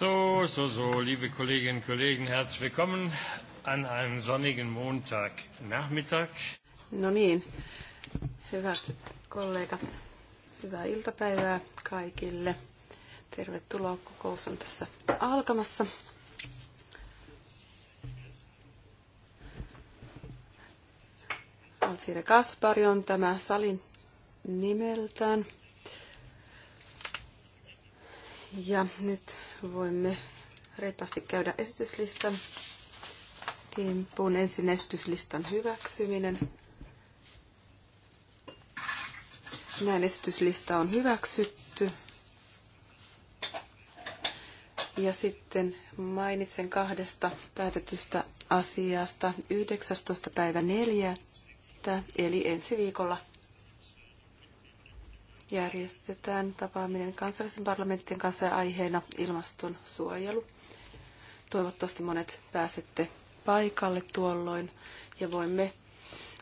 So, so, so, liebe Kolleginnen und Kollegen, herzlich willkommen an einem sonnigen Montagnachmittag. No niin, hyvät kollegat, hyvää iltapäivää kaikille. Tervetuloa, kokous on tässä alkamassa. Alsiire Kaspari on tämä salin nimeltään. Ja nyt voimme reippaasti käydä esityslistan kimppuun. Ensin esityslistan hyväksyminen. Näin esityslista on hyväksytty. Ja sitten mainitsen kahdesta päätetystä asiasta 19. päivä 4. eli ensi viikolla järjestetään tapaaminen kansallisten parlamenttien kanssa ja aiheena suojelu. Toivottavasti monet pääsette paikalle tuolloin ja voimme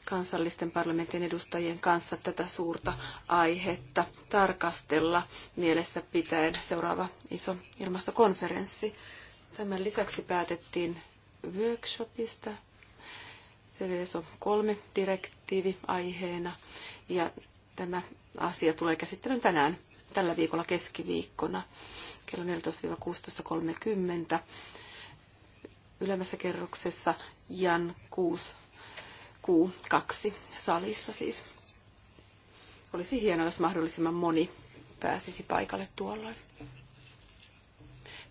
kansallisten parlamentin edustajien kanssa tätä suurta aihetta tarkastella mielessä pitäen seuraava iso ilmastokonferenssi. Tämän lisäksi päätettiin workshopista. Se on kolme direktiivi aiheena ja tämä asia tulee käsittelyyn tänään tällä viikolla keskiviikkona kello 14-16.30 ylemmässä kerroksessa Jan 6 Q2 salissa siis. Olisi hienoa, jos mahdollisimman moni pääsisi paikalle tuolloin.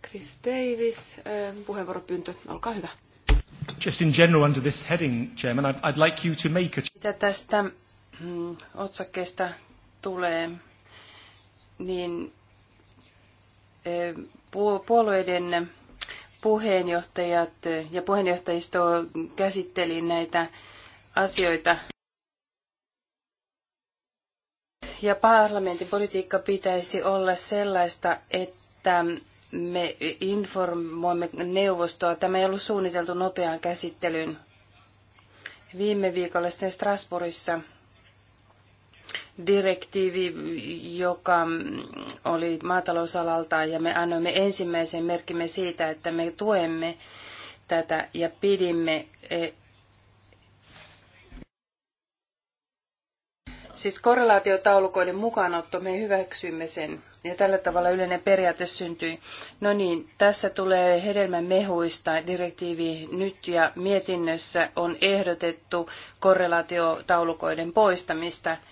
Chris Davis, ähm, puheenvuoropyyntö, olkaa hyvä. Just in general under this heading, Chairman, I'd, I'd like you to make a... Mitä tästä mm, otsakkeesta tulee, niin puolueiden puheenjohtajat ja puheenjohtajisto käsitteli näitä asioita. Ja parlamentin politiikka pitäisi olla sellaista, että me informoimme neuvostoa. Tämä ei ollut suunniteltu nopeaan käsittelyyn. Viime viikolla sitten Strasbourgissa direktiivi, joka oli maatalousalalta ja me annoimme ensimmäisen merkimme siitä, että me tuemme tätä ja pidimme e, Siis korrelaatiotaulukoiden mukaanotto, me hyväksymme sen. Ja tällä tavalla yleinen periaate syntyi. No niin, tässä tulee hedelmän mehuista direktiivi nyt ja mietinnössä on ehdotettu korrelaatiotaulukoiden poistamista –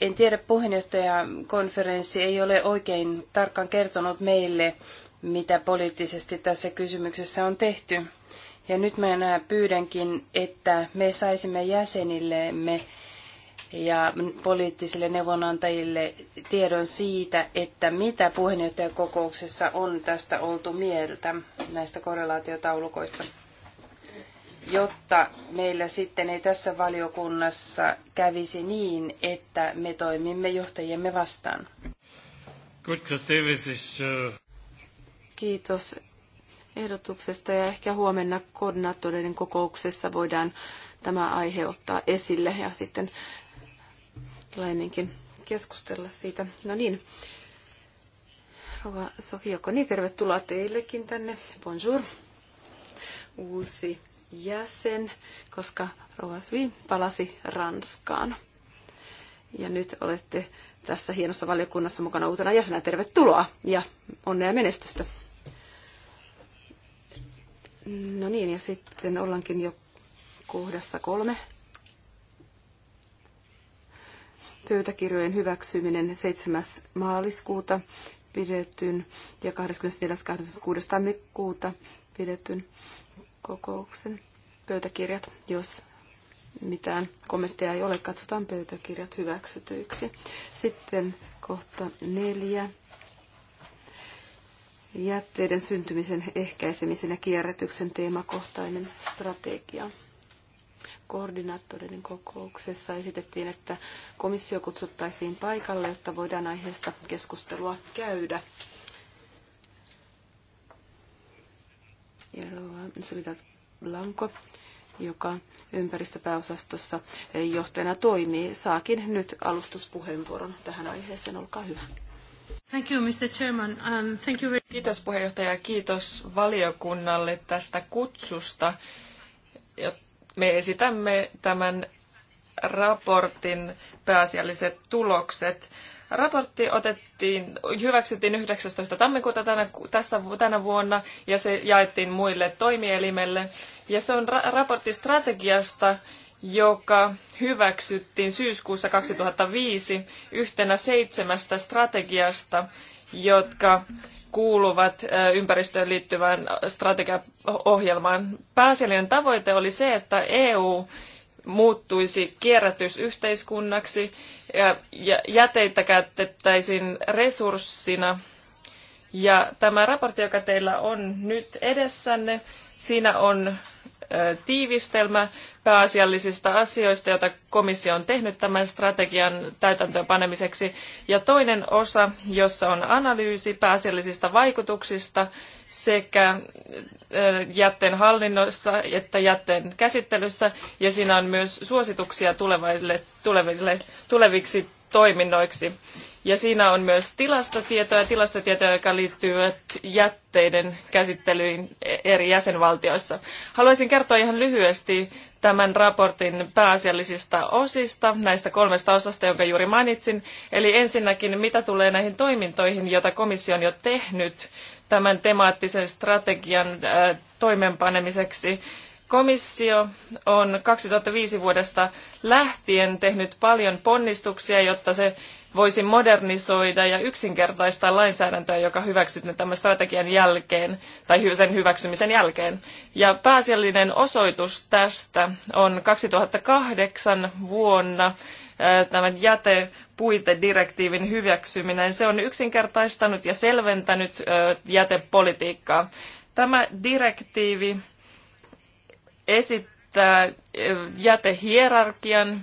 en tiedä, puheenjohtajakonferenssi ei ole oikein tarkkaan kertonut meille, mitä poliittisesti tässä kysymyksessä on tehty. Ja nyt mä pyydänkin, että me saisimme jäsenillemme ja poliittisille neuvonantajille tiedon siitä, että mitä puheenjohtajakokouksessa on tästä oltu mieltä näistä korrelaatiotaulukoista jotta meillä sitten ei tässä valiokunnassa kävisi niin, että me toimimme johtajiemme vastaan. Uh, Kiitos ehdotuksesta ja ehkä huomenna koordinaattoreiden kokouksessa voidaan tämä aihe ottaa esille ja sitten lainenkin keskustella siitä. No niin, Rova Sohioko, niin tervetuloa teillekin tänne. Bonjour. Uusi jäsen, koska Rouva Svin palasi Ranskaan. Ja nyt olette tässä hienossa valiokunnassa mukana uutena jäsenä. Tervetuloa ja onnea ja menestystä. No niin, ja sitten ollaankin jo kohdassa kolme. Pöytäkirjojen hyväksyminen 7. maaliskuuta pidetyn ja 24.26. tammikuuta pidetyn kokouksen pöytäkirjat, jos mitään kommentteja ei ole, katsotaan pöytäkirjat hyväksytyiksi. Sitten kohta neljä. Jätteiden syntymisen ehkäisemisen ja kierrätyksen teemakohtainen strategia. Koordinaattoreiden kokouksessa esitettiin, että komissio kutsuttaisiin paikalle, jotta voidaan aiheesta keskustelua käydä. ja Soledad Blanco, joka ympäristöpääosastossa johtajana toimii, saakin nyt alustuspuheenvuoron tähän aiheeseen. Olkaa hyvä. Thank you, Mr. Chairman, and thank you very... Kiitos puheenjohtaja ja kiitos valiokunnalle tästä kutsusta. me esitämme tämän raportin pääasialliset tulokset Raportti otettiin, hyväksyttiin 19. tammikuuta tänä, tässä, tänä vuonna ja se jaettiin muille toimielimelle. Ja se on ra- raportti strategiasta, joka hyväksyttiin syyskuussa 2005 yhtenä seitsemästä strategiasta, jotka kuuluvat ympäristöön liittyvään strategiaohjelmaan. Pääasiallinen tavoite oli se, että EU muuttuisi kierrätysyhteiskunnaksi ja, ja jäteitä käytettäisiin resurssina. Ja tämä raportti, joka teillä on nyt edessänne, siinä on tiivistelmä pääasiallisista asioista, joita komissio on tehnyt tämän strategian täytäntöönpanemiseksi, ja toinen osa, jossa on analyysi pääasiallisista vaikutuksista sekä jätteen hallinnossa että jätteen käsittelyssä, ja siinä on myös suosituksia tuleville, tuleville, tuleviksi toiminnoiksi. Ja siinä on myös tilastotietoja, tilastotietoja, jotka liittyvät jätteiden käsittelyyn eri jäsenvaltioissa. Haluaisin kertoa ihan lyhyesti tämän raportin pääasiallisista osista, näistä kolmesta osasta, jonka juuri mainitsin. Eli ensinnäkin, mitä tulee näihin toimintoihin, joita komissio on jo tehnyt tämän temaattisen strategian äh, toimeenpanemiseksi komissio on 2005 vuodesta lähtien tehnyt paljon ponnistuksia, jotta se voisi modernisoida ja yksinkertaistaa lainsäädäntöä, joka hyväksytään tämän strategian jälkeen tai sen hyväksymisen jälkeen. Ja pääasiallinen osoitus tästä on 2008 vuonna tämän jätepuitedirektiivin hyväksyminen. Se on yksinkertaistanut ja selventänyt jätepolitiikkaa. Tämä direktiivi esittää jätehierarkian,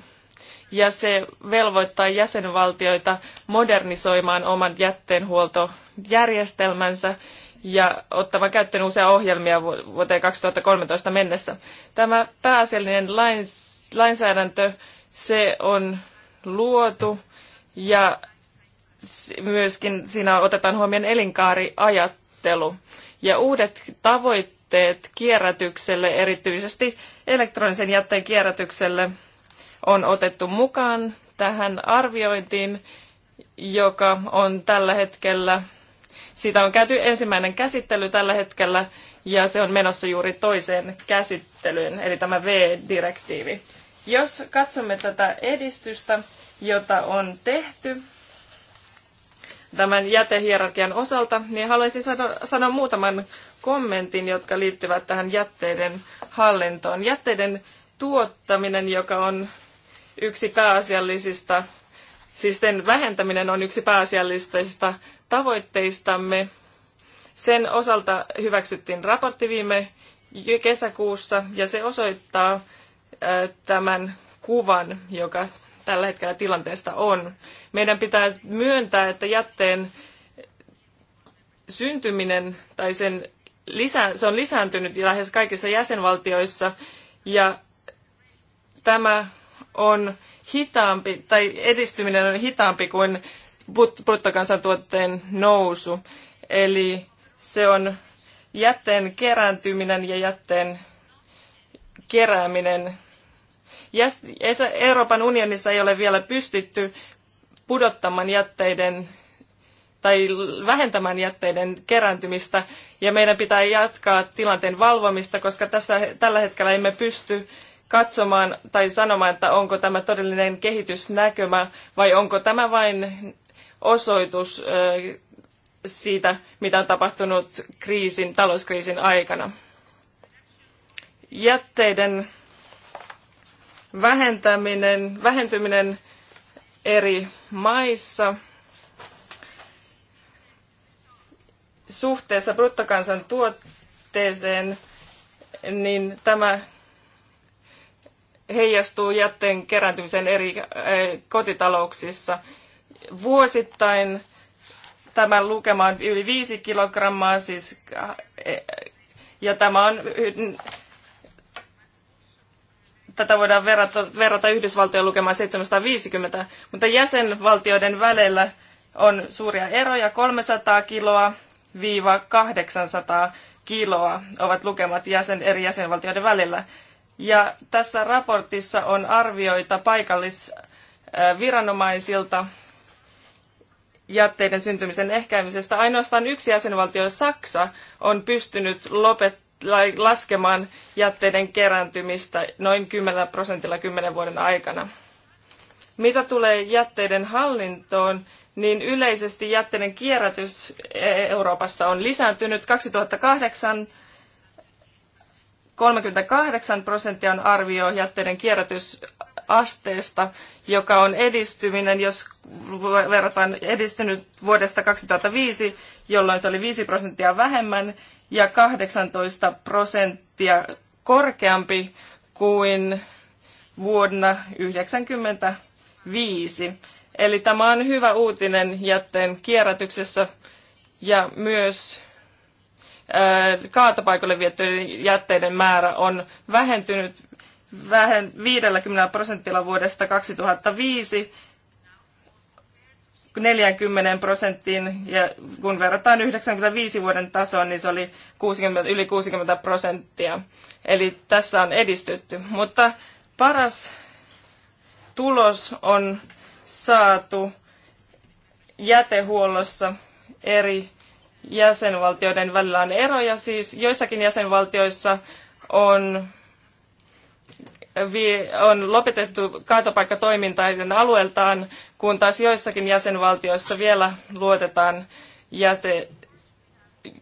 ja se velvoittaa jäsenvaltioita modernisoimaan oman jätteenhuoltojärjestelmänsä ja ottamaan käyttöön uusia ohjelmia vuoteen 2013 mennessä. Tämä pääasiallinen lainsäädäntö, se on luotu ja myöskin siinä otetaan huomioon elinkaariajattelu. Ja uudet tavoitteet kierrätykselle, erityisesti elektronisen jätteen kierrätykselle, on otettu mukaan tähän arviointiin, joka on tällä hetkellä, siitä on käyty ensimmäinen käsittely tällä hetkellä ja se on menossa juuri toiseen käsittelyyn, eli tämä V-direktiivi. Jos katsomme tätä edistystä, jota on tehty tämän jätehierarkian osalta, niin haluaisin sanoa, sanoa muutaman kommentin, jotka liittyvät tähän jätteiden hallintoon. Jätteiden tuottaminen, joka on yksi pääasiallisista, siis sen vähentäminen on yksi pääasiallisista tavoitteistamme. Sen osalta hyväksyttiin raportti viime kesäkuussa ja se osoittaa tämän kuvan, joka tällä hetkellä tilanteesta on. Meidän pitää myöntää, että jätteen syntyminen tai sen lisä, se on lisääntynyt lähes kaikissa jäsenvaltioissa ja tämä on hitaampi, tai edistyminen on hitaampi kuin bruttokansantuotteen nousu. Eli se on jätteen kerääntyminen ja jätteen kerääminen. Euroopan unionissa ei ole vielä pystytty pudottamaan jätteiden tai vähentämään jätteiden kerääntymistä, ja meidän pitää jatkaa tilanteen valvomista, koska tässä, tällä hetkellä emme pysty katsomaan tai sanomaan, että onko tämä todellinen kehitysnäkymä vai onko tämä vain osoitus siitä, mitä on tapahtunut kriisin, talouskriisin aikana. Jätteiden vähentäminen, vähentyminen eri maissa suhteessa bruttokansantuotteeseen, niin tämä heijastuu jätteen kerääntymisen eri äh, kotitalouksissa. Vuosittain tämän lukema on yli 5 kilogrammaa, siis, äh, ja tämä on, tätä voidaan verrata, verrata Yhdysvaltojen lukemaan 750, mutta jäsenvaltioiden välillä on suuria eroja, 300 kiloa viiva 800 kiloa ovat lukemat jäsen, eri jäsenvaltioiden välillä. Ja tässä raportissa on arvioita paikallisviranomaisilta jätteiden syntymisen ehkäimisestä. Ainoastaan yksi jäsenvaltio, Saksa, on pystynyt lopet- laskemaan jätteiden kerääntymistä noin 10 prosentilla 10 vuoden aikana. Mitä tulee jätteiden hallintoon, niin yleisesti jätteiden kierrätys e-, Euroopassa on lisääntynyt. 2008 38 prosenttia on arvio jätteiden kierrätysasteesta, joka on edistyminen, jos verrataan edistynyt vuodesta 2005, jolloin se oli 5 prosenttia vähemmän ja 18 prosenttia korkeampi kuin vuonna 1995. Eli tämä on hyvä uutinen jätteen kierrätyksessä ja myös kaatopaikalle viettyjen jätteiden määrä on vähentynyt vähen 50 prosentilla vuodesta 2005 40 prosenttiin, ja kun verrataan 95 vuoden tasoon, niin se oli 60, yli 60 prosenttia. Eli tässä on edistytty. Mutta paras tulos on saatu jätehuollossa eri jäsenvaltioiden välillä on eroja. Siis joissakin jäsenvaltioissa on, on lopetettu kaatopaikkatoiminta heidän alueeltaan, kun taas joissakin jäsenvaltioissa vielä luotetaan jäte,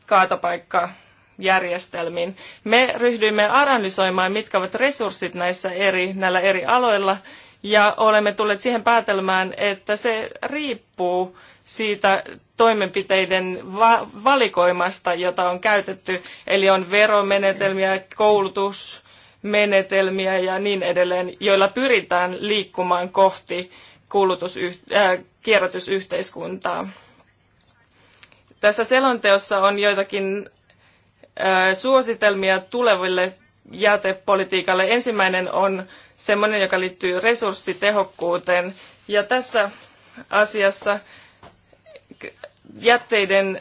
kaatopaikka järjestelmiin. Me ryhdyimme analysoimaan, mitkä ovat resurssit näissä eri, näillä eri aloilla ja olemme tulleet siihen päätelmään, että se riippuu siitä toimenpiteiden valikoimasta, jota on käytetty. Eli on veromenetelmiä, koulutusmenetelmiä ja niin edelleen, joilla pyritään liikkumaan kohti kulutusyh- äh, kierrätysyhteiskuntaa. Tässä selonteossa on joitakin äh, suositelmia tuleville jätepolitiikalle. Ensimmäinen on sellainen, joka liittyy resurssitehokkuuteen. Ja tässä asiassa jätteiden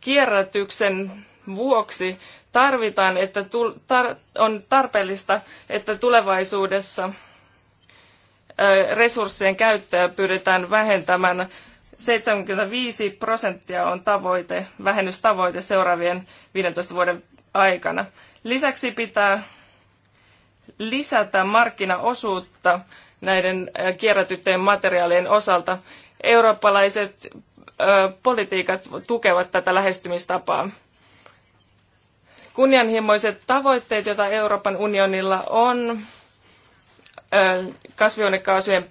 kierrätyksen vuoksi tarvitaan, että on tarpeellista, että tulevaisuudessa resurssien käyttöä pyritään vähentämään. 75 prosenttia on tavoite, vähennystavoite seuraavien 15 vuoden aikana. Lisäksi pitää lisätä markkinaosuutta näiden äh, kierrätytteen materiaalien osalta. Eurooppalaiset äh, politiikat tukevat tätä lähestymistapaa. Kunnianhimoiset tavoitteet, joita Euroopan unionilla on äh, kasvihuonekaasujen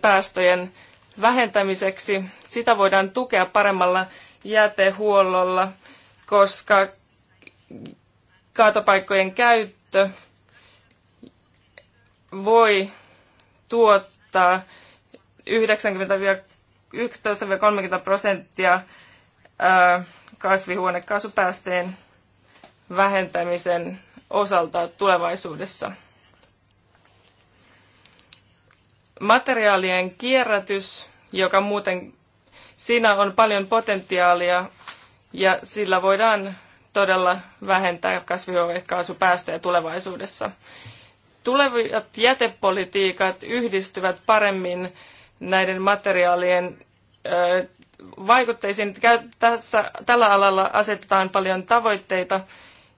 päästöjen vähentämiseksi, sitä voidaan tukea paremmalla jätehuollolla, koska kaatopaikkojen käyttö voi tuottaa 90-11-30 prosenttia kasvihuonekaasupäästöjen vähentämisen osalta tulevaisuudessa. Materiaalien kierrätys, joka muuten siinä on paljon potentiaalia ja sillä voidaan todella vähentää kasvihuonekaasupäästöjä tulevaisuudessa. Tulevat jätepolitiikat yhdistyvät paremmin näiden materiaalien vaikutteisiin. Tässä, tällä alalla asetetaan paljon tavoitteita,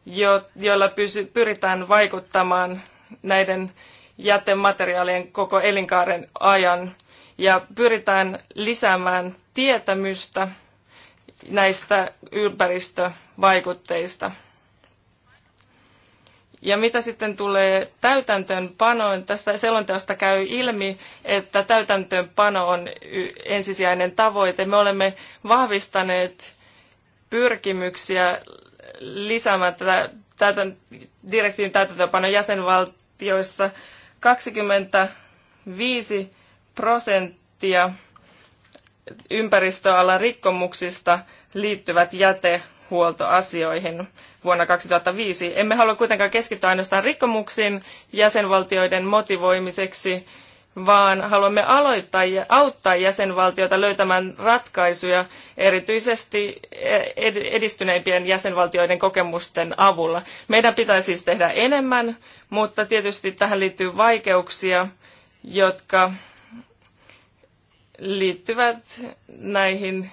jo, joilla pysy, pyritään vaikuttamaan näiden jätemateriaalien koko elinkaaren ajan ja pyritään lisäämään tietämystä näistä ympäristövaikutteista. Ja mitä sitten tulee täytäntöönpanoon, tästä selonteosta käy ilmi, että täytäntöönpano on ensisijainen tavoite. Me olemme vahvistaneet pyrkimyksiä lisäämään tätä täytän, direktiivin täytäntöönpano jäsenvaltioissa 25 prosenttia ympäristöalan rikkomuksista liittyvät jätehuoltoasioihin vuonna 2005. Emme halua kuitenkaan keskittyä ainoastaan rikkomuksiin jäsenvaltioiden motivoimiseksi, vaan haluamme aloittaa ja auttaa jäsenvaltioita löytämään ratkaisuja erityisesti e- edistyneimpien jäsenvaltioiden kokemusten avulla. Meidän pitää siis tehdä enemmän, mutta tietysti tähän liittyy vaikeuksia, jotka liittyvät näihin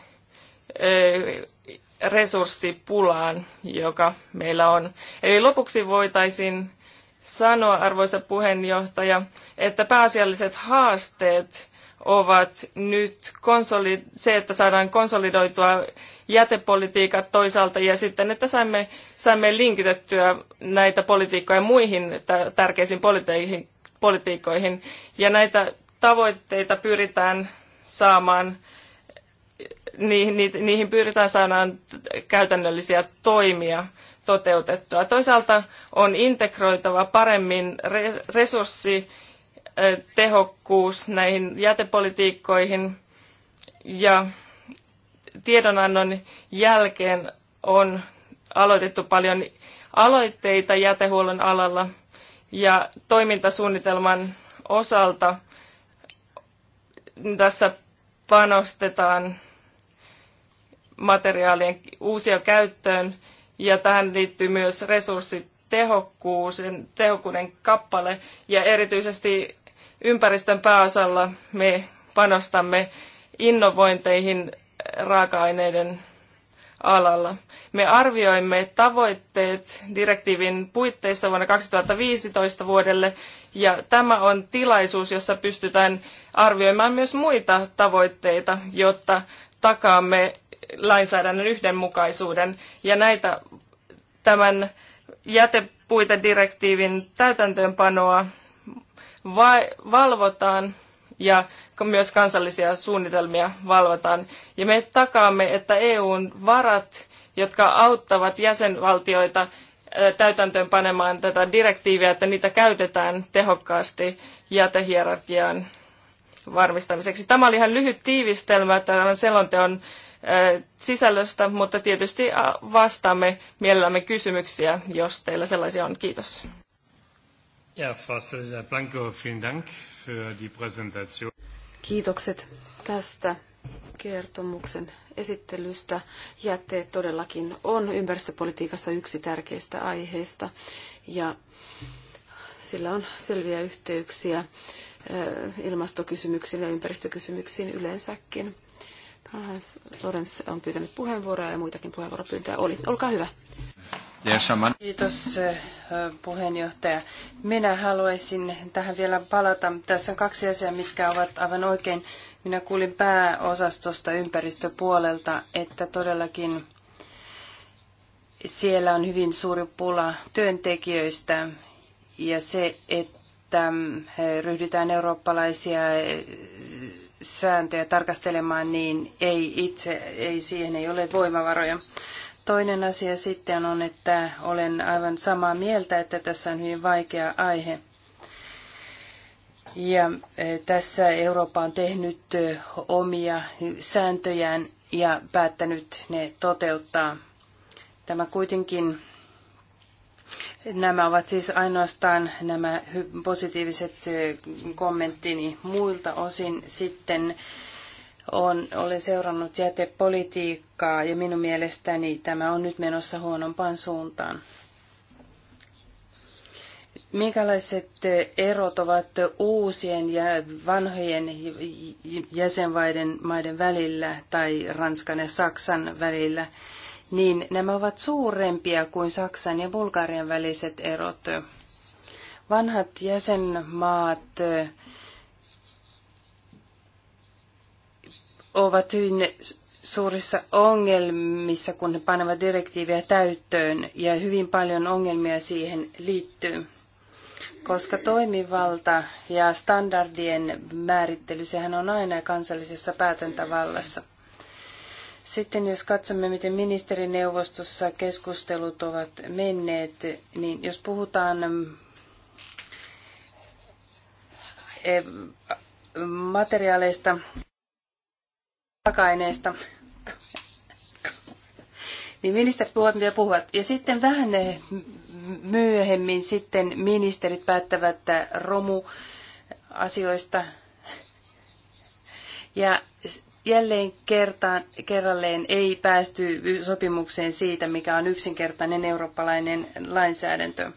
resurssipulaan, joka meillä on. Eli lopuksi voitaisiin sanoa, arvoisa puheenjohtaja, että pääasialliset haasteet ovat nyt se, että saadaan konsolidoitua jätepolitiikat toisaalta ja sitten, että saimme, saimme linkitettyä näitä politiikkoja muihin tärkeisiin politi- Ja näitä tavoitteita pyritään saamaan, niihin, niin, niihin pyritään saamaan käytännöllisiä toimia toteutettua. Toisaalta on integroitava paremmin resurssi, tehokkuus näihin jätepolitiikkoihin ja tiedonannon jälkeen on aloitettu paljon aloitteita jätehuollon alalla ja toimintasuunnitelman osalta tässä panostetaan materiaalien uusia käyttöön ja tähän liittyy myös resurssitehokkuuden tehokkuuden kappale ja erityisesti ympäristön pääosalla me panostamme innovointeihin raaka-aineiden alalla. Me arvioimme tavoitteet direktiivin puitteissa vuonna 2015 vuodelle, ja tämä on tilaisuus, jossa pystytään arvioimaan myös muita tavoitteita, jotta takaamme lainsäädännön yhdenmukaisuuden, ja näitä tämän jätepuitedirektiivin täytäntöönpanoa valvotaan ja myös kansallisia suunnitelmia valvotaan. Ja me takaamme, että EUn varat, jotka auttavat jäsenvaltioita täytäntöön panemaan tätä direktiiviä, että niitä käytetään tehokkaasti jätehierarkian varmistamiseksi. Tämä oli ihan lyhyt tiivistelmä tämän selonteon sisällöstä, mutta tietysti vastaamme mielellämme kysymyksiä, jos teillä sellaisia on. Kiitos. Ja, Frau Blanco, vielen Dank für die Präsentation. Kiitokset tästä kertomuksen esittelystä. Jätteet todellakin on ympäristöpolitiikassa yksi tärkeistä aiheista ja sillä on selviä yhteyksiä ilmastokysymyksiin ja ympäristökysymyksiin yleensäkin. Lorenz on pyytänyt puheenvuoroa ja muitakin puheenvuoropyyntöjä oli. Olkaa hyvä. Kiitos eh, puheenjohtaja. Minä haluaisin tähän vielä palata. Tässä on kaksi asiaa, mitkä ovat aivan oikein. Minä kuulin pääosastosta ympäristöpuolelta, että todellakin siellä on hyvin suuri pula työntekijöistä ja se, että eh, ryhdytään eurooppalaisia eh, sääntöjä tarkastelemaan, niin ei itse, ei, siihen ei ole voimavaroja. Toinen asia sitten on, että olen aivan samaa mieltä, että tässä on hyvin vaikea aihe. Ja e, tässä Eurooppa on tehnyt e, omia sääntöjään ja päättänyt ne toteuttaa. Tämä kuitenkin, nämä ovat siis ainoastaan nämä positiiviset e, kommenttini muilta osin sitten on, olen seurannut jätepolitiikkaa ja minun mielestäni tämä on nyt menossa huonompaan suuntaan. Minkälaiset erot ovat uusien ja vanhojen jäsenmaiden maiden välillä tai Ranskan ja Saksan välillä? Niin nämä ovat suurempia kuin Saksan ja Bulgarian väliset erot. Vanhat jäsenmaat ovat hyvin suurissa ongelmissa, kun ne panevat direktiiviä täyttöön, ja hyvin paljon ongelmia siihen liittyy. Koska toimivalta ja standardien määrittely, sehän on aina kansallisessa päätäntävallassa. Sitten jos katsomme, miten ministerineuvostossa keskustelut ovat menneet, niin jos puhutaan eh, materiaaleista, raaka-aineista, niin ministerit puhuvat mitä puhuvat. Ja sitten vähän myöhemmin sitten ministerit päättävät romuasioista. Ja jälleen kertaan, kerralleen ei päästy sopimukseen siitä, mikä on yksinkertainen eurooppalainen lainsäädäntö.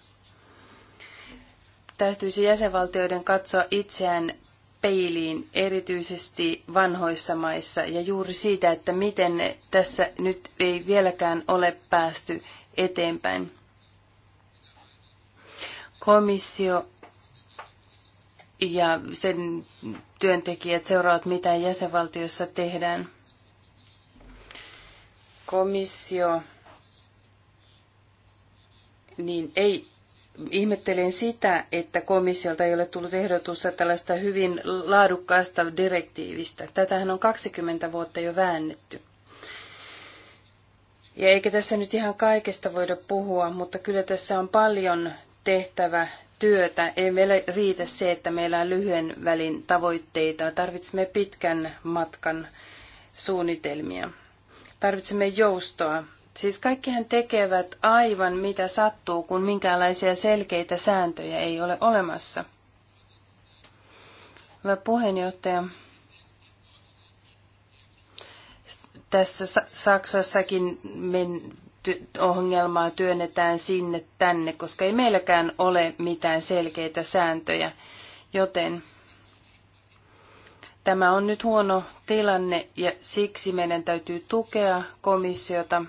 Täytyisi jäsenvaltioiden katsoa itseään peiliin erityisesti vanhoissa maissa ja juuri siitä, että miten tässä nyt ei vieläkään ole päästy eteenpäin. Komissio ja sen työntekijät seuraavat, mitä jäsenvaltiossa tehdään. Komissio niin ei ihmettelen sitä, että komissiolta ei ole tullut ehdotusta tällaista hyvin laadukkaasta direktiivistä. Tätähän on 20 vuotta jo väännetty. Ja eikä tässä nyt ihan kaikesta voida puhua, mutta kyllä tässä on paljon tehtävä työtä. Ei meillä riitä se, että meillä on lyhyen välin tavoitteita. Tarvitsemme pitkän matkan suunnitelmia. Tarvitsemme joustoa Siis kaikkihan tekevät aivan mitä sattuu, kun minkäänlaisia selkeitä sääntöjä ei ole olemassa. Hyvä puheenjohtaja. Tässä Saksassakin ongelmaa työnnetään sinne tänne, koska ei meilläkään ole mitään selkeitä sääntöjä. Joten tämä on nyt huono tilanne ja siksi meidän täytyy tukea komissiota –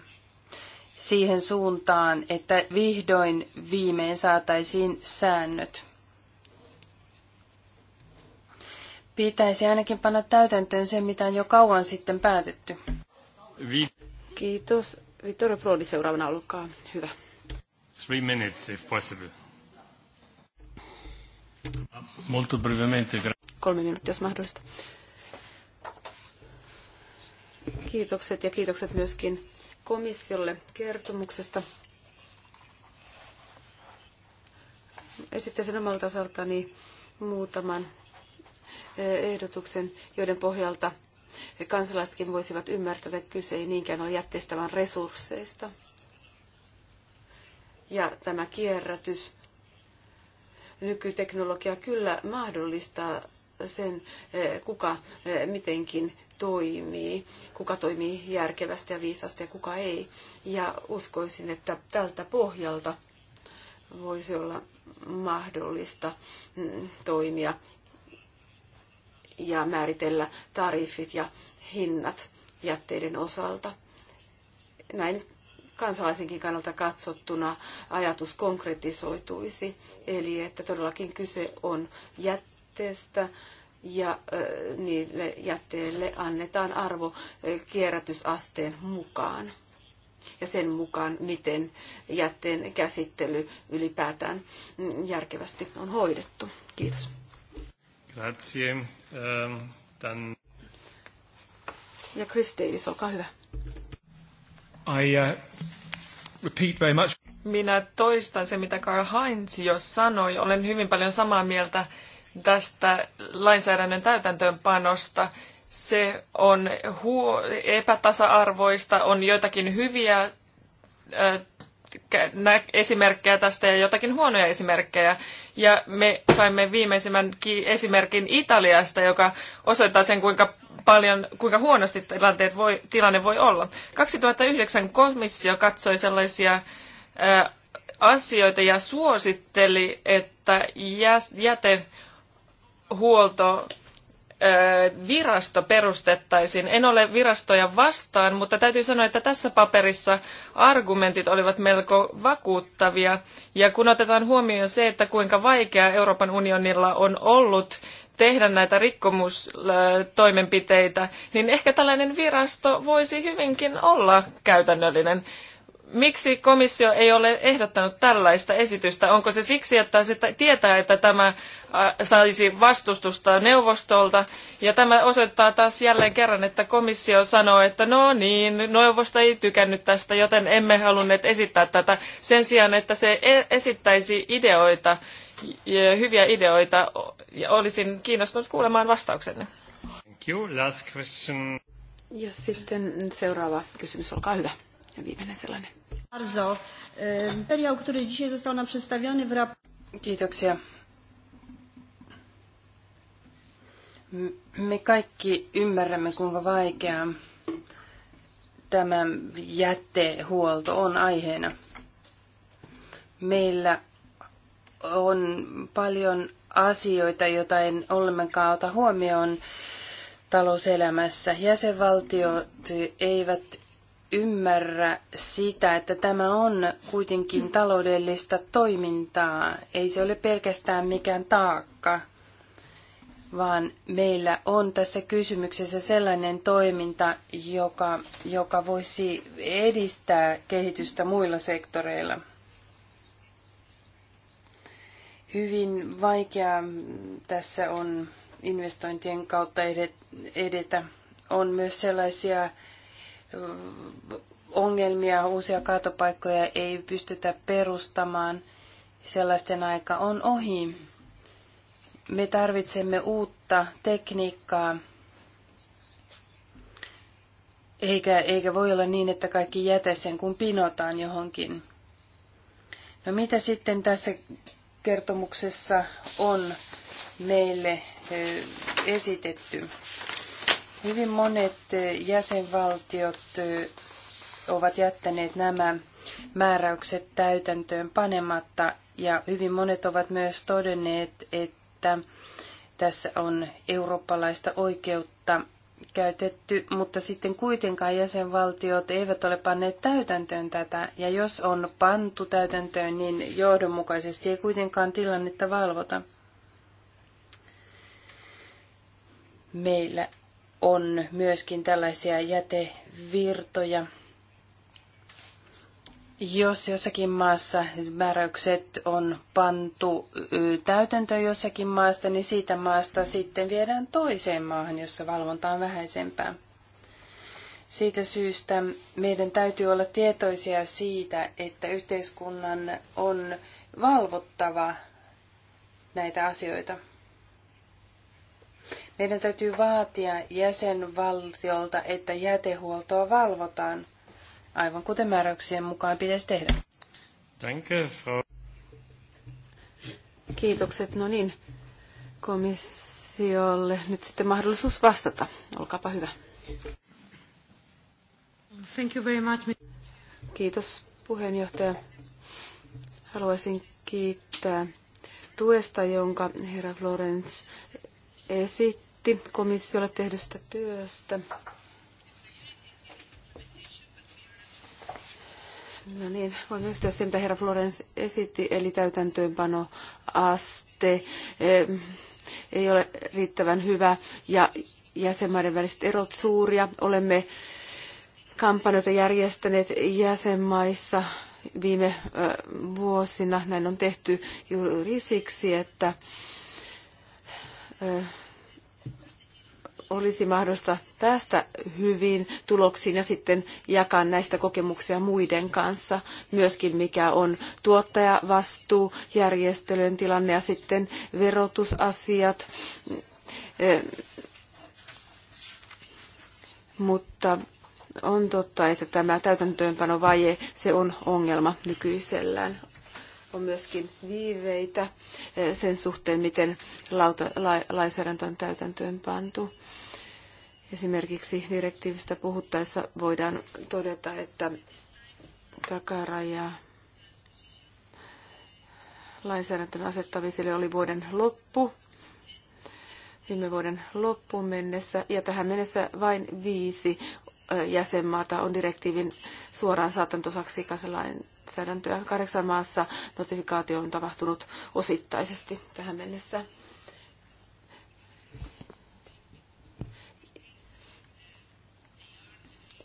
siihen suuntaan, että vihdoin viimein saataisiin säännöt. Pitäisi ainakin panna täytäntöön se, mitä on jo kauan sitten päätetty. Vi- Kiitos. Vittorio Prodi seuraavana, olkaa hyvä. Three minutes, if possible. Molto brevemente. Kolme minuuttia, jos mahdollista. Kiitokset ja kiitokset myöskin komissiolle kertomuksesta. Esittäisin omalta osaltani muutaman eh, ehdotuksen, joiden pohjalta kansalaisetkin voisivat ymmärtää, että kyse ei niinkään ole jätteistä, vaan resursseista. Ja tämä kierrätys, nykyteknologia kyllä mahdollistaa sen, eh, kuka eh, mitenkin toimii, kuka toimii järkevästi ja viisasti ja kuka ei. Ja uskoisin, että tältä pohjalta voisi olla mahdollista mm, toimia ja määritellä tariffit ja hinnat jätteiden osalta. Näin kansalaisenkin kannalta katsottuna ajatus konkretisoituisi, eli että todellakin kyse on jätteestä, ja niille jätteille annetaan arvo kierrätysasteen mukaan ja sen mukaan, miten jätteen käsittely ylipäätään mm, järkevästi on hoidettu. Kiitos. Grazie. Tän... Ehm, ja Kristeis, olkaa hyvä. I uh, repeat very much. Minä toistan se, mitä Karl Heinz jo sanoi. Olen hyvin paljon samaa mieltä tästä lainsäädännön täytäntöönpanosta. Se on epätasa-arvoista, on joitakin hyviä esimerkkejä tästä ja jotakin huonoja esimerkkejä. Ja me saimme viimeisimmän esimerkin Italiasta, joka osoittaa sen, kuinka paljon, kuinka huonosti tilanteet voi, tilanne voi olla. 2009 komissio katsoi sellaisia asioita ja suositteli, että jäte huolto virasto perustettaisiin. En ole virastoja vastaan, mutta täytyy sanoa, että tässä paperissa argumentit olivat melko vakuuttavia. Ja kun otetaan huomioon se, että kuinka vaikeaa Euroopan unionilla on ollut tehdä näitä rikkomustoimenpiteitä, niin ehkä tällainen virasto voisi hyvinkin olla käytännöllinen miksi komissio ei ole ehdottanut tällaista esitystä? Onko se siksi, että se tietää, että tämä äh, saisi vastustusta neuvostolta? Ja tämä osoittaa taas jälleen kerran, että komissio sanoo, että no niin, neuvosto ei tykännyt tästä, joten emme halunneet esittää tätä sen sijaan, että se e- esittäisi ideoita, hyviä ideoita. ja Olisin kiinnostunut kuulemaan vastauksenne. Thank you. Last question. Ja sitten seuraava kysymys, olkaa hyvä. Ja viimeinen sellainen. Bardzo. E, materiał, który dzisiaj został nam przedstawiony w Kiitoksia. Me kaikki ymmärrämme, kuinka vaikeaa tämä jätehuolto on aiheena. Meillä on paljon asioita, joita en ollenkaan ota huomioon talouselämässä. Jäsenvaltiot eivät ymmärrä sitä, että tämä on kuitenkin taloudellista toimintaa. Ei se ole pelkästään mikään taakka, vaan meillä on tässä kysymyksessä sellainen toiminta, joka, joka voisi edistää kehitystä muilla sektoreilla. Hyvin vaikea tässä on investointien kautta edetä. On myös sellaisia ongelmia, uusia kaatopaikkoja ei pystytä perustamaan, sellaisten aika on ohi. Me tarvitsemme uutta tekniikkaa, eikä, eikä voi olla niin, että kaikki jätä sen kun pinotaan johonkin. No mitä sitten tässä kertomuksessa on meille esitetty? Hyvin monet eh, jäsenvaltiot eh, ovat jättäneet nämä määräykset täytäntöön panematta ja hyvin monet ovat myös todenneet, että tässä on eurooppalaista oikeutta käytetty, mutta sitten kuitenkaan jäsenvaltiot eivät ole panneet täytäntöön tätä. Ja jos on pantu täytäntöön, niin johdonmukaisesti ei kuitenkaan tilannetta valvota. Meillä on myöskin tällaisia jätevirtoja. Jos jossakin maassa määräykset on pantu täytäntöön jossakin maasta, niin siitä maasta sitten viedään toiseen maahan, jossa valvonta on vähäisempää. Siitä syystä meidän täytyy olla tietoisia siitä, että yhteiskunnan on valvottava näitä asioita. Meidän täytyy vaatia jäsenvaltiolta, että jätehuoltoa valvotaan, aivan kuten määräyksien mukaan pitäisi tehdä. Danke, Frau. Kiitokset. No niin, komissiolle nyt sitten mahdollisuus vastata. Olkaapa hyvä. Thank you very much. Kiitos puheenjohtaja. Haluaisin kiittää tuesta, jonka herra Florence esitti kiitti komissiolle tehdystä työstä. No niin, voimme yhtyä sen, mitä herra Florence esitti, eli täytäntöönpanoaste ei ole riittävän hyvä ja jäsenmaiden väliset erot suuria. Olemme kampanjoita järjestäneet jäsenmaissa viime vuosina. Näin on tehty juuri siksi, että olisi mahdollista päästä hyvin tuloksiin ja sitten jakaa näistä kokemuksia muiden kanssa. Myöskin mikä on tuottajavastuu, järjestelyjen tilanne ja sitten verotusasiat. E, mutta on totta, että tämä täytäntöönpanovaje, se on ongelma nykyisellään on myöskin viiveitä eh, sen suhteen, miten lauta, la, lainsäädäntö on täytäntöön pantu. Esimerkiksi direktiivistä puhuttaessa voidaan todeta, että takaraja lainsäädäntön asettamiselle oli vuoden loppu, viime vuoden loppuun mennessä, ja tähän mennessä vain viisi eh, jäsenmaata on direktiivin suoraan saatantosaksi kansalain lainsäädäntöä. Kahdeksan maassa notifikaatio on tapahtunut osittaisesti tähän mennessä.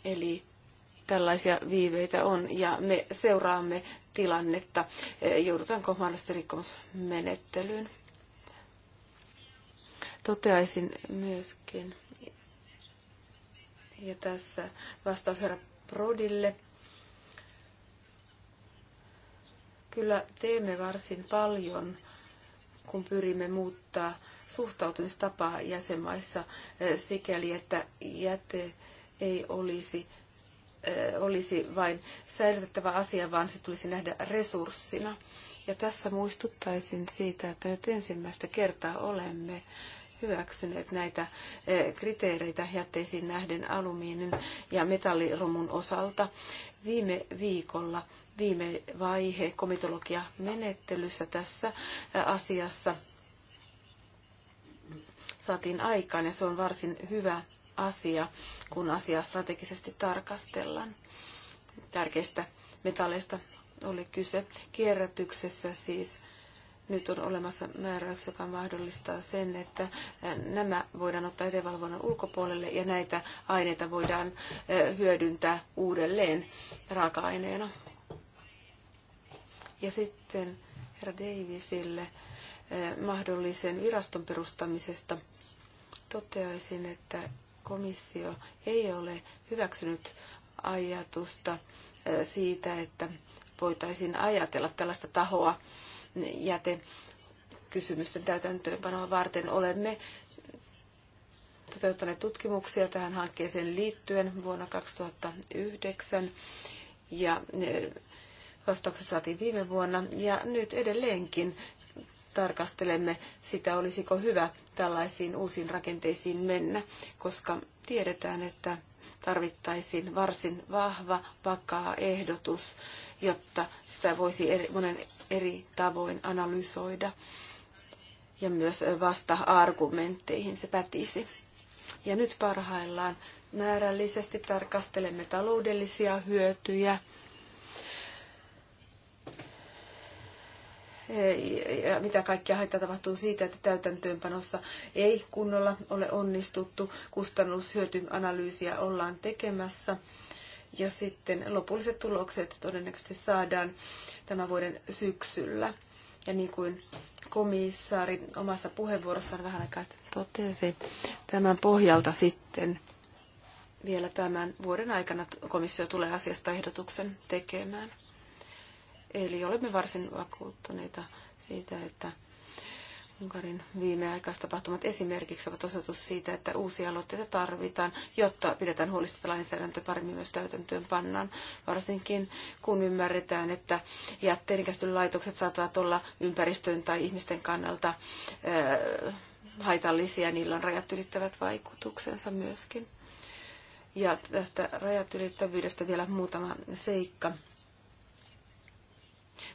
Eli tällaisia viiveitä on ja me seuraamme tilannetta, joudutaanko mahdollisesti rikkomusmenettelyyn. Toteaisin myöskin, ja tässä vastaus herra Prodille, Kyllä teemme varsin paljon, kun pyrimme muuttaa suhtautumistapaa jäsenmaissa eh, sikäli, että jäte ei olisi, eh, olisi vain säilytettävä asia, vaan se tulisi nähdä resurssina. Ja tässä muistuttaisin siitä, että nyt ensimmäistä kertaa olemme hyväksyneet näitä eh, kriteereitä jätteisiin nähden alumiinin ja metalliromun osalta. Viime viikolla viime vaihe komitologia menettelyssä tässä asiassa saatiin aikaan ja se on varsin hyvä asia, kun asiaa strategisesti tarkastellaan. Tärkeistä metalleista oli kyse kierrätyksessä siis nyt on olemassa määräys, joka mahdollistaa sen, että nämä voidaan ottaa etevalvonnan ulkopuolelle ja näitä aineita voidaan hyödyntää uudelleen raaka-aineena. Ja sitten herra Davisille eh, mahdollisen viraston perustamisesta toteaisin, että komissio ei ole hyväksynyt ajatusta eh, siitä, että voitaisiin ajatella tällaista tahoa jätekysymysten täytäntöönpanoa varten. Olemme toteuttaneet tutkimuksia tähän hankkeeseen liittyen vuonna 2009 ja eh, vastaukset saatiin viime vuonna ja nyt edelleenkin tarkastelemme sitä, olisiko hyvä tällaisiin uusiin rakenteisiin mennä, koska tiedetään, että tarvittaisiin varsin vahva, vakaa ehdotus, jotta sitä voisi eri, monen eri tavoin analysoida ja myös vasta-argumentteihin se pätisi. Ja nyt parhaillaan määrällisesti tarkastelemme taloudellisia hyötyjä, ja mitä kaikkia haittaa tapahtuu siitä, että täytäntöönpanossa ei kunnolla ole onnistuttu. Kustannushyötyanalyysiä ollaan tekemässä. Ja sitten lopulliset tulokset todennäköisesti saadaan tämän vuoden syksyllä. Ja niin kuin komissaari omassa puheenvuorossaan vähän aikaa sitten totesi, tämän pohjalta sitten vielä tämän vuoden aikana komissio tulee asiasta ehdotuksen tekemään. Eli olemme varsin vakuuttuneita siitä, että Unkarin viimeaikaiset tapahtumat esimerkiksi ovat osoitus siitä, että uusia aloitteita tarvitaan, jotta pidetään huolista, että lainsäädäntö paremmin myös täytäntöön pannaan. Varsinkin kun ymmärretään, että laitokset saattavat olla ympäristön tai ihmisten kannalta ö, äh, haitallisia, niillä on rajat ylittävät vaikutuksensa myöskin. Ja tästä rajat ylittävyydestä vielä muutama seikka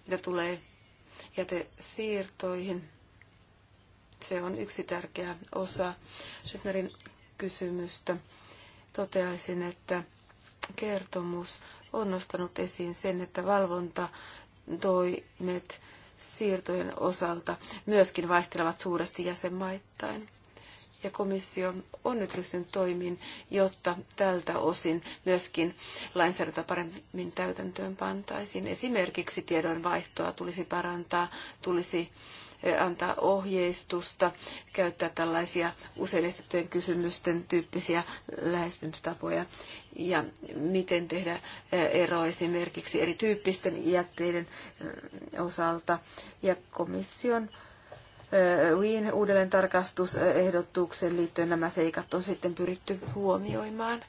mitä tulee jätesiirtoihin. Se on yksi tärkeä osa Schöttnerin kysymystä. Toteaisin, että kertomus on nostanut esiin sen, että valvontatoimet siirtojen osalta myöskin vaihtelevat suuresti jäsenmaittain ja komissio on nyt ryhtynyt toimiin, jotta tältä osin myöskin lainsäädäntö paremmin täytäntöön pantaisiin. Esimerkiksi tiedonvaihtoa tulisi parantaa, tulisi e, antaa ohjeistusta, käyttää tällaisia usein esitettyjen kysymysten tyyppisiä lähestymistapoja ja miten tehdä e, ero esimerkiksi erityyppisten jätteiden e, osalta. Ja komission Wien uudelleen tarkastusehdotukseen liittyen nämä seikat on sitten pyritty huomioimaan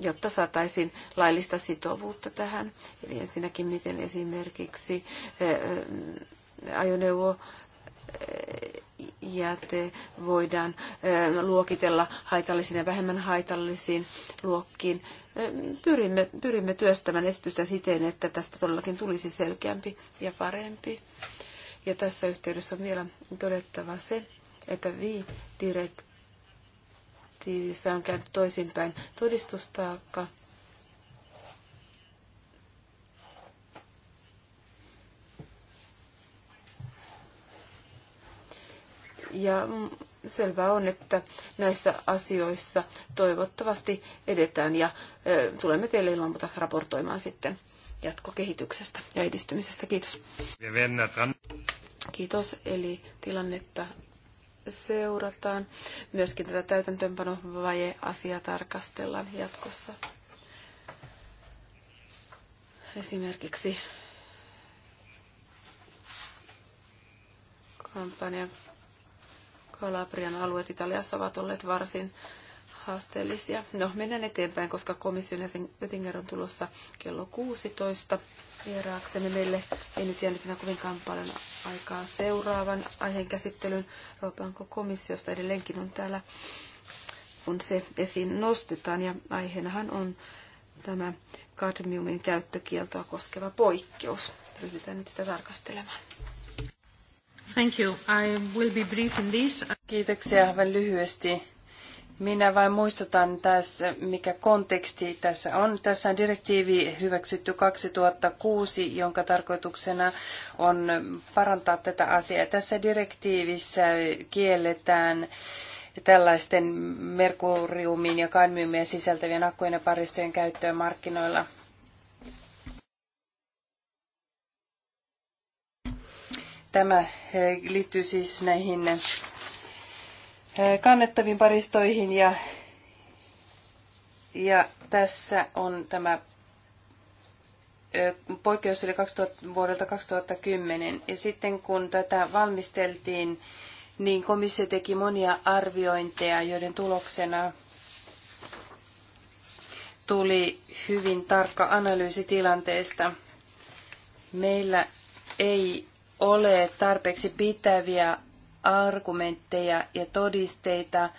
jotta saataisiin laillista sitovuutta tähän. Eli ensinnäkin, miten esimerkiksi eh, eh, ajoneuvo eh, jäte voidaan luokitella haitallisiin ja vähemmän haitallisiin luokkiin. Pyrimme, pyrimme työstämään esitystä siten, että tästä todellakin tulisi selkeämpi ja parempi. Ja tässä yhteydessä on vielä todettava se, että VI-direktiivissä on käynyt toisinpäin todistustaakka. Ja selvää on, että näissä asioissa toivottavasti edetään ja ö, tulemme teille ilman muuta raportoimaan sitten jatkokehityksestä ja edistymisestä. Kiitos. Kiitos. Eli tilannetta seurataan. Myöskin tätä täytäntöönpanovaje-asiaa tarkastellaan jatkossa. Esimerkiksi kampanjan Kalabrian alueet Italiassa ovat olleet varsin haasteellisia. No, mennään eteenpäin, koska komission jäsen Oettinger on tulossa kello 16 vieraaksemme. Meille ei nyt jäänyt enää kovinkaan paljon aikaa seuraavan aiheen käsittelyn. Euroopanko komissiosta edelleenkin on täällä, kun se esiin nostetaan. Ja aiheenahan on tämä kadmiumin käyttökieltoa koskeva poikkeus. Ryhdytään nyt sitä tarkastelemaan. Thank you. I will be brief in this. Kiitoksia aivan lyhyesti minä vain muistutan tässä, mikä konteksti tässä on. Tässä on direktiivi hyväksytty 2006, jonka tarkoituksena on parantaa tätä asiaa. Tässä direktiivissä kielletään tällaisten merkuriumin ja kadmiumia sisältävien akkujen ja paristojen käyttöä markkinoilla. Tämä liittyy siis näihin kannettaviin paristoihin ja, ja tässä on tämä poikkeus oli 2000, vuodelta 2010. Ja sitten kun tätä valmisteltiin, niin komissio teki monia arviointeja, joiden tuloksena tuli hyvin tarkka analyysi tilanteesta. Meillä ei ole tarpeeksi pitäviä argumentteja ja todisteita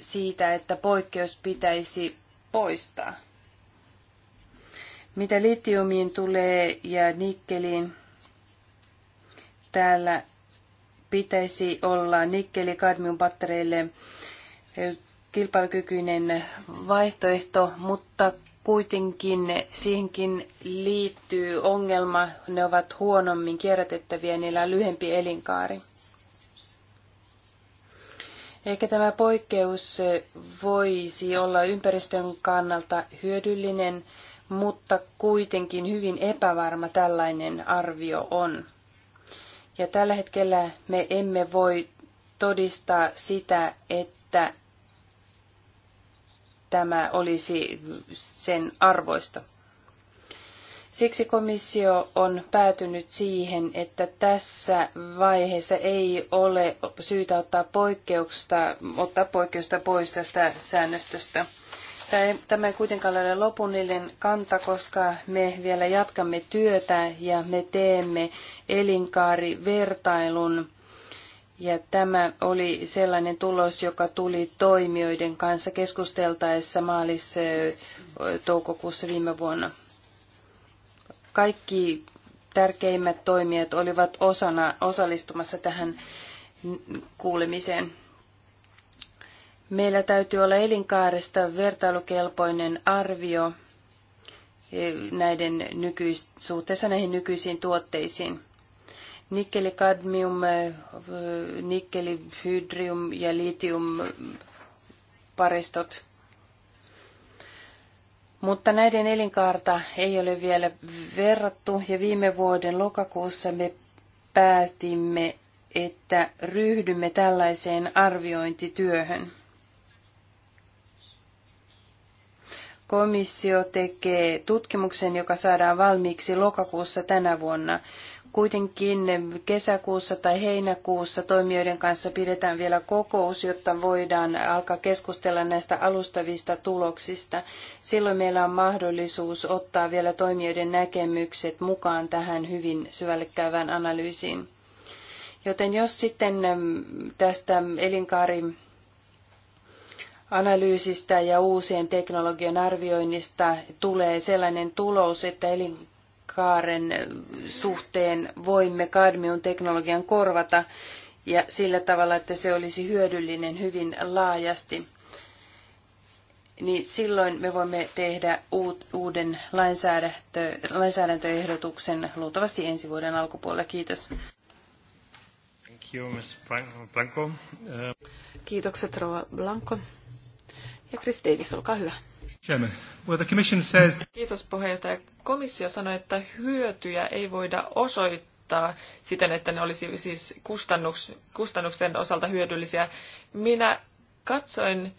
siitä, että poikkeus pitäisi poistaa. Mitä litiumiin tulee ja nikkeliin, täällä pitäisi olla nikkeli kadmium battereille eh, kilpailukykyinen vaihtoehto, mutta kuitenkin siihenkin liittyy ongelma, ne ovat huonommin kierrätettäviä, niillä on lyhempi elinkaari. Ehkä tämä poikkeus voisi olla ympäristön kannalta hyödyllinen, mutta kuitenkin hyvin epävarma tällainen arvio on. Ja tällä hetkellä me emme voi todistaa sitä, että tämä olisi sen arvoista. Siksi komissio on päätynyt siihen, että tässä vaiheessa ei ole syytä ottaa poikkeusta, ottaa poikkeusta pois tästä säännöstöstä. Tämä ei kuitenkaan ole lopullinen kanta, koska me vielä jatkamme työtä ja me teemme elinkaarivertailun. Ja tämä oli sellainen tulos, joka tuli toimijoiden kanssa keskusteltaessa maalis toukokuussa viime vuonna. Kaikki tärkeimmät toimijat olivat osana osallistumassa tähän kuulemiseen. Meillä täytyy olla elinkaaresta vertailukelpoinen arvio e, näiden nykyis- suhteessa näihin nykyisiin tuotteisiin. Nikkeli, kadmium, e, nikkeli, hydrium ja litium paristot mutta näiden elinkaarta ei ole vielä verrattu ja viime vuoden lokakuussa me päätimme, että ryhdymme tällaiseen arviointityöhön. Komissio tekee tutkimuksen, joka saadaan valmiiksi lokakuussa tänä vuonna. Kuitenkin kesäkuussa tai heinäkuussa toimijoiden kanssa pidetään vielä kokous, jotta voidaan alkaa keskustella näistä alustavista tuloksista. Silloin meillä on mahdollisuus ottaa vielä toimijoiden näkemykset mukaan tähän hyvin syvälle käyvään analyysiin. Joten jos sitten tästä elinkaari analyysistä ja uusien teknologian arvioinnista tulee sellainen tulos, että elin, kaaren suhteen voimme kadmion teknologian korvata ja sillä tavalla, että se olisi hyödyllinen hyvin laajasti, niin silloin me voimme tehdä uuden lainsäädäntö, lainsäädäntöehdotuksen luultavasti ensi vuoden alkupuolella. Kiitos. Uh, Kiitokset, Rova Blanco. Ja Chris Davis, olkaa hyvä. Kiitos puheenjohtaja. Komissio sanoi, että hyötyjä ei voida osoittaa siten, että ne olisi siis kustannuks, kustannuksen osalta hyödyllisiä. Minä katsoin,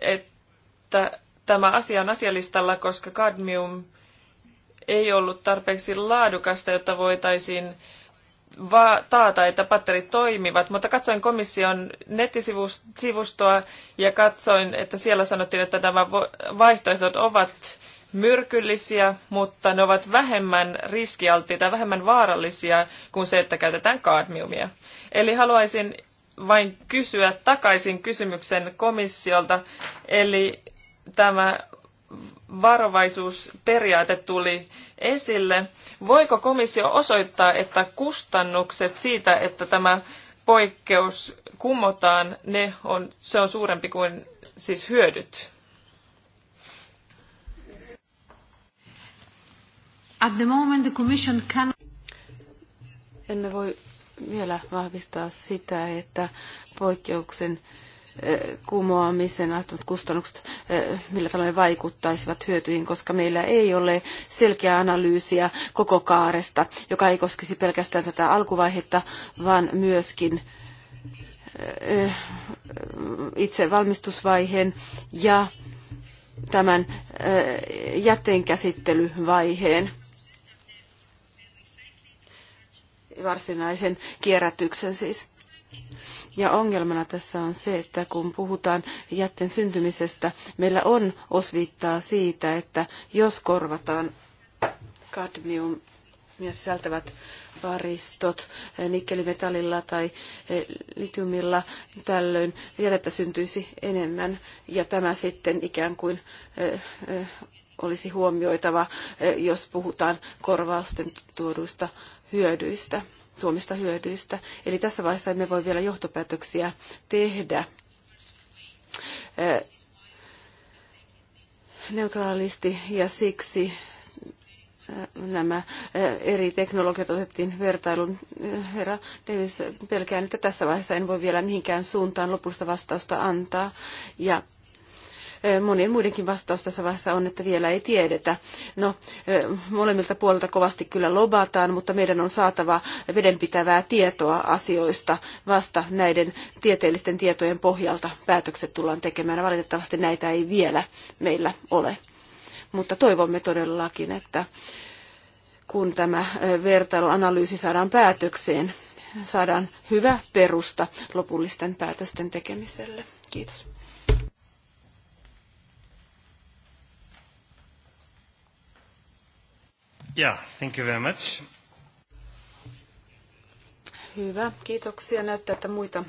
että tämä asia on asialistalla, koska kadmium ei ollut tarpeeksi laadukasta, jotta voitaisiin taata, että patterit toimivat, mutta katsoin komission nettisivustoa ja katsoin, että siellä sanottiin, että nämä vaihtoehdot ovat myrkyllisiä, mutta ne ovat vähemmän riskialttiita, vähemmän vaarallisia kuin se, että käytetään kadmiumia. Eli haluaisin vain kysyä takaisin kysymyksen komissiolta, eli tämä varovaisuusperiaate tuli esille. Voiko komissio osoittaa, että kustannukset siitä, että tämä poikkeus kumotaan, ne on, se on suurempi kuin siis hyödyt? At the moment the commission can... Emme voi vielä vahvistaa sitä, että poikkeuksen kumoamisen aiheuttamat kustannukset, millä tavalla ne vaikuttaisivat hyötyihin, koska meillä ei ole selkeää analyysiä koko kaaresta, joka ei koskisi pelkästään tätä alkuvaihetta, vaan myöskin itse valmistusvaiheen ja tämän jätteenkäsittelyvaiheen varsinaisen kierrätyksen siis. Ja ongelmana tässä on se, että kun puhutaan jätteen syntymisestä, meillä on osviittaa siitä, että jos korvataan kadmium sisältävät varistot eh, nikkelimetallilla tai eh, litiumilla, tällöin jätettä syntyisi enemmän ja tämä sitten ikään kuin eh, olisi huomioitava, jos puhutaan korvausten tuoduista hyödyistä tuomista hyödyistä. Eli tässä vaiheessa emme voi vielä johtopäätöksiä tehdä. Neutraalisti ja siksi nämä eri teknologiat otettiin vertailun. Herra Davis, pelkään, että tässä vaiheessa en voi vielä mihinkään suuntaan lopullista vastausta antaa. Ja monien muidenkin vastaus tässä vaiheessa on, että vielä ei tiedetä. No, molemmilta puolilta kovasti kyllä lobataan, mutta meidän on saatava vedenpitävää tietoa asioista vasta näiden tieteellisten tietojen pohjalta päätökset tullaan tekemään. Valitettavasti näitä ei vielä meillä ole. Mutta toivomme todellakin, että kun tämä vertailuanalyysi saadaan päätökseen, saadaan hyvä perusta lopullisten päätösten tekemiselle. Kiitos. Yeah, thank you very much. Hyvä, kiitoksia. Näyttää, että muita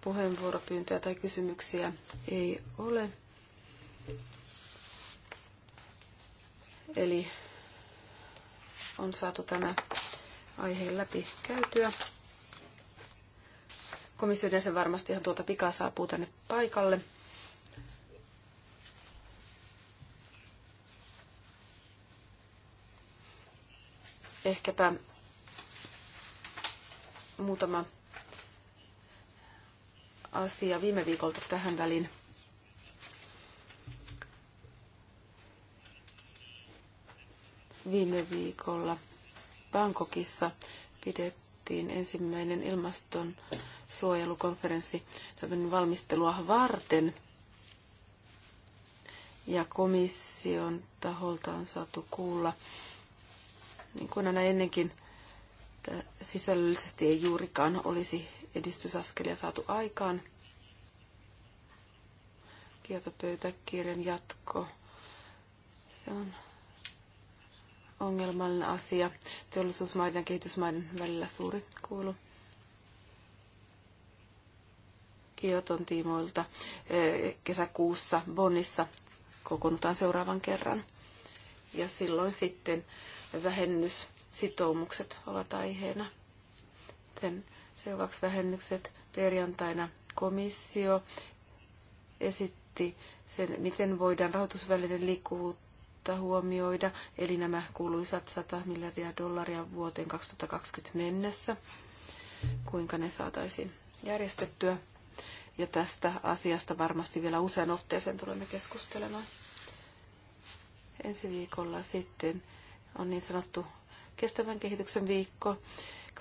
puheenvuoropyyntöjä tai kysymyksiä ei ole. Eli on saatu tämä aihe läpi käytyä. Komission jäsen varmasti ihan tuota pikaa saapuu tänne paikalle. ehkäpä muutama asia viime viikolta tähän väliin. Viime viikolla Bangkokissa pidettiin ensimmäinen ilmaston suojelukonferenssi valmistelua varten. Ja komission taholta on saatu kuulla niin kuin aina ennenkin, että sisällöllisesti ei juurikaan olisi edistysaskelia saatu aikaan. Kieltopöytäkirjan jatko. Se on ongelmallinen asia. Teollisuusmaiden ja kehitysmaiden välillä suuri kuulu. Kioton tiimoilta eh, kesäkuussa Bonnissa kokoonnutaan seuraavan kerran ja silloin sitten vähennyssitoumukset ovat aiheena. sen seuraavaksi vähennykset perjantaina komissio esitti sen, miten voidaan rahoitusvälinen liikkuvuutta huomioida, eli nämä kuuluisat 100 miljardia dollaria vuoteen 2020 mennessä, kuinka ne saataisiin järjestettyä. Ja tästä asiasta varmasti vielä usean otteeseen tulemme keskustelemaan ensi viikolla sitten on niin sanottu kestävän kehityksen viikko.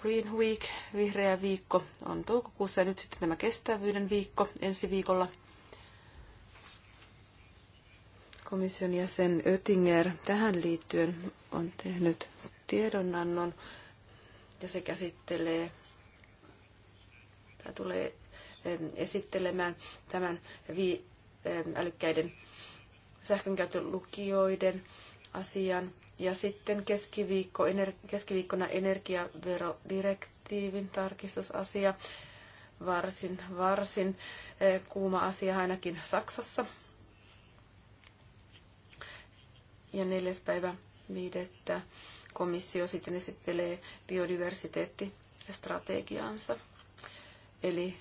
Green Week, vihreä viikko, on toukokuussa ja nyt sitten tämä kestävyyden viikko ensi viikolla. Komission jäsen Oettinger tähän liittyen on tehnyt tiedonannon ja se käsittelee tai tulee eh, esittelemään tämän vi- eh, älykkäiden sähkönkäytön lukioiden asian. Ja sitten keskiviikko, ener, keskiviikkona energiaverodirektiivin tarkistusasia, varsin, varsin eh, kuuma asia ainakin Saksassa. Ja neljäs päivä viidettä komissio sitten esittelee biodiversiteettistrategiansa. Eli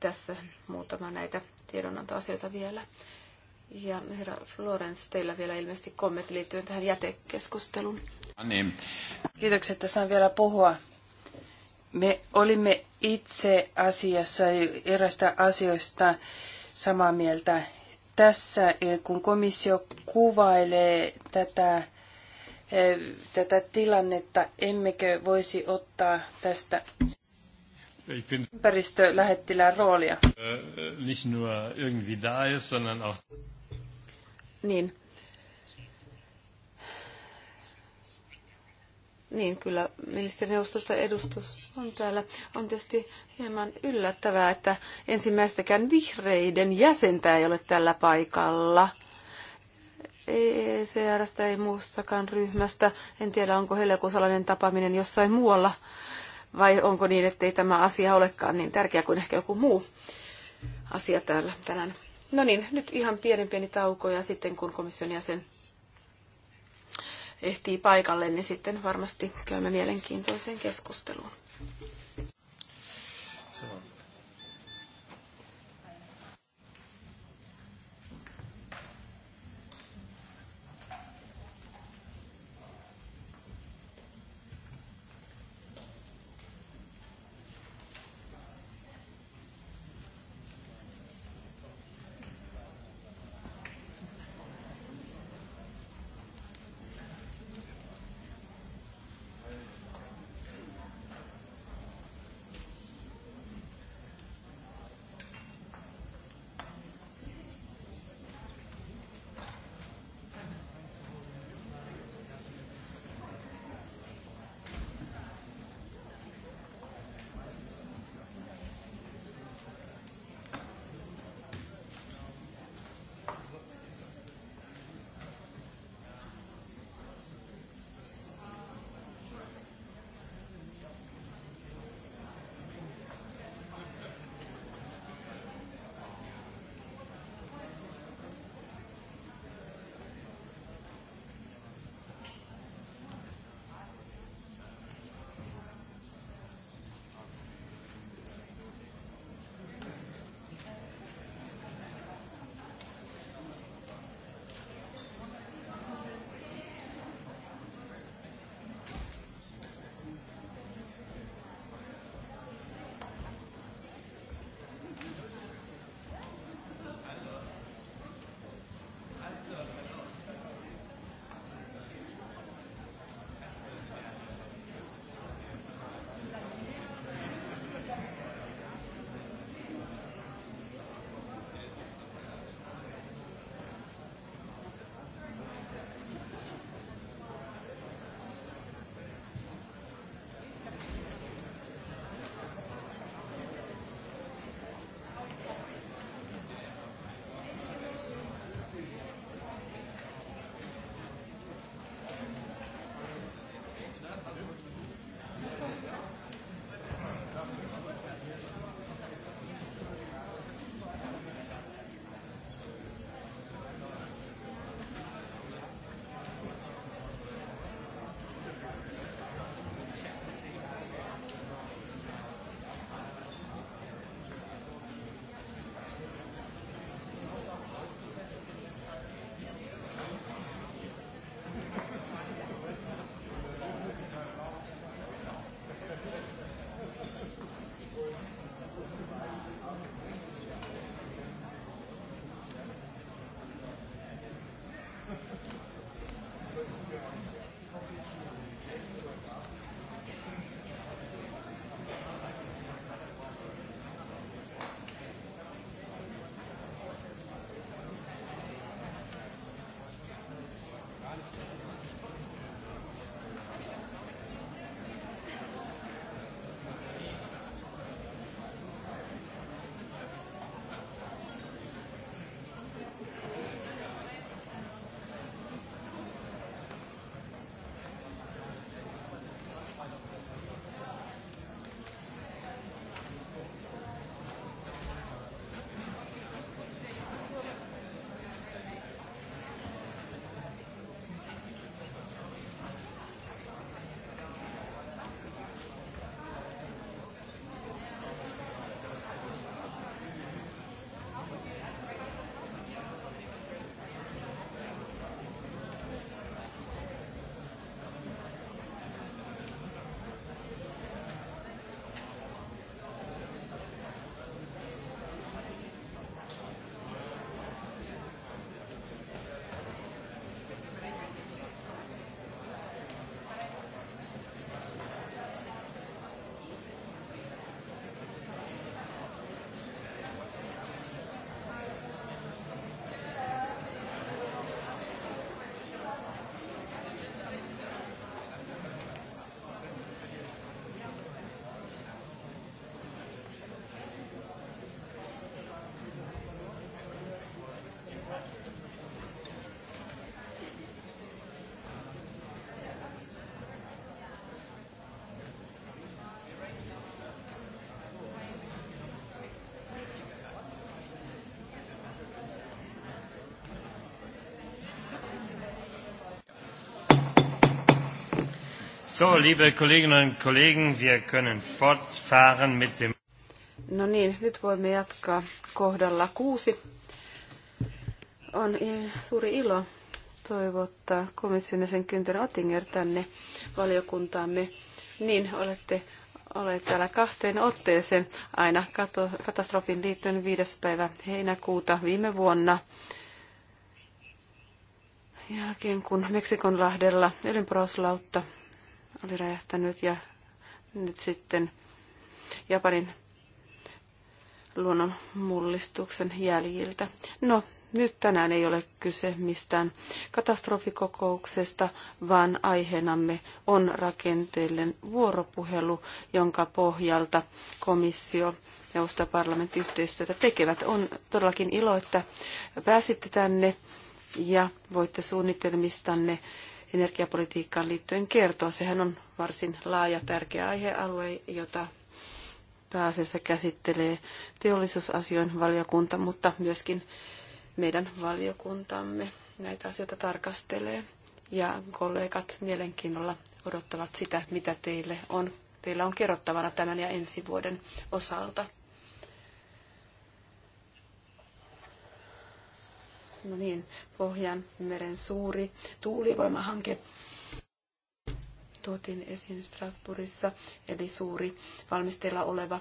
tässä muutama näitä tiedonantoasioita vielä. Ja herra Florence, teillä vielä ilmeisesti kommentti liittyen tähän jätekeskusteluun. Ah, niin. Kiitoksia, että saan vielä puhua. Me olimme itse asiassa erästä asioista samaa mieltä. Tässä, eh, kun komissio kuvailee tätä, eh, tätä tilannetta, emmekö voisi ottaa tästä ympäristölähettilään roolia. Äh, äh, niin, niin kyllä ministerineuvostosta edustus on täällä. On tietysti hieman yllättävää, että ensimmäistäkään vihreiden jäsentä ei ole tällä paikalla. ECRstä ei muussakaan ryhmästä. En tiedä, onko heillä joku sellainen tapaaminen jossain muualla vai onko niin, että ei tämä asia olekaan niin tärkeä kuin ehkä joku muu asia täällä tänään. No niin, nyt ihan pienen pieni tauko ja sitten kun komission jäsen ehtii paikalle, niin sitten varmasti käymme mielenkiintoiseen keskusteluun. So, liebe Kolleginnen und Kollegen, wir können fortfahren mit dem... No niin, nyt voimme jatkaa kohdalla kuusi. On suuri ilo toivottaa komission jäsen Günther Ottinger tänne valiokuntaamme. Niin, olette olet täällä kahteen otteeseen aina katastrofin liittyen 5. päivä heinäkuuta viime vuonna jälkeen, kun Meksikonlahdella öljynporauslautta oli räjähtänyt ja nyt sitten Japanin luonnon mullistuksen jäljiltä. No, nyt tänään ei ole kyse mistään katastrofikokouksesta, vaan aiheenamme on rakenteellinen vuoropuhelu, jonka pohjalta komissio ja parlamentti yhteistyötä tekevät. On todellakin ilo, että pääsitte tänne ja voitte suunnitelmistanne energiapolitiikkaan liittyen kertoa. Sehän on varsin laaja, tärkeä aihealue, jota pääasiassa käsittelee teollisuusasioin valiokunta, mutta myöskin meidän valiokuntamme näitä asioita tarkastelee. Ja kollegat mielenkiinnolla odottavat sitä, mitä teille on, teillä on kerrottavana tämän ja ensi vuoden osalta. No niin, Pohjanmeren suuri tuulivoimahanke tuotiin esiin Strasbourgissa, eli suuri valmisteilla oleva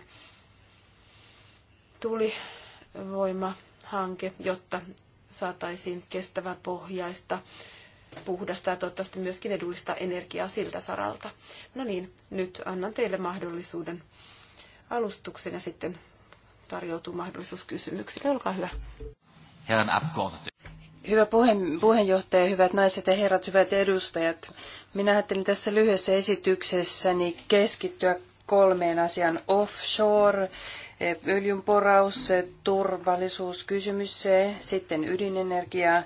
tuulivoimahanke, jotta saataisiin kestävä pohjaista puhdasta ja toivottavasti myöskin edullista energiaa siltä saralta. No niin, nyt annan teille mahdollisuuden alustuksen ja sitten tarjoutuu mahdollisuus kysymyksille. Olkaa hyvä. Herran Abgeordnete. Hyvä puheen, puheenjohtaja, hyvät naiset ja herrat, hyvät edustajat. Minä ajattelin tässä lyhyessä esityksessäni keskittyä kolmeen asiaan. Offshore, öljynporaus, turvallisuuskysymys, sitten ydinenergia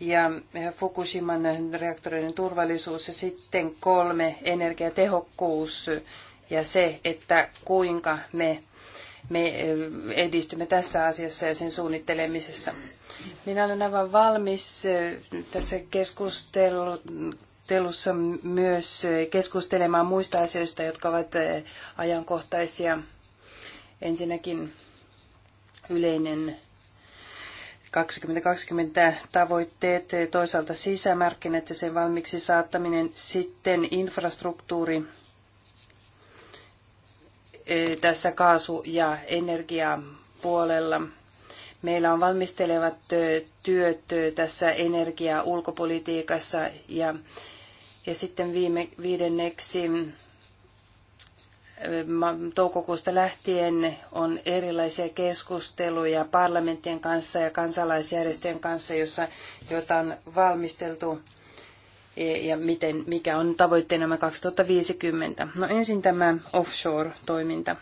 ja Fukushiman reaktoreiden turvallisuus ja sitten kolme energiatehokkuus ja se, että kuinka me me edistymme tässä asiassa ja sen suunnittelemisessa. Minä olen aivan valmis tässä keskustelussa myös keskustelemaan muista asioista, jotka ovat ajankohtaisia. Ensinnäkin yleinen 2020 tavoitteet, toisaalta sisämarkkinat ja sen valmiiksi saattaminen, sitten infrastruktuuri tässä kaasu- ja energiapuolella. Meillä on valmistelevat työt tässä energia-ulkopolitiikassa ja, ja sitten viime, viidenneksi toukokuusta lähtien on erilaisia keskusteluja parlamenttien kanssa ja kansalaisjärjestöjen kanssa, jossa, joita on valmisteltu ja miten, mikä on tavoitteena 2050. No ensin tämä offshore-toiminta.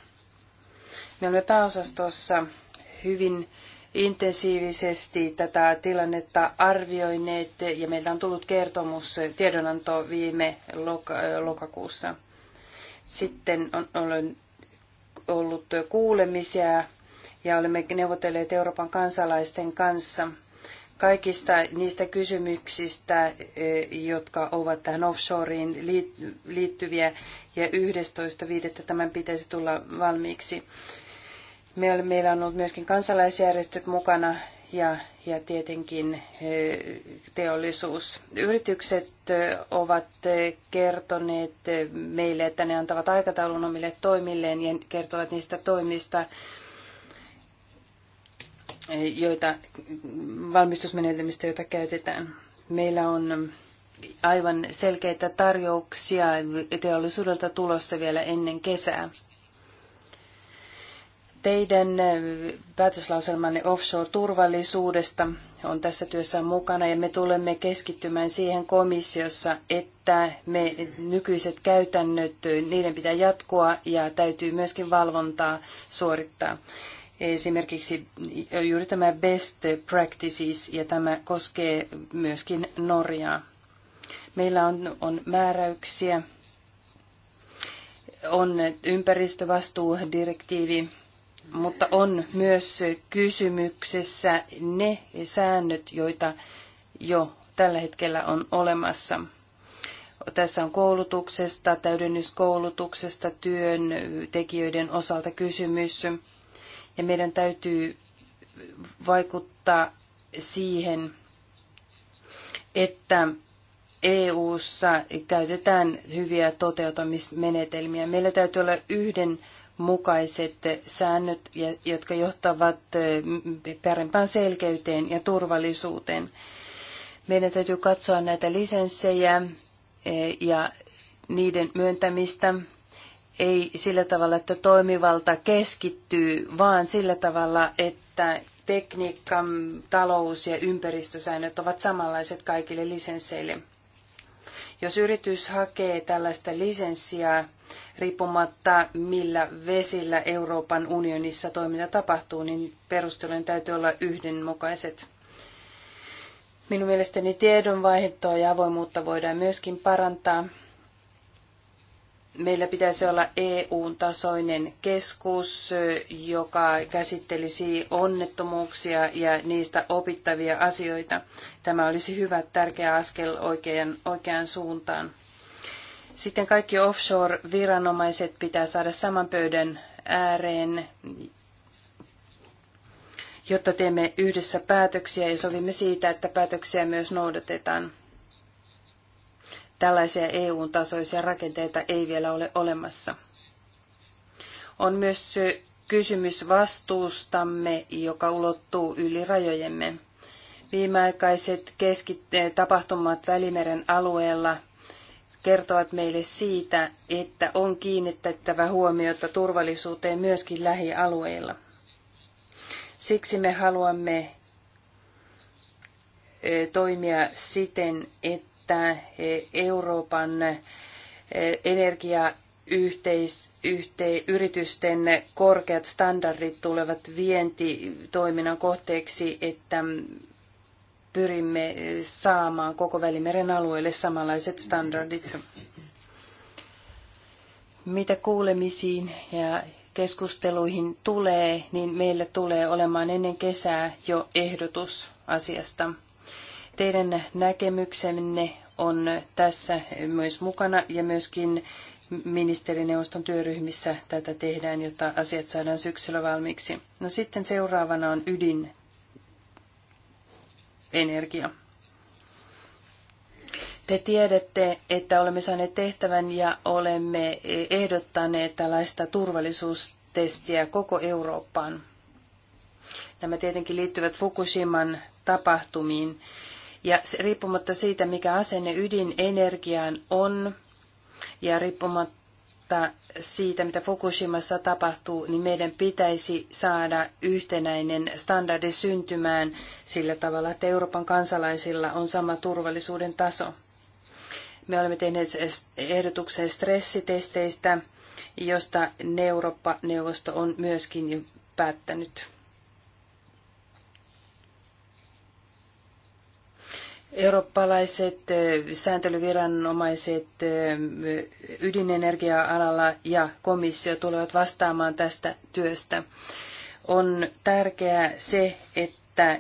Me olemme pääosastossa hyvin intensiivisesti tätä tilannetta arvioineet ja meiltä on tullut kertomus, tiedonanto viime lokakuussa. Sitten on, olen ollut kuulemisia ja olemme neuvotelleet Euroopan kansalaisten kanssa – kaikista niistä kysymyksistä, jotka ovat tähän offshoreen liittyviä, ja 11.5. tämän pitäisi tulla valmiiksi. Meillä on ollut myöskin kansalaisjärjestöt mukana ja, ja tietenkin teollisuus. Yritykset ovat kertoneet meille, että ne antavat aikataulun omille toimilleen ja kertovat niistä toimista, joita, valmistusmenetelmistä, joita käytetään. Meillä on aivan selkeitä tarjouksia teollisuudelta tulossa vielä ennen kesää. Teidän päätöslauselmanne offshore-turvallisuudesta on tässä työssä mukana ja me tulemme keskittymään siihen komissiossa, että me nykyiset käytännöt, niiden pitää jatkua ja täytyy myöskin valvontaa suorittaa esimerkiksi juuri tämä best practices, ja tämä koskee myöskin Norjaa. Meillä on, on määräyksiä, on ympäristövastuudirektiivi, mutta on myös kysymyksessä ne säännöt, joita jo tällä hetkellä on olemassa. Tässä on koulutuksesta, täydennyskoulutuksesta, työntekijöiden osalta kysymys ja meidän täytyy vaikuttaa siihen, että EU:ssa käytetään hyviä toteutumismenetelmiä. Meillä täytyy olla yhdenmukaiset säännöt, jotka johtavat parempaan selkeyteen ja turvallisuuteen. Meidän täytyy katsoa näitä lisenssejä ja niiden myöntämistä ei sillä tavalla, että toimivalta keskittyy, vaan sillä tavalla, että tekniikka, talous ja ympäristösäännöt ovat samanlaiset kaikille lisensseille. Jos yritys hakee tällaista lisenssiä riippumatta millä vesillä Euroopan unionissa toiminta tapahtuu, niin perustelujen täytyy olla yhdenmukaiset. Minun mielestäni tiedonvaihtoa ja avoimuutta voidaan myöskin parantaa. Meillä pitäisi olla EU-tasoinen keskus, joka käsittelisi onnettomuuksia ja niistä opittavia asioita. Tämä olisi hyvä, tärkeä askel oikean, oikeaan suuntaan. Sitten kaikki offshore-viranomaiset pitää saada saman pöydän ääreen, jotta teemme yhdessä päätöksiä ja sovimme siitä, että päätöksiä myös noudatetaan. Tällaisia EU-tasoisia rakenteita ei vielä ole olemassa. On myös kysymys vastuustamme, joka ulottuu yli rajojemme. Viimeaikaiset tapahtumat Välimeren alueella kertovat meille siitä, että on kiinnitettävä huomiota turvallisuuteen myöskin lähialueilla. Siksi me haluamme toimia siten, että että Euroopan eh, energiayritysten korkeat standardit tulevat vientitoiminnan kohteeksi, että pyrimme saamaan koko Välimeren alueelle samanlaiset standardit. Mitä kuulemisiin ja keskusteluihin tulee, niin meillä tulee olemaan ennen kesää jo ehdotus asiasta. Teidän näkemyksenne on tässä myös mukana ja myöskin ministerineuvoston työryhmissä tätä tehdään, jotta asiat saadaan syksyllä valmiiksi. No sitten seuraavana on ydinenergia. Te tiedätte, että olemme saaneet tehtävän ja olemme ehdottaneet tällaista turvallisuustestiä koko Eurooppaan. Nämä tietenkin liittyvät Fukushiman tapahtumiin. Ja riippumatta siitä, mikä asenne ydinenergiaan on, ja riippumatta siitä, mitä Fukushimassa tapahtuu, niin meidän pitäisi saada yhtenäinen standardi syntymään sillä tavalla, että Euroopan kansalaisilla on sama turvallisuuden taso. Me olemme tehneet ehdotuksen stressitesteistä, josta Eurooppa-neuvosto on myöskin jo päättänyt. eurooppalaiset sääntelyviranomaiset ydinenergia-alalla ja komissio tulevat vastaamaan tästä työstä. On tärkeää se, että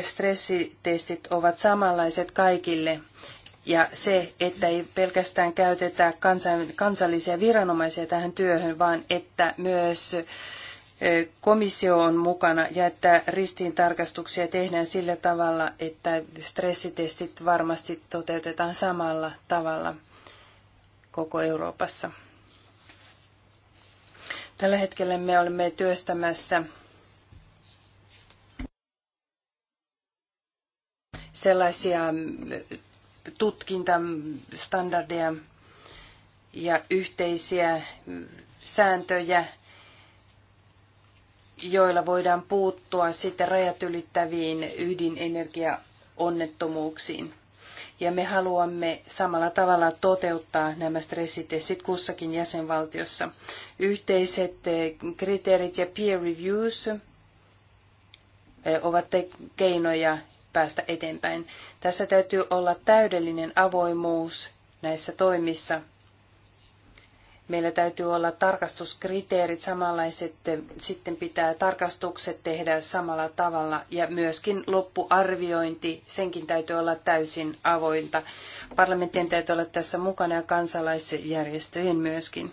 stressitestit ovat samanlaiset kaikille ja se, että ei pelkästään käytetä kansallisia viranomaisia tähän työhön, vaan että myös komissio on mukana ja että ristiintarkastuksia tehdään sillä tavalla, että stressitestit varmasti toteutetaan samalla tavalla koko Euroopassa. Tällä hetkellä me olemme työstämässä sellaisia mm, tutkintastandardeja ja yhteisiä mm, sääntöjä, joilla voidaan puuttua sitten rajat ylittäviin ydinenergiaonnettomuuksiin. Ja me haluamme samalla tavalla toteuttaa nämä stressitestit kussakin jäsenvaltiossa. Yhteiset eh, kriteerit ja peer reviews eh, ovat keinoja päästä eteenpäin. Tässä täytyy olla täydellinen avoimuus näissä toimissa Meillä täytyy olla tarkastuskriteerit samanlaiset, sitten pitää tarkastukset tehdä samalla tavalla ja myöskin loppuarviointi, senkin täytyy olla täysin avointa. Parlamenttien täytyy olla tässä mukana ja kansalaisjärjestöjen myöskin.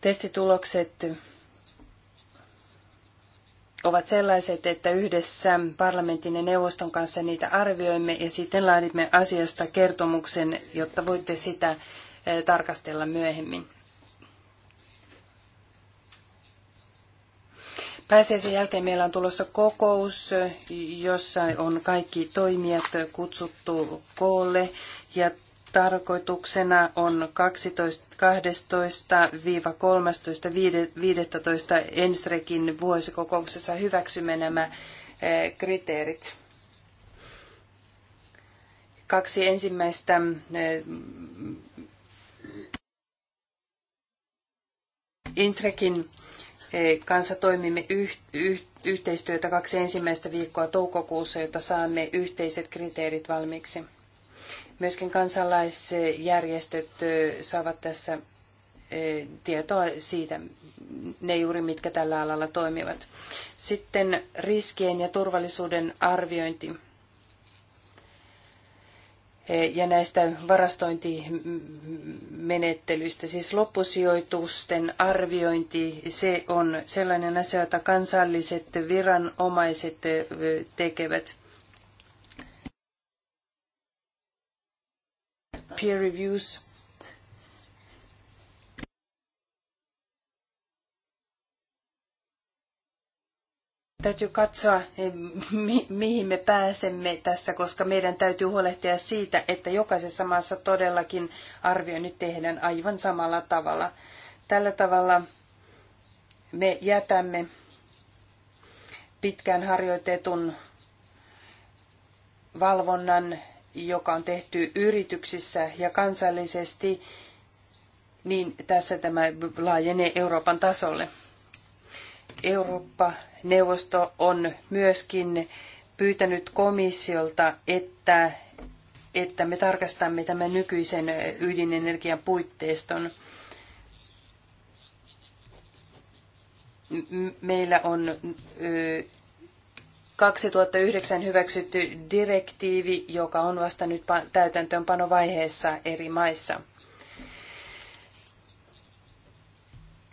Testitulokset ovat sellaiset, että yhdessä parlamentin ja neuvoston kanssa niitä arvioimme ja sitten laadimme asiasta kertomuksen, jotta voitte sitä Eh, tarkastella myöhemmin. Pääsiäisen jälkeen meillä on tulossa kokous, jossa on kaikki toimijat kutsuttu koolle ja tarkoituksena on 12.–13.15. Enstrekin vuosikokouksessa hyväksymme nämä eh, kriteerit. Kaksi ensimmäistä eh, Intrekin e, kanssa toimimme yh, yh, yhteistyötä kaksi ensimmäistä viikkoa toukokuussa, jotta saamme yhteiset kriteerit valmiiksi. Myöskin kansalaisjärjestöt e, saavat tässä e, tietoa siitä, ne juuri mitkä tällä alalla toimivat. Sitten riskien ja turvallisuuden arviointi. Eh, ja näistä varastointimenettelyistä. Siis loppusijoitusten arviointi, se on sellainen asia, jota kansalliset viranomaiset eh, tekevät. Peer reviews Täytyy katsoa, eh, mihin me pääsemme tässä, koska meidän täytyy huolehtia siitä, että jokaisessa maassa todellakin arvioinnit tehdään aivan samalla tavalla. Tällä tavalla me jätämme pitkään harjoitetun valvonnan, joka on tehty yrityksissä ja kansallisesti, niin tässä tämä laajenee Euroopan tasolle. Eurooppa-neuvosto on myöskin pyytänyt komissiolta, että, että me tarkastamme tämän nykyisen ydinenergian puitteiston. Meillä on 2009 hyväksytty direktiivi, joka on vasta nyt täytäntöönpanovaiheessa eri maissa.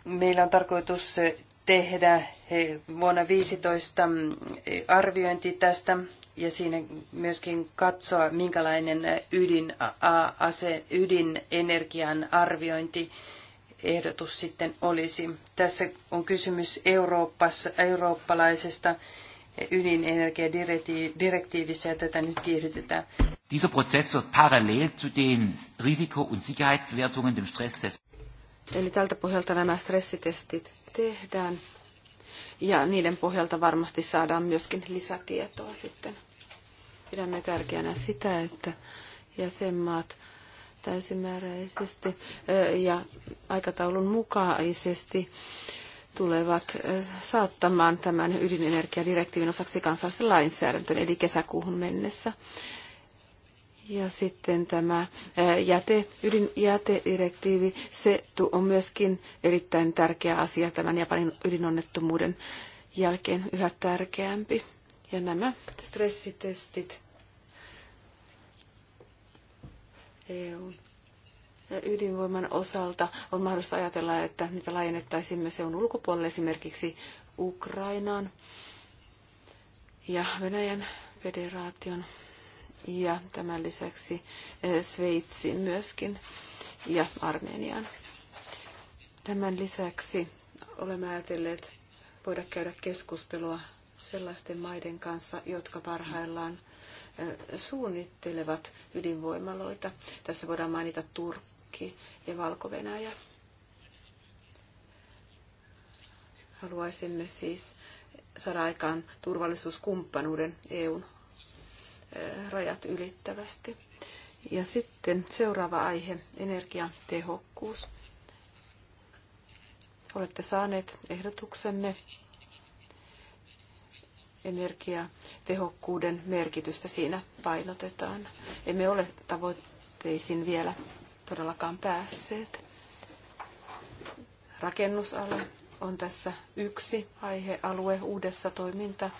Meillä on tarkoitus tehdä vuonna 15 mm, arviointi tästä ja siinä myöskin katsoa, minkälainen ydinase, ydinenergian arviointi ehdotus sitten olisi. Tässä on kysymys Euroopassa, eurooppalaisesta ydinenergiadirektiivissä ja tätä nyt kiihdytetään. Dieser Prozess wird parallel zu den Risiko- und Sicherheitsbewertungen dem Stresstest. Eli tältä pohjalta nämä stressitestit tehdään. Ja niiden pohjalta varmasti saadaan myöskin lisätietoa sitten. Pidämme tärkeänä sitä, että jäsenmaat täysimääräisesti ja aikataulun mukaisesti tulevat saattamaan tämän ydinenergiadirektiivin osaksi kansallisen lainsäädäntöön, eli kesäkuuhun mennessä. Ja sitten tämä jäte, ydinjätedirektiivi, se on myöskin erittäin tärkeä asia tämän Japanin ydinonnettomuuden jälkeen yhä tärkeämpi. Ja nämä stressitestit EUn ydinvoiman osalta on mahdollista ajatella, että niitä laajennettaisiin myös EUn ulkopuolelle esimerkiksi Ukrainaan ja Venäjän federaation ja tämän lisäksi eh, Sveitsiin myöskin ja Armeniaan. Tämän lisäksi olemme ajatelleet voida käydä keskustelua sellaisten maiden kanssa, jotka parhaillaan eh, suunnittelevat ydinvoimaloita. Tässä voidaan mainita Turkki ja Valko-Venäjä. Haluaisimme siis saada aikaan turvallisuuskumppanuuden EUn Eh, rajat ylittävästi. Ja sitten seuraava aihe, energiatehokkuus. Olette saaneet ehdotuksenne energiatehokkuuden merkitystä siinä painotetaan. Emme ole tavoitteisiin vielä todellakaan päässeet. Rakennusala on tässä yksi aihealue uudessa toiminta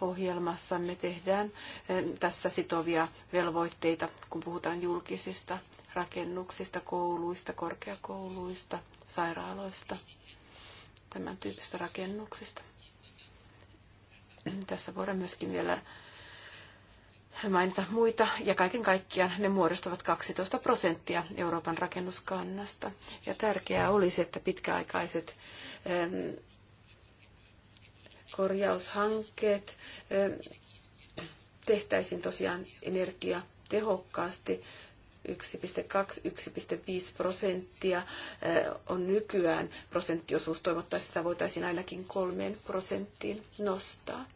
ohjelmassamme tehdään eh, tässä sitovia velvoitteita, kun puhutaan julkisista rakennuksista, kouluista, korkeakouluista, sairaaloista, tämän tyyppistä rakennuksista. Tässä voidaan myöskin vielä mainita muita, ja kaiken kaikkiaan ne muodostavat 12 prosenttia Euroopan rakennuskannasta. Ja tärkeää olisi, että pitkäaikaiset korjaushankkeet tehtäisiin tosiaan energiatehokkaasti. 1,2-1,5 prosenttia on nykyään prosenttiosuus. Toivottavasti sitä voitaisiin ainakin kolmeen prosenttiin nostaa.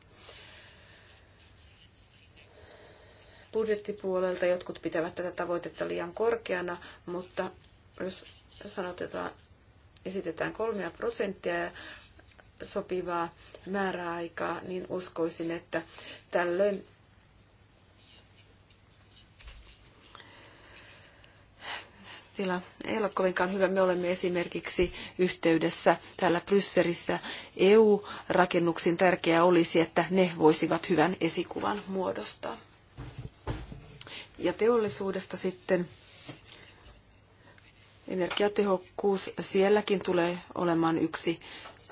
Budjettipuolelta jotkut pitävät tätä tavoitetta liian korkeana, mutta jos sanotetaan, esitetään kolmea prosenttia ja sopivaa määräaikaa, niin uskoisin, että tällöin tila ei ole kovinkaan hyvä. Me olemme esimerkiksi yhteydessä täällä Brysselissä EU-rakennuksiin. Tärkeää olisi, että ne voisivat hyvän esikuvan muodostaa. Ja teollisuudesta sitten energiatehokkuus sielläkin tulee olemaan yksi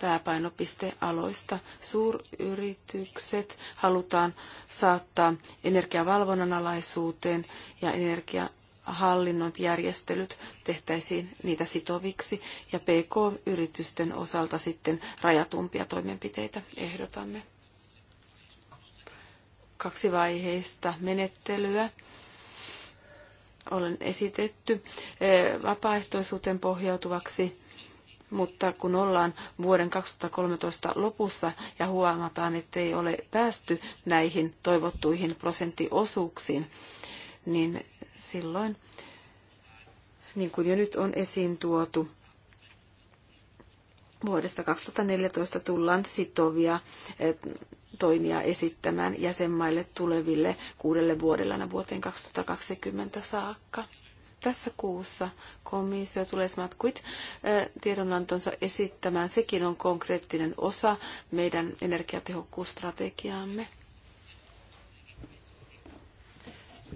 pääpainopistealoista. Suuryritykset halutaan saattaa energiavalvonnan alaisuuteen ja energia hallinnot, järjestelyt tehtäisiin niitä sitoviksi ja PK-yritysten osalta sitten rajatumpia toimenpiteitä ehdotamme. Kaksi vaiheista menettelyä olen esitetty eh, vapaaehtoisuuteen pohjautuvaksi mutta kun ollaan vuoden 2013 lopussa ja huomataan, että ei ole päästy näihin toivottuihin prosenttiosuuksiin, niin silloin, niin kuin jo nyt on esiin tuotu, vuodesta 2014 tullaan sitovia toimia esittämään jäsenmaille tuleville kuudelle vuodelle vuoteen 2020 saakka. Tässä kuussa komissio tulee Smart Quit tiedonantonsa esittämään. Sekin on konkreettinen osa meidän energiatehokkuusstrategiaamme.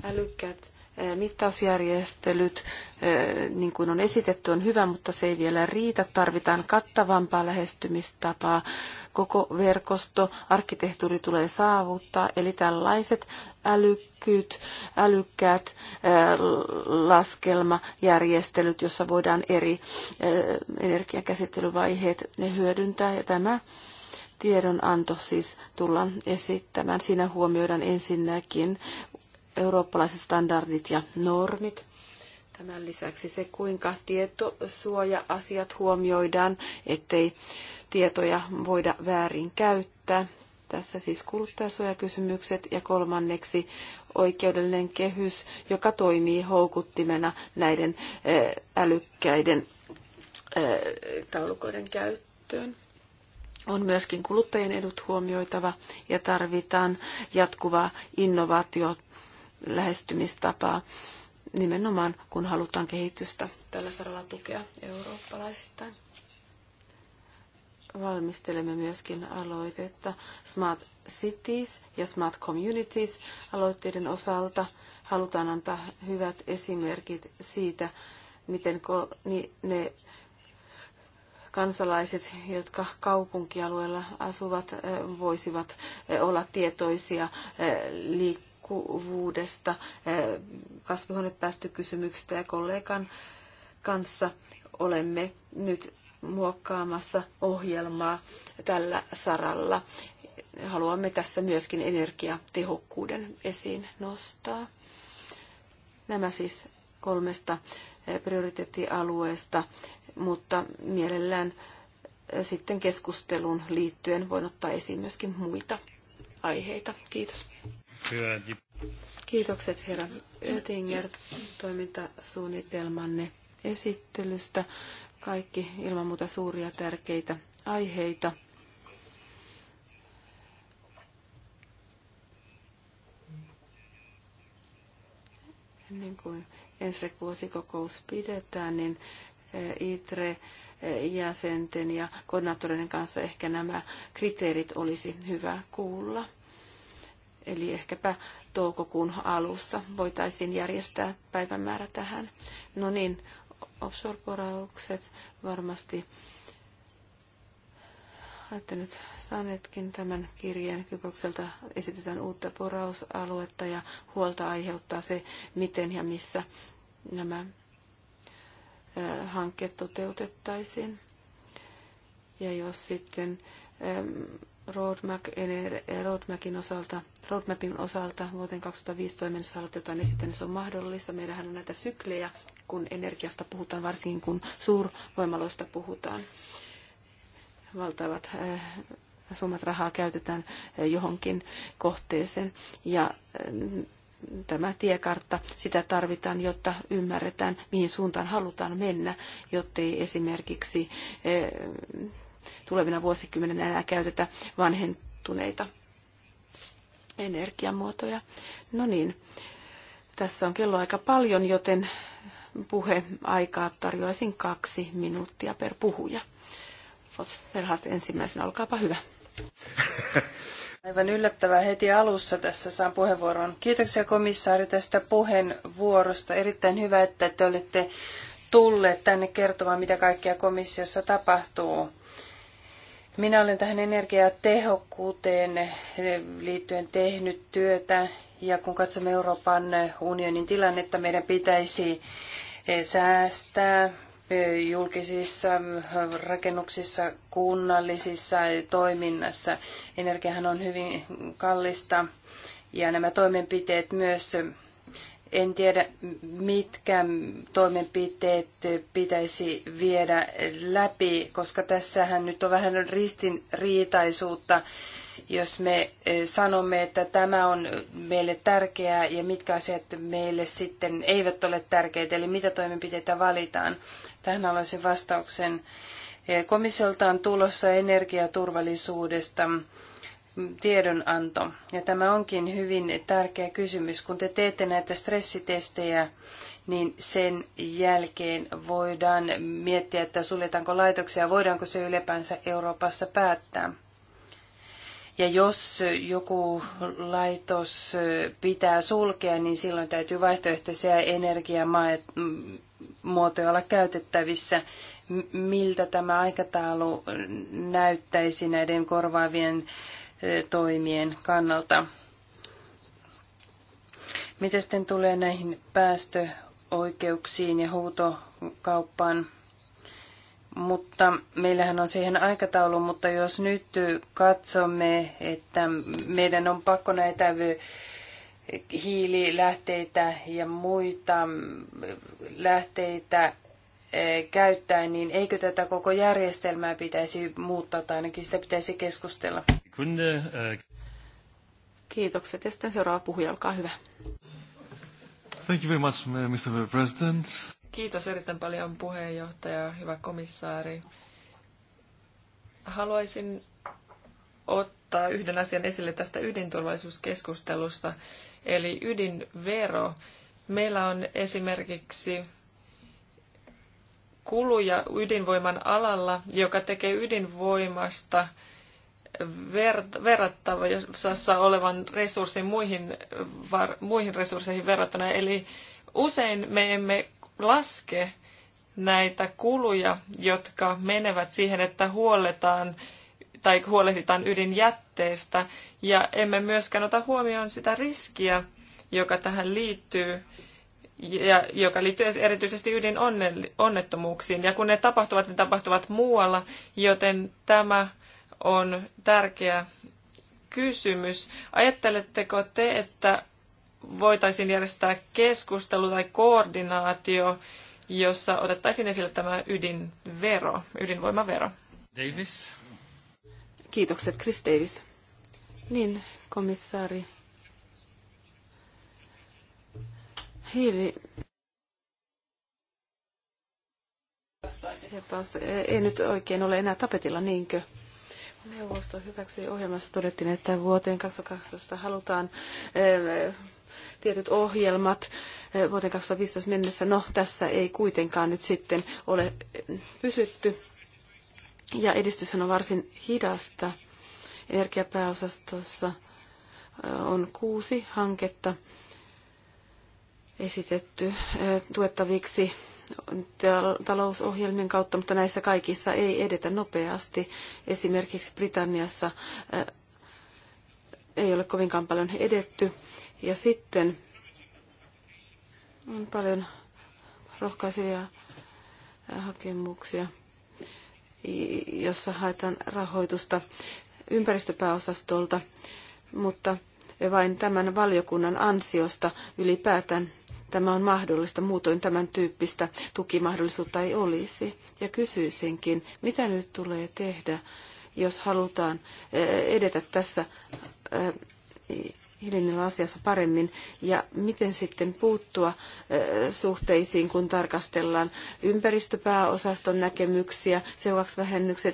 Älykkäät mittausjärjestelyt, niin kuin on esitetty, on hyvä, mutta se ei vielä riitä. Tarvitaan kattavampaa lähestymistapaa. Koko verkosto, arkkitehtuuri tulee saavuttaa, eli tällaiset älykkyyt, älykkäät laskelmajärjestelyt, jossa voidaan eri energiakäsittelyvaiheet hyödyntää. Ja tämä tiedonanto siis tullaan esittämään. Siinä huomioidaan ensinnäkin eurooppalaiset standardit ja normit. Tämän lisäksi se, kuinka tietosuoja-asiat huomioidaan, ettei tietoja voida väärin käyttää. Tässä siis kuluttajasuojakysymykset ja kolmanneksi oikeudellinen kehys, joka toimii houkuttimena näiden eh, älykkäiden eh, taulukoiden käyttöön. On myöskin kuluttajien edut huomioitava ja tarvitaan jatkuvaa innovaatiota lähestymistapaa nimenomaan, kun halutaan kehitystä tällä saralla tukea eurooppalaisittain. Valmistelemme myöskin aloitetta Smart Cities ja Smart Communities aloitteiden osalta. Halutaan antaa hyvät esimerkit siitä, miten ne kansalaiset, jotka kaupunkialueella asuvat, eh, voisivat eh, olla tietoisia eh, liikkeelle liikkuvuudesta, eh, kasvihuonepäästökysymyksistä ja kollegan kanssa olemme nyt muokkaamassa ohjelmaa tällä saralla. Haluamme tässä myöskin energiatehokkuuden esiin nostaa. Nämä siis kolmesta eh, prioriteettialueesta, mutta mielellään eh, sitten keskusteluun liittyen voin ottaa esiin myöskin muita aiheita. Kiitos. Kiitokset herra Oettinger toimintasuunnitelmanne esittelystä. Kaikki ilman muuta suuria tärkeitä aiheita. Ennen kuin ensi vuosikokous pidetään, niin eh, ITRE jäsenten ja koordinaattoreiden kanssa ehkä nämä kriteerit olisi hyvä kuulla. Eli ehkäpä toukokuun alussa voitaisiin järjestää päivämäärä tähän. No niin, offshore varmasti olette nyt saaneetkin tämän kirjeen. Kyprokselta esitetään uutta porausaluetta ja huolta aiheuttaa se, miten ja missä nämä hanke toteutettaisiin. Ja jos sitten ähm, äh, roadmapin, osalta, roadmapin osalta vuoteen 2015 mennessä aloitetaan, niin sitten se on mahdollista. Meillähän on näitä syklejä, kun energiasta puhutaan, varsinkin kun suurvoimaloista puhutaan. Valtavat äh, summat rahaa käytetään äh, johonkin kohteeseen ja tämä tiekartta, sitä tarvitaan, jotta ymmärretään, mihin suuntaan halutaan mennä, jottei esimerkiksi eh, tulevina vuosikymmeninä enää käytetä vanhentuneita energiamuotoja. No niin, tässä on kello aika paljon, joten puheaikaa tarjoaisin kaksi minuuttia per puhuja. Verhat ensimmäisenä, olkaapa hyvä. Aivan yllättävää heti alussa tässä saan puheenvuoron. Kiitoksia komissaari tästä puheenvuorosta. Erittäin hyvä, että te olette tulleet tänne kertomaan, mitä kaikkea komissiossa tapahtuu. Minä olen tähän energiatehokkuuteen liittyen tehnyt työtä ja kun katsomme Euroopan unionin tilannetta, meidän pitäisi säästää julkisissa rakennuksissa, kunnallisissa toiminnassa. Energiahan on hyvin kallista ja nämä toimenpiteet myös, en tiedä mitkä toimenpiteet pitäisi viedä läpi, koska tässähän nyt on vähän ristiriitaisuutta. jos me e, sanomme, että tämä on meille tärkeää ja mitkä asiat meille sitten eivät ole tärkeitä, eli mitä toimenpiteitä valitaan. Tähän haluaisin vastauksen. Eh, komissiolta on tulossa energiaturvallisuudesta tiedonanto. Ja tämä onkin hyvin tärkeä kysymys. Kun te teette näitä stressitestejä, niin sen jälkeen voidaan miettiä, että suljetaanko laitoksia, voidaanko se ylipäänsä Euroopassa päättää. Ja jos joku laitos pitää sulkea, niin silloin täytyy vaihtoehtoisia energiamaita muotoja olla käytettävissä. Miltä tämä aikataulu näyttäisi näiden korvaavien toimien kannalta? Mitä sitten tulee näihin päästöoikeuksiin ja huutokauppaan? Mutta meillähän on siihen aikataulu, mutta jos nyt katsomme, että meidän on pakko näitä hiililähteitä ja muita lähteitä eh, käyttää, niin eikö tätä koko järjestelmää pitäisi muuttaa tai ainakin sitä pitäisi keskustella? Eh, Kiitokset. Ja sitten seuraava puhuja, olkaa hyvä. Thank you very much, eh, Mr. President. Kiitos erittäin paljon puheenjohtaja, hyvä komissaari. Haluaisin ottaa yhden asian esille tästä ydinturvallisuuskeskustelusta, eli ydinvero. Meillä on esimerkiksi kuluja ydinvoiman alalla, joka tekee ydinvoimasta verrattavassa olevan resurssin muihin, muihin resursseihin verrattuna. Eli usein me emme laske näitä kuluja, jotka menevät siihen, että huoletaan tai huolehditaan ydinjätteestä ja emme myöskään ota huomioon sitä riskiä, joka tähän liittyy ja joka liittyy erityisesti ydinonnettomuuksiin. Ja kun ne tapahtuvat, ne tapahtuvat muualla, joten tämä on tärkeä kysymys. Ajatteletteko te, että voitaisiin järjestää keskustelu tai koordinaatio, jossa otettaisiin esille tämä ydinvero, ydinvoimavero? Davis. Kiitokset, Chris Davis. Niin, komissaari. Hiili. Sepaus, e, ei nyt oikein ole enää tapetilla, niinkö? Neuvosto hyväksyi ohjelmassa todettiin, että vuoteen 2012 halutaan e, tietyt ohjelmat e, vuoteen 2015 mennessä. No, tässä ei kuitenkaan nyt sitten ole pysytty. Ja edistyshän on varsin hidasta. Energiapääosastossa on kuusi hanketta esitetty tuettaviksi talousohjelmien kautta, mutta näissä kaikissa ei edetä nopeasti. Esimerkiksi Britanniassa ei ole kovinkaan paljon edetty. Ja sitten on paljon rohkaisevia hakemuksia jossa haetaan rahoitusta ympäristöpääosastolta, mutta vain tämän valiokunnan ansiosta ylipäätään tämä on mahdollista, muutoin tämän tyyppistä tukimahdollisuutta ei olisi. Ja kysyisinkin, mitä nyt tulee tehdä, jos halutaan eh, edetä tässä eh, hiljenellä asiassa paremmin ja miten sitten puuttua suhteisiin, kun tarkastellaan ympäristöpääosaston näkemyksiä, co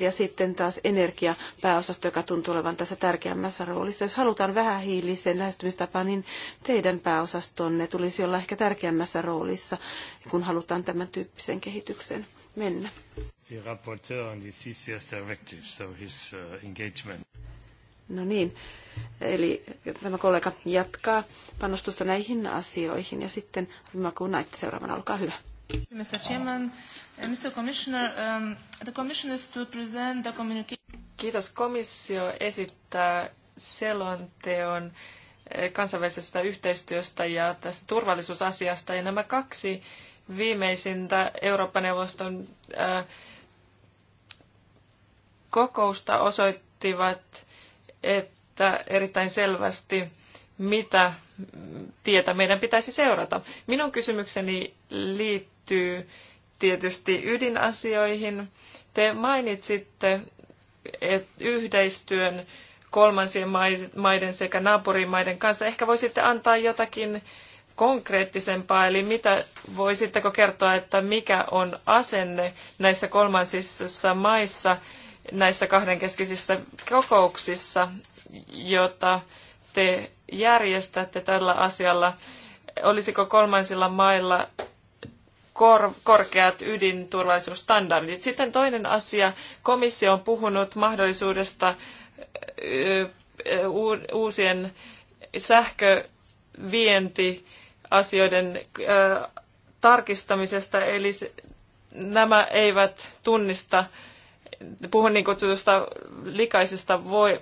ja sitten taas energiapääosasto, joka tuntuu olevan tässä tärkeämmässä roolissa. Jos halutaan vähähiiliseen lähestymistapaan, niin teidän pääosastonne tulisi olla ehkä tärkeämmässä roolissa, kun halutaan tämän tyyppisen kehityksen mennä. The rapporteur on the CCS directive, so his uh, engagement. No niin, Eli tämä kollega jatkaa panostusta näihin asioihin ja sitten makuun näitä seuraavana, olkaa hyvä. Mr. Chairman, uh, Mr. Commissioner, um, the commission is to present the Kiitos. Komissio esittää selonteon eh, kansainvälisestä yhteistyöstä ja tästä turvallisuusasiasta. Ja nämä kaksi viimeisintä Eurooppa-neuvoston eh, kokousta osoittivat, että että erittäin selvästi, mitä tietä meidän pitäisi seurata. Minun kysymykseni liittyy tietysti ydinasioihin. Te mainitsitte että yhteistyön kolmansien maiden sekä naapurimaiden kanssa. Ehkä voisitte antaa jotakin konkreettisempaa, eli mitä voisitteko kertoa, että mikä on asenne näissä kolmansissa maissa näissä kahdenkeskisissä kokouksissa jota te järjestätte tällä asialla? Olisiko kolmansilla mailla kor- korkeat ydinturvallisuusstandardit? Sitten toinen asia. Komissio on puhunut mahdollisuudesta uusien sähkövientiasioiden tarkistamisesta, eli nämä eivät tunnista, puhun niin kutsutusta likaisesta voi...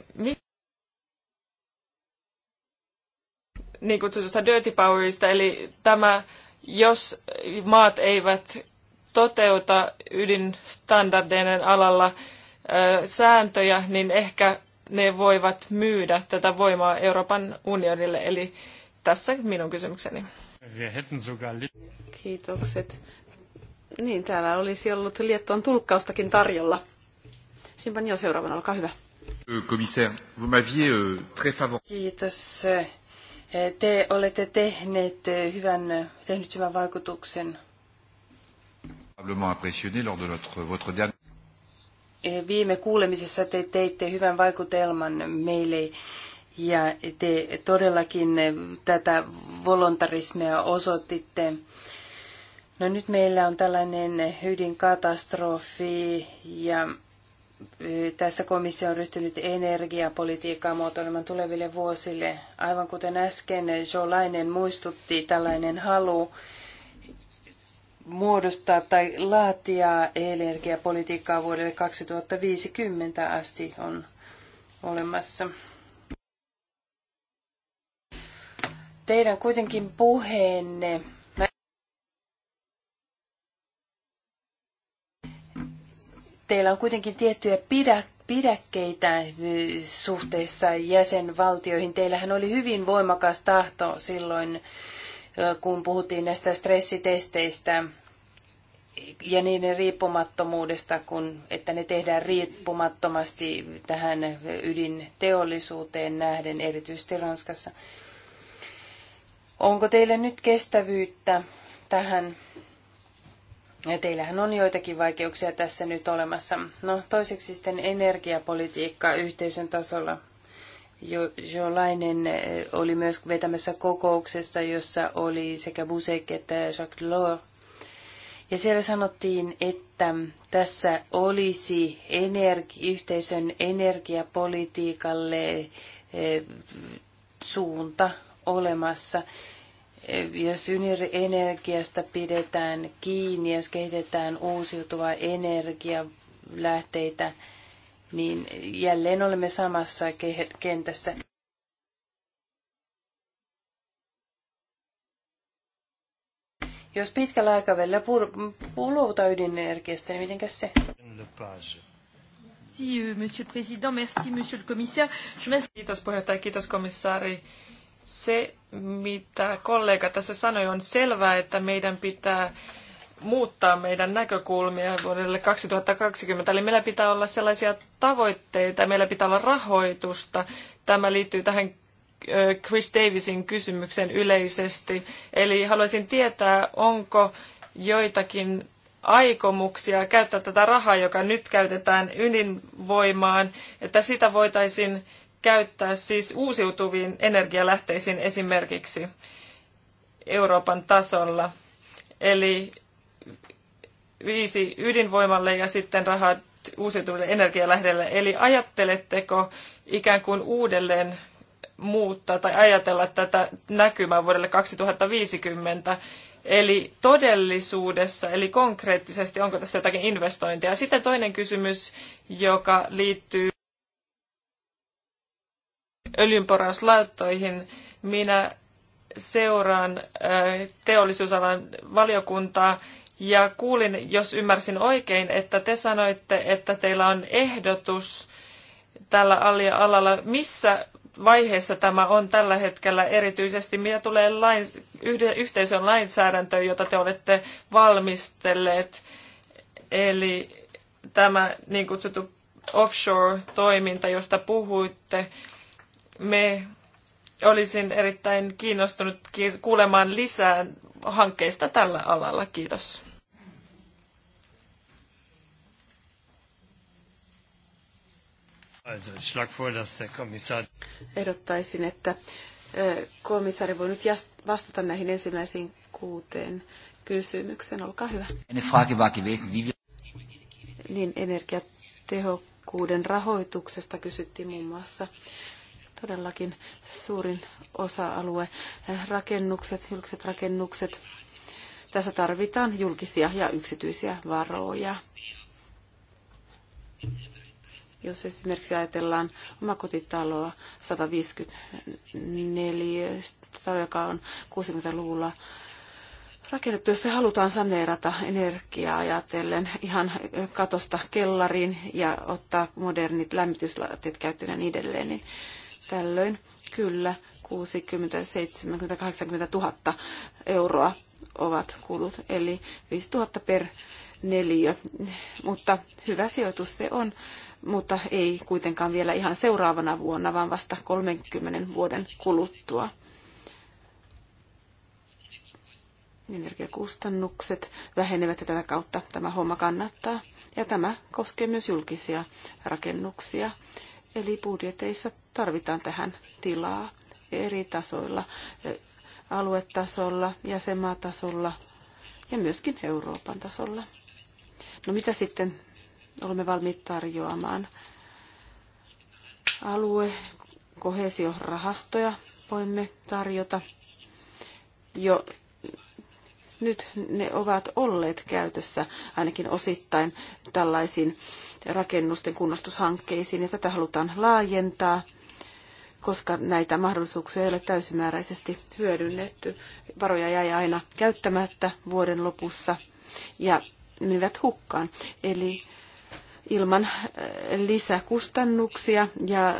niin kutsutusta dirty powerista, eli tämä, jos maat eivät toteuta ydinstandardeiden alalla sääntöjä, niin ehkä ne voivat myydä tätä voimaa Euroopan unionille. Eli tässä minun kysymykseni. Kiitokset. Niin, täällä olisi ollut Liettuan tulkkaustakin tarjolla. Simpanio seuraavana, olkaa hyvä. Euh, euh, Kiitos te olette tehneet eh, hyvän, tehnyt hyvän vaikutuksen. Eh, viime kuulemisessa te teitte hyvän vaikutelman meille ja te todellakin eh, tätä volontarismia osoititte. No nyt meillä on tällainen hyvin katastrofi ja tässä komissio on ryhtynyt energiapolitiikkaa muotoilemaan tuleville vuosille. Aivan kuten äsken Jo Lainen muistutti, tällainen halu muodostaa tai laatia energiapolitiikkaa vuodelle 2050 asti on olemassa. Teidän kuitenkin puheenne teillä on kuitenkin tiettyjä pidä, pidäkkeitä suhteessa jäsenvaltioihin. Teillähän oli hyvin voimakas tahto silloin, kun puhuttiin näistä stressitesteistä ja niiden riippumattomuudesta, kun, että ne tehdään riippumattomasti tähän ydinteollisuuteen nähden, erityisesti Ranskassa. Onko teille nyt kestävyyttä tähän Teillähän on joitakin vaikeuksia tässä nyt olemassa. No toiseksi sitten energiapolitiikka yhteisön tasolla. Jo, lainen eh, oli myös vetämässä kokouksesta, jossa oli sekä Busek että Jacques Delors. Ja siellä sanottiin, että tässä olisi energi- yhteisön energiapolitiikalle eh, suunta olemassa jos energiasta pidetään kiinni, jos kehitetään uusiutuvaa energialähteitä, niin jälleen olemme samassa kentässä. Jos pitkällä aikavälillä luovuta ydinenergiasta, niin miten se? Kiitos puheenjohtaja, kiitos komissaari se, mitä kollega tässä sanoi, on selvää, että meidän pitää muuttaa meidän näkökulmia vuodelle 2020. Eli meillä pitää olla sellaisia tavoitteita, meillä pitää olla rahoitusta. Tämä liittyy tähän Chris Davisin kysymykseen yleisesti. Eli haluaisin tietää, onko joitakin aikomuksia käyttää tätä rahaa, joka nyt käytetään ydinvoimaan, että sitä voitaisiin käyttää siis uusiutuviin energialähteisiin esimerkiksi Euroopan tasolla. Eli viisi ydinvoimalle ja sitten rahat uusiutuville energialähteille. Eli ajatteletteko ikään kuin uudelleen muuttaa tai ajatella tätä näkymää vuodelle 2050? Eli todellisuudessa, eli konkreettisesti, onko tässä jotakin investointia? Sitten toinen kysymys, joka liittyy öljynporauslaittoihin. Minä seuraan äh, teollisuusalan valiokuntaa ja kuulin, jos ymmärsin oikein, että te sanoitte, että teillä on ehdotus tällä alalla. Missä vaiheessa tämä on tällä hetkellä erityisesti, mitä tulee lain, yhteisön lainsäädäntöön, jota te olette valmistelleet, eli tämä niin kutsuttu offshore-toiminta, josta puhuitte, me olisin erittäin kiinnostunut kuulemaan lisää hankkeista tällä alalla. Kiitos. Ehdottaisin, että komissaari voi nyt vastata näihin ensimmäisiin kuuteen kysymykseen. Olkaa hyvä. Niin energiatehokkuuden rahoituksesta kysyttiin muun muassa todellakin suurin osa-alue. Rakennukset, julkiset rakennukset. Tässä tarvitaan julkisia ja yksityisiä varoja. Jos esimerkiksi ajatellaan omakotitaloa 154, joka on 60-luvulla rakennettu, jos se halutaan saneerata energiaa ajatellen ihan katosta kellariin ja ottaa modernit lämmityslaitteet käyttöön ja niin edelleen, niin Tällöin kyllä 60, 70, 80 000 euroa ovat kulut, eli 5 000 per neliö. Mutta hyvä sijoitus se on, mutta ei kuitenkaan vielä ihan seuraavana vuonna, vaan vasta 30 vuoden kuluttua. Energiakustannukset vähenevät ja tätä kautta tämä homma kannattaa. Ja tämä koskee myös julkisia rakennuksia. Eli budjeteissa tarvitaan tähän tilaa eri tasoilla, e, aluetasolla, jäsenmaatasolla ja myöskin Euroopan tasolla. No mitä sitten olemme valmiit tarjoamaan? Alue, kohesiorahastoja voimme tarjota jo nyt ne ovat olleet käytössä ainakin osittain tällaisiin rakennusten kunnostushankkeisiin ja tätä halutaan laajentaa koska näitä mahdollisuuksia ei ole täysimääräisesti hyödynnetty. Varoja jäi aina käyttämättä vuoden lopussa ja menivät hukkaan. Eli ilman äh, lisäkustannuksia ja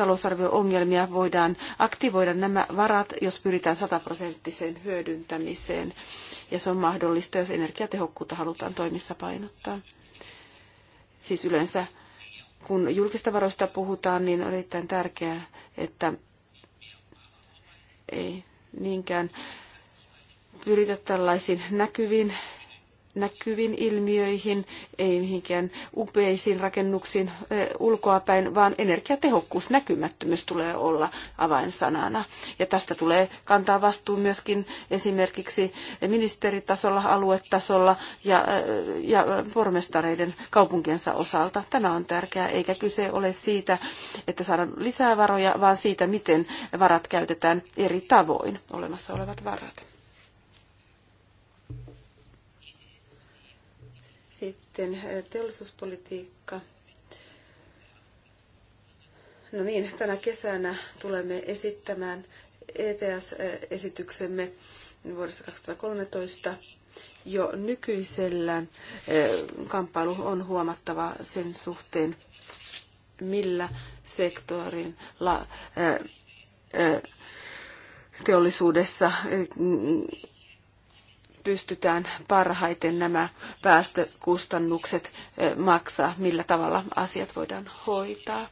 talousarvio-ongelmia voidaan aktivoida nämä varat, jos pyritään sataprosenttiseen hyödyntämiseen. Ja se on mahdollista, jos energiatehokkuutta halutaan toimissa painottaa. Siis yleensä, kun julkista varoista puhutaan, niin on erittäin tärkeää, että ei niinkään pyritä tällaisiin näkyviin näkyviin ilmiöihin, ei mihinkään upeisiin rakennuksiin ulkoapäin, vaan energiatehokkuus, näkymättömyys tulee olla avainsanana. Ja tästä tulee kantaa vastuu myöskin esimerkiksi ministeritasolla, aluetasolla ja, ja pormestareiden kaupunkiensa osalta. Tämä on tärkeää, eikä kyse ole siitä, että saadaan lisää varoja, vaan siitä, miten varat käytetään eri tavoin, olemassa olevat varat. Sitten eh, teollisuuspolitiikka. No niin, tänä kesänä tulemme esittämään ETS-esityksemme vuodesta 2013 jo nykyisellään eh, kamppailu on huomattava sen suhteen, millä sektorin la, eh, teollisuudessa pystytään parhaiten nämä päästökustannukset eh, maksaa, millä tavalla asiat voidaan hoitaa.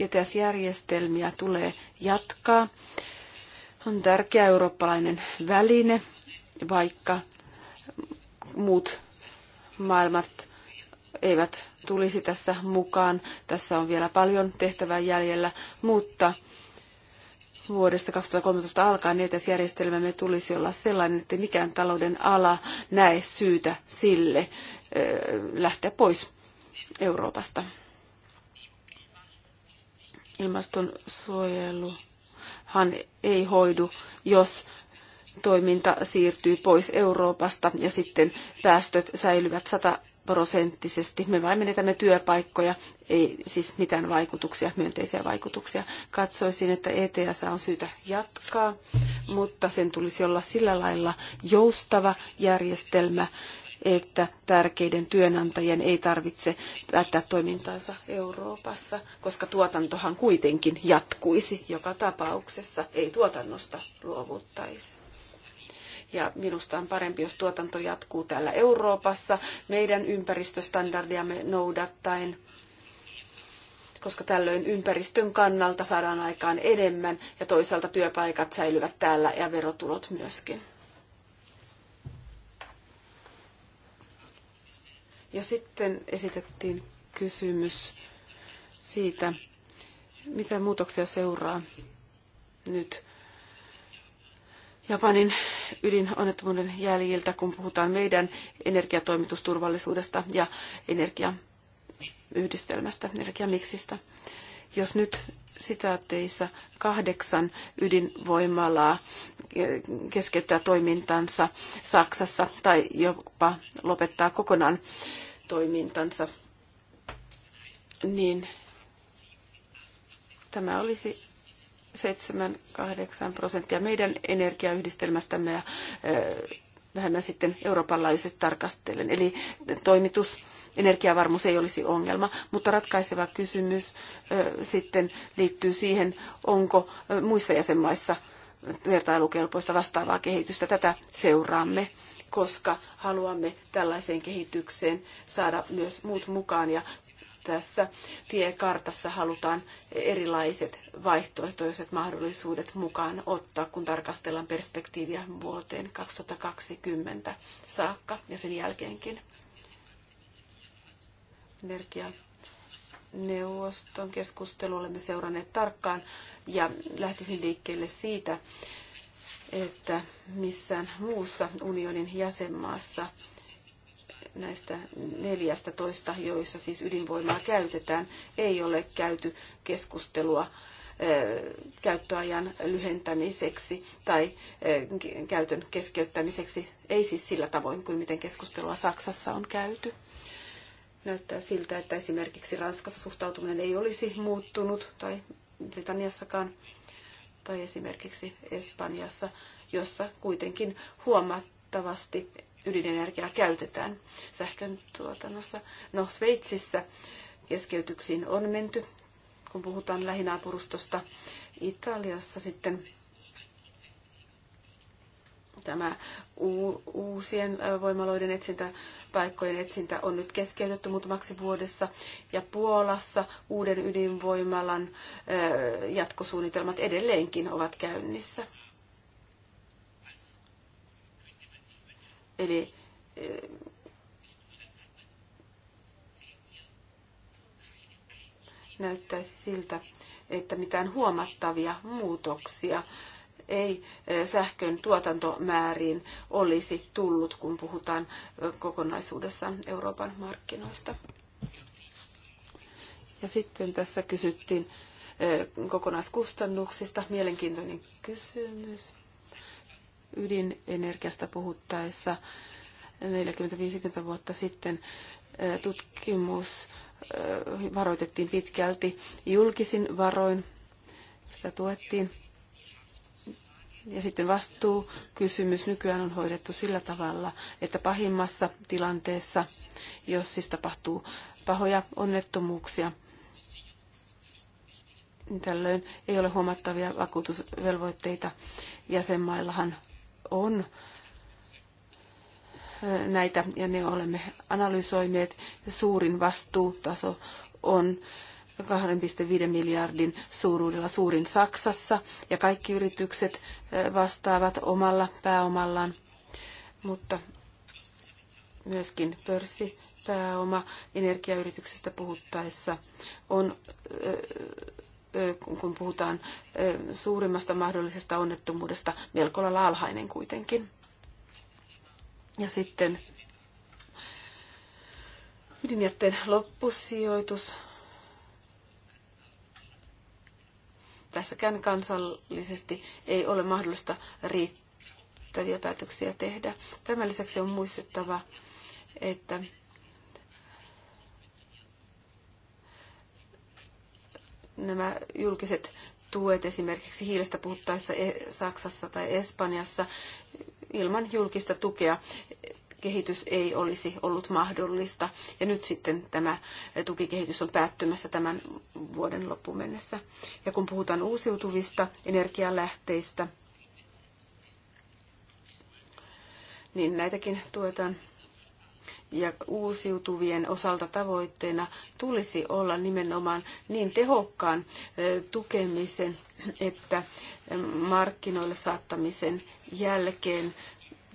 ETS-järjestelmiä tulee jatkaa. On tärkeä eurooppalainen väline, vaikka muut maailmat eivät tulisi tässä mukaan. Tässä on vielä paljon tehtävää jäljellä, mutta vuodesta 2013 alkaen niin ETS-järjestelmämme tulisi olla sellainen, että mikään talouden ala näe syytä sille lähteä pois Euroopasta. Ilmastonsuojeluhan ei hoidu, jos toiminta siirtyy pois Euroopasta ja sitten päästöt säilyvät 100 prosenttisesti. Me vain menetämme työpaikkoja, ei siis mitään vaikutuksia, myönteisiä vaikutuksia. Katsoisin, että ETS on syytä jatkaa, mutta sen tulisi olla sillä lailla joustava järjestelmä, että tärkeiden työnantajien ei tarvitse päättää toimintaansa Euroopassa, koska tuotantohan kuitenkin jatkuisi joka tapauksessa, ei tuotannosta luovuttaisi ja minusta on parempi, jos tuotanto jatkuu täällä Euroopassa meidän ympäristöstandardiamme noudattaen koska tällöin ympäristön kannalta saadaan aikaan enemmän ja toisaalta työpaikat säilyvät täällä ja verotulot myöskin. Ja sitten esitettiin kysymys siitä, mitä muutoksia seuraa nyt Japanin ydinonnettomuuden jäljiltä, kun puhutaan meidän energiatoimitusturvallisuudesta ja energiayhdistelmästä, energiamiksistä. Jos nyt sitaatteissa kahdeksan ydinvoimalaa eh, keskeyttää toimintansa Saksassa tai jopa lopettaa kokonaan toimintansa, niin tämä olisi 7-8 prosenttia meidän energiayhdistelmästämme ja vähemmän sitten Euroopan laajuisesti tarkastellen. Eli toimitus, energiavarmuus ei olisi ongelma, mutta ratkaiseva kysymys sitten liittyy siihen, onko muissa jäsenmaissa vertailukelpoista vastaavaa kehitystä. Tätä seuraamme koska haluamme tällaiseen kehitykseen saada myös muut mukaan ja tässä tiekartassa halutaan erilaiset vaihtoehtoiset mahdollisuudet mukaan ottaa, kun tarkastellaan perspektiiviä vuoteen 2020 saakka ja sen jälkeenkin. Energia neuvoston keskustelu olemme seuranneet tarkkaan ja lähtisin liikkeelle siitä, että missään muussa unionin jäsenmaassa näistä 14, joissa siis ydinvoimaa käytetään, ei ole käyty keskustelua käyttöajan lyhentämiseksi tai käytön keskeyttämiseksi, ei siis sillä tavoin kuin miten keskustelua Saksassa on käyty. Näyttää siltä, että esimerkiksi Ranskassa suhtautuminen ei olisi muuttunut tai Britanniassakaan tai esimerkiksi Espanjassa, jossa kuitenkin huomattavasti ydinenergiaa käytetään sähkön tuotannossa. No Sveitsissä keskeytyksiin on menty, kun puhutaan lähinaapurustosta. Italiassa sitten tämä uusien voimaloiden etsintä, paikkojen etsintä on nyt keskeytetty muutamaksi vuodessa. Ja Puolassa uuden ydinvoimalan jatkosuunnitelmat edelleenkin ovat käynnissä. Eli eh, näyttäisi siltä, että mitään huomattavia muutoksia ei eh, sähkön tuotantomääriin olisi tullut, kun puhutaan eh, kokonaisuudessaan Euroopan markkinoista. Ja sitten tässä kysyttiin kokonaiskustannuksista. Mielenkiintoinen kysymys ydinenergiasta puhuttaessa 40-50 vuotta sitten tutkimus varoitettiin pitkälti julkisin varoin, sitä tuettiin. Ja sitten vastuukysymys nykyään on hoidettu sillä tavalla, että pahimmassa tilanteessa, jos siis tapahtuu pahoja onnettomuuksia, niin tällöin ei ole huomattavia vakuutusvelvoitteita. Jäsenmaillahan on näitä ja ne olemme analysoineet. Suurin vastuutaso on 2,5 miljardin suuruudella suurin Saksassa ja kaikki yritykset vastaavat omalla pääomallaan, mutta myöskin pörssipääoma energiayrityksestä puhuttaessa on kun puhutaan suurimmasta mahdollisesta onnettomuudesta, melko lailla alhainen kuitenkin. Ja sitten ydinjätteen loppusijoitus. Tässäkään kansallisesti ei ole mahdollista riittäviä päätöksiä tehdä. Tämän lisäksi on muistettava, että nämä julkiset tuet esimerkiksi hiilestä puhuttaessa e- Saksassa tai Espanjassa ilman julkista tukea kehitys ei olisi ollut mahdollista. Ja nyt sitten tämä tukikehitys on päättymässä tämän vuoden loppuun mennessä. Ja kun puhutaan uusiutuvista energialähteistä, niin näitäkin tuetaan ja uusiutuvien osalta tavoitteena tulisi olla nimenomaan niin tehokkaan tukemisen, että markkinoille saattamisen jälkeen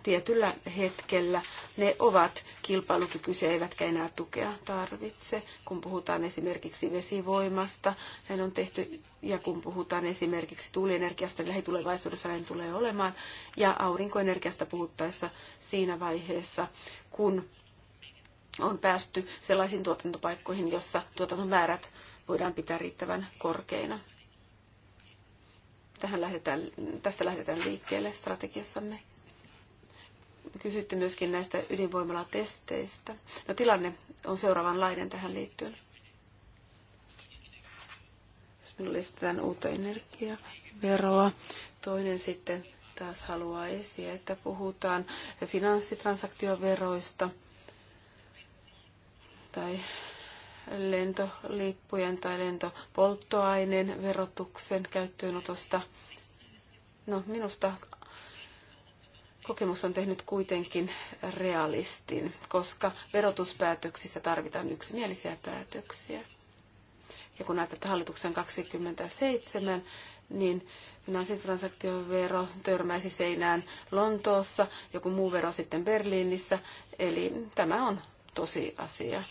tietyllä hetkellä ne ovat kilpailukykyisiä eivätkä enää tukea tarvitse. Kun puhutaan esimerkiksi vesivoimasta, näin on tehty, ja kun puhutaan esimerkiksi tuulienergiasta, niin lähitulevaisuudessa näin tulee olemaan, ja aurinkoenergiasta puhuttaessa siinä vaiheessa, kun on päästy sellaisiin tuotantopaikkoihin, jossa tuotantomäärät voidaan pitää riittävän korkeina. Tähän lähdetään, tästä lähdetään liikkeelle strategiassamme. Kysytte myöskin näistä ydinvoimalatesteistä. No, tilanne on seuraavanlainen tähän liittyen. Jos minulla esitetään uutta energiaveroa, toinen sitten taas haluaa esiin, että puhutaan finanssitransaktioveroista – tai lentolippujen tai lentopolttoaineen verotuksen käyttöönotosta. No, minusta kokemus on tehnyt kuitenkin realistin, koska verotuspäätöksissä tarvitaan yksimielisiä päätöksiä. Ja kun näitä hallituksen 27, niin finanssitransaktiovero törmäisi seinään Lontoossa, joku muu vero sitten Berliinissä. Eli tämä on tosi asia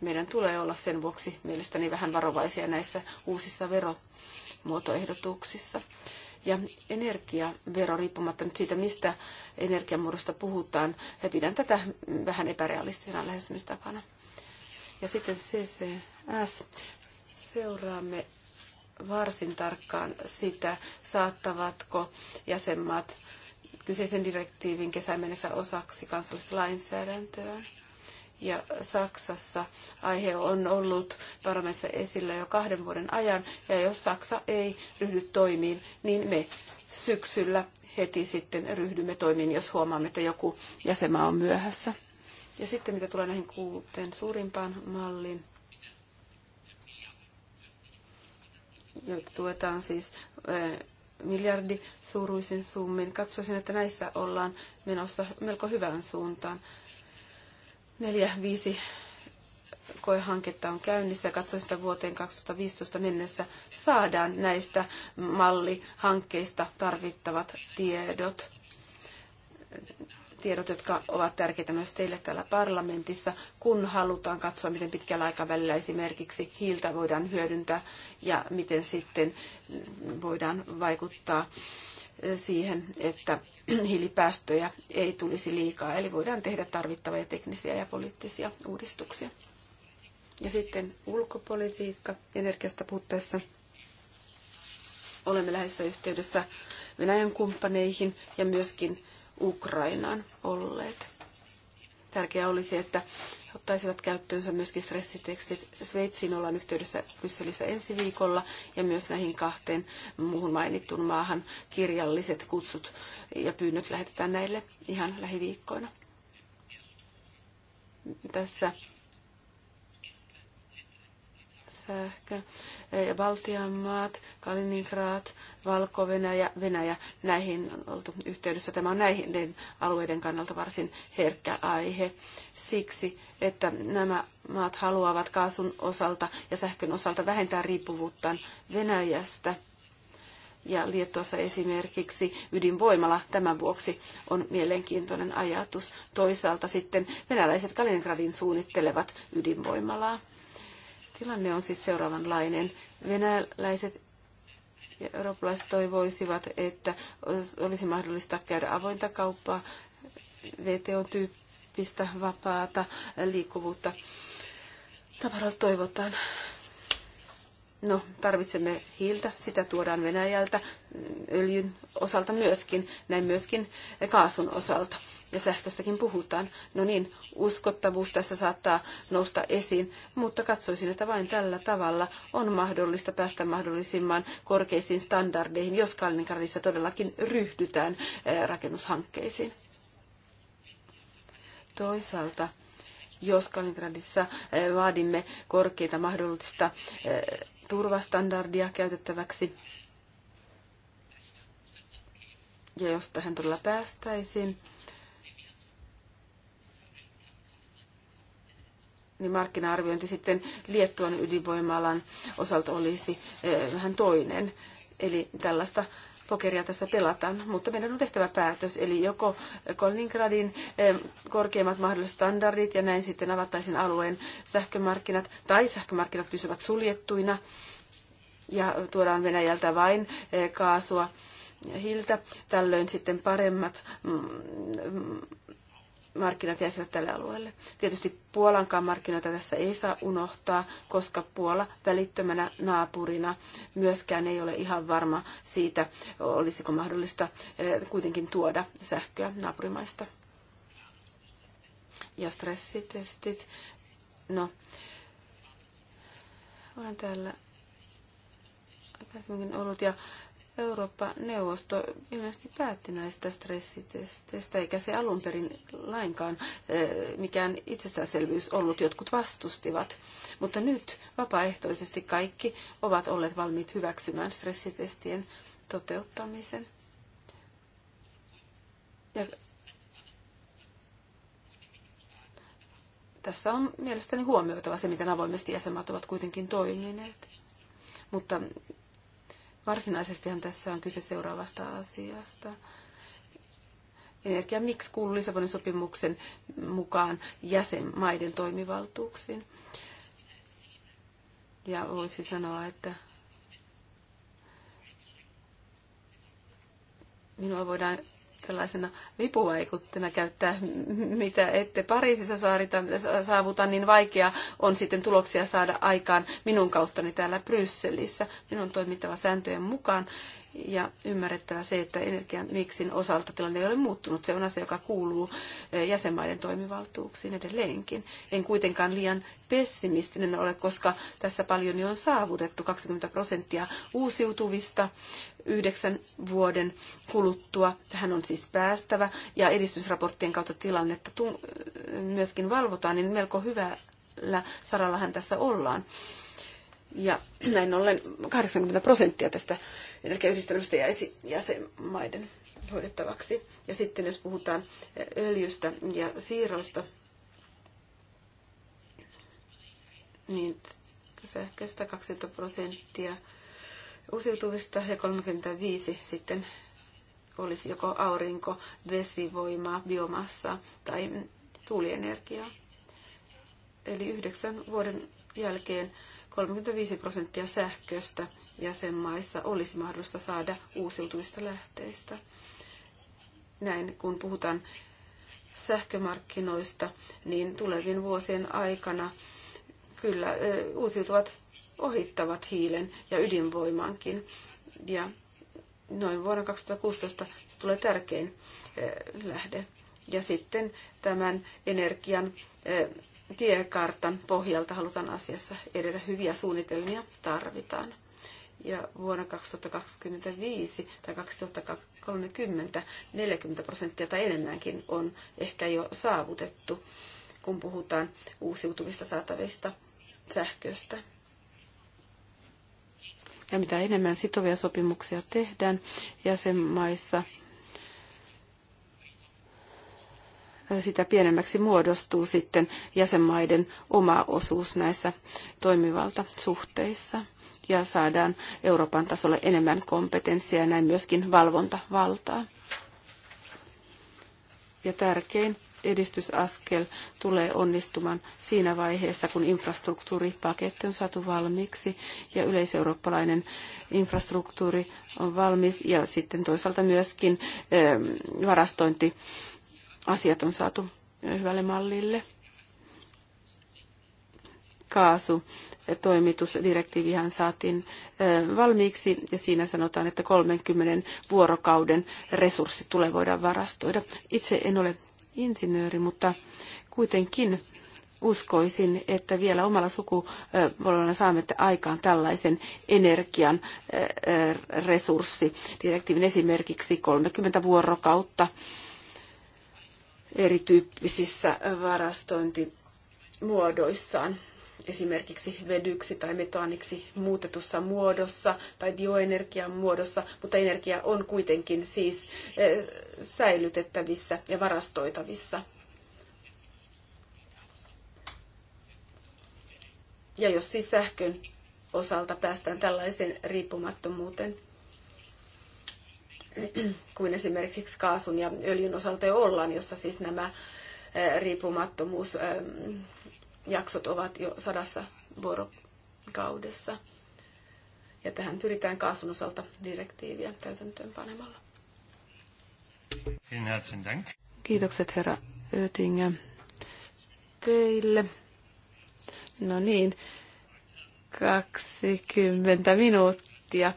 meidän tulee olla sen vuoksi mielestäni vähän varovaisia näissä uusissa veromuotoehdotuksissa. Ja energiavero, riippumatta nyt siitä, mistä energiamuodosta puhutaan, ja pidän tätä vähän epärealistisena lähestymistapana. Ja sitten CCS. Seuraamme varsin tarkkaan sitä, saattavatko jäsenmaat kyseisen direktiivin kesän mennessä osaksi kansallista lainsäädäntöä ja Saksassa aihe on ollut parlamentissa esillä jo kahden vuoden ajan, ja jos Saksa ei ryhdy toimiin, niin me syksyllä heti sitten ryhdymme toimiin, jos huomaamme, että joku jäsenmaa on myöhässä. Ja sitten mitä tulee näihin kuuteen suurimpaan malliin, joita tuetaan siis eh, miljardi suuruisin summin. Katsoisin, että näissä ollaan menossa melko hyvään suuntaan. Neljä, viisi koehanketta on käynnissä ja katsoin sitä vuoteen 2015 mennessä saadaan näistä mallihankkeista tarvittavat tiedot. Tiedot, jotka ovat tärkeitä myös teille täällä parlamentissa, kun halutaan katsoa, miten pitkällä aikavälillä esimerkiksi hiiltä voidaan hyödyntää ja miten sitten voidaan vaikuttaa siihen, että hiilipäästöjä ei tulisi liikaa, eli voidaan tehdä tarvittavia teknisiä ja poliittisia uudistuksia. Ja sitten ulkopolitiikka energiasta puhuttaessa. Olemme läheisessä yhteydessä Venäjän kumppaneihin ja myöskin Ukrainaan olleet. Tärkeää olisi, että ottaisivat käyttöönsä myöskin stressitekstit. Sveitsiin ollaan yhteydessä Brysselissä ensi viikolla ja myös näihin kahteen muuhun mainittuun maahan kirjalliset kutsut ja pyynnöt lähetetään näille ihan lähiviikkoina. Tässä ehkä, ja Baltian maat, Kaliningrad, Valko-Venäjä, Venäjä. Näihin on oltu yhteydessä. Tämä on näiden alueiden kannalta varsin herkkä aihe siksi, että nämä maat haluavat kaasun osalta ja sähkön osalta vähentää riippuvuuttaan Venäjästä ja Liettuassa esimerkiksi ydinvoimala tämän vuoksi on mielenkiintoinen ajatus. Toisaalta sitten venäläiset Kaliningradin suunnittelevat ydinvoimalaa. Tilanne on siis seuraavanlainen. Venäläiset ja eurooppalaiset toivoisivat, että olisi mahdollista käydä avointa kauppaa, VTO-tyyppistä vapaata liikkuvuutta. Tavarat toivotaan. No, tarvitsemme hiiltä, sitä tuodaan Venäjältä, öljyn osalta myöskin, näin myöskin kaasun osalta. Ja sähköstäkin puhutaan. No niin, uskottavuus tässä saattaa nousta esiin, mutta katsoisin, että vain tällä tavalla on mahdollista päästä mahdollisimman korkeisiin standardeihin, jos Kaliningradissa todellakin ryhdytään eh, rakennushankkeisiin. Toisaalta jos Kaliningradissa eh, vaadimme korkeita mahdollista eh, turvastandardia käytettäväksi, ja jos tähän todella päästäisiin, niin markkina-arviointi sitten Liettuan ydinvoimalan osalta olisi eh, vähän toinen. Eli tällaista pokeria tässä pelataan, mutta meidän on tehtävä päätös, eli joko Kaliningradin eh, korkeimmat mahdolliset standardit ja näin sitten avattaisiin alueen sähkömarkkinat tai sähkömarkkinat pysyvät suljettuina ja tuodaan Venäjältä vain eh, kaasua hiltä. Tällöin sitten paremmat mm, mm, markkinat jäisivät tälle alueelle. Tietysti Puolankaan markkinoita tässä ei saa unohtaa, koska Puola välittömänä naapurina myöskään ei ole ihan varma siitä, olisiko mahdollista eh, kuitenkin tuoda sähköä naapurimaista. Ja stressitestit. No, olen täällä aikaisemminkin ollut ja Eurooppa-neuvosto ilmeisesti päätti näistä stressitesteistä, eikä se alun perin lainkaan eh, mikään itsestäänselvyys ollut, jotkut vastustivat. Mutta nyt vapaaehtoisesti kaikki ovat olleet valmiit hyväksymään stressitestien toteuttamisen. Ja tässä on mielestäni huomioitava se, miten avoimesti jäsenmaat ovat kuitenkin toimineet. Mutta Varsinaisestihan tässä on kyse seuraavasta asiasta. Energia miksi kuuluu Lisabonin sopimuksen mukaan jäsenmaiden toimivaltuuksiin. Ja voisi sanoa, että minua voidaan tällaisena vipuvaikuttena käyttää, mitä ette Pariisissa saarita, saavuta, niin vaikea on sitten tuloksia saada aikaan minun kauttani täällä Brysselissä. Minun on toimittava sääntöjen mukaan ja ymmärrettävä se, että energian miksin osalta tilanne ei ole muuttunut. Se on asia, joka kuuluu eh, jäsenmaiden toimivaltuuksiin edelleenkin. En kuitenkaan liian pessimistinen ole, koska tässä paljon jo on saavutettu 20 prosenttia uusiutuvista yhdeksän vuoden kuluttua. Tähän on siis päästävä ja edistysraporttien kautta tilannetta myöskin valvotaan, niin melko hyvällä sarallahan tässä ollaan. Ja näin ollen 80 prosenttia tästä energiayhdistelmästä jäisi jäsenmaiden hoidettavaksi. Ja sitten jos puhutaan öljystä ja siirroista, niin sähköstä 20 prosenttia uusiutuvista ja 35 sitten olisi joko aurinko, vesivoimaa, biomassa tai tuulienergiaa. Eli yhdeksän vuoden jälkeen 35 prosenttia sähköstä jäsenmaissa olisi mahdollista saada uusiutuvista lähteistä. Näin kun puhutaan sähkömarkkinoista, niin tulevien vuosien aikana kyllä uusiutuvat ohittavat hiilen ja ydinvoimankin. Ja noin vuonna 2016 se tulee tärkein eh, lähde. Ja sitten tämän energian eh, tiekartan pohjalta halutaan asiassa edetä. Hyviä suunnitelmia tarvitaan. Ja vuonna 2025 tai 2030 40 prosenttia tai enemmänkin on ehkä jo saavutettu, kun puhutaan uusiutuvista saatavista sähköstä. Ja mitä enemmän sitovia sopimuksia tehdään jäsenmaissa, sitä pienemmäksi muodostuu sitten jäsenmaiden oma osuus näissä toimivalta suhteissa ja saadaan Euroopan tasolle enemmän kompetenssia ja näin myöskin valvontavaltaa. Ja tärkein edistysaskel tulee onnistumaan siinä vaiheessa, kun infrastruktuuripaketti on saatu valmiiksi ja yleiseurooppalainen infrastruktuuri on valmis ja sitten toisaalta myöskin ehm, varastointiasiat on saatu eh, hyvälle mallille. Kaasu eh, toimitusdirektiivihan saatiin eh, valmiiksi ja siinä sanotaan, että 30 vuorokauden resurssit tulee voida varastoida. Itse en ole insinööri, mutta kuitenkin uskoisin, että vielä omalla sukupolvella saamme aikaan tällaisen energian resurssidirektiivin esimerkiksi 30 vuorokautta erityyppisissä varastointimuodoissaan esimerkiksi vedyksi tai metaaniksi muutetussa muodossa tai bioenergian muodossa, mutta energia on kuitenkin siis eh, säilytettävissä ja varastoitavissa. Ja jos siis sähkön osalta päästään tällaiseen riippumattomuuteen kuin esimerkiksi kaasun ja öljyn osalta jo ollaan, jossa siis nämä eh, riippumattomuus jaksot ovat jo sadassa vuorokaudessa. Ja tähän pyritään kaasun osalta direktiiviä täytäntöön panemalla. Kiitokset herra Oettinger teille. No niin, 20 minuuttia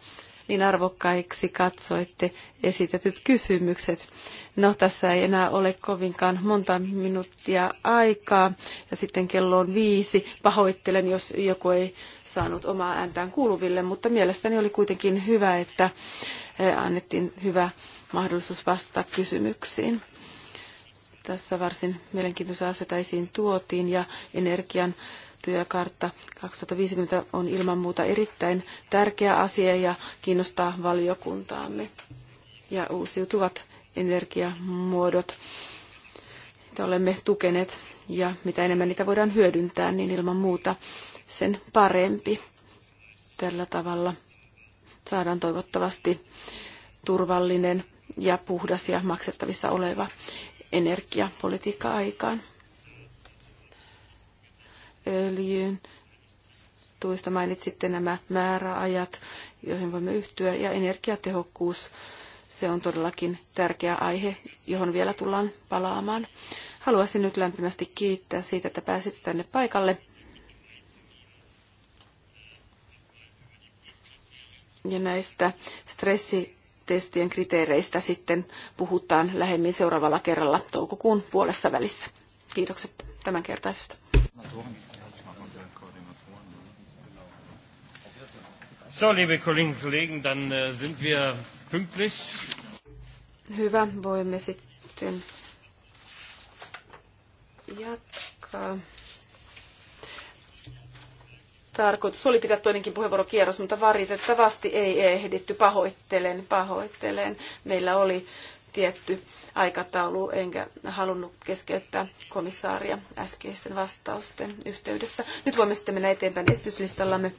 niin arvokkaiksi katsoitte esitetyt kysymykset. No, tässä ei enää ole kovinkaan monta minuuttia aikaa, ja sitten kello on viisi. Pahoittelen, jos joku ei saanut omaa ääntään kuuluville, mutta mielestäni oli kuitenkin hyvä, että eh, annettiin hyvä mahdollisuus vastata kysymyksiin tässä varsin mielenkiintoisia asioita esiin tuotiin ja energian Työkartta 2050 on ilman muuta erittäin tärkeä asia ja kiinnostaa valiokuntaamme. Ja uusiutuvat energiamuodot, joita olemme tukeneet ja mitä enemmän niitä voidaan hyödyntää, niin ilman muuta sen parempi. Tällä tavalla saadaan toivottavasti turvallinen ja puhdas ja maksettavissa oleva energiapolitiikka aikaan öljyyn. Tuista mainitsitte nämä määräajat, joihin voimme yhtyä, ja energiatehokkuus. Se on todellakin tärkeä aihe, johon vielä tullaan palaamaan. Haluaisin nyt lämpimästi kiittää siitä, että pääsit tänne paikalle. Ja näistä stressi testien kriteereistä sitten puhutaan lähemmin seuraavalla kerralla toukokuun puolessa välissä. Kiitokset tämänkertaisesta. So, liebe Kolleginnen und Kollegen, dann äh, sind wir pünktlich. Hyvä, voimme sitten jatkaa. Tarkoitus oli pitää toinenkin puheenvuorokierros, mutta varitettavasti ei ehditty. Pahoittelen, pahoittelen. Meillä oli tietty aikataulu, enkä halunnut keskeyttää komissaaria äskeisten vastausten yhteydessä. Nyt voimme sitten mennä eteenpäin esityslistallamme.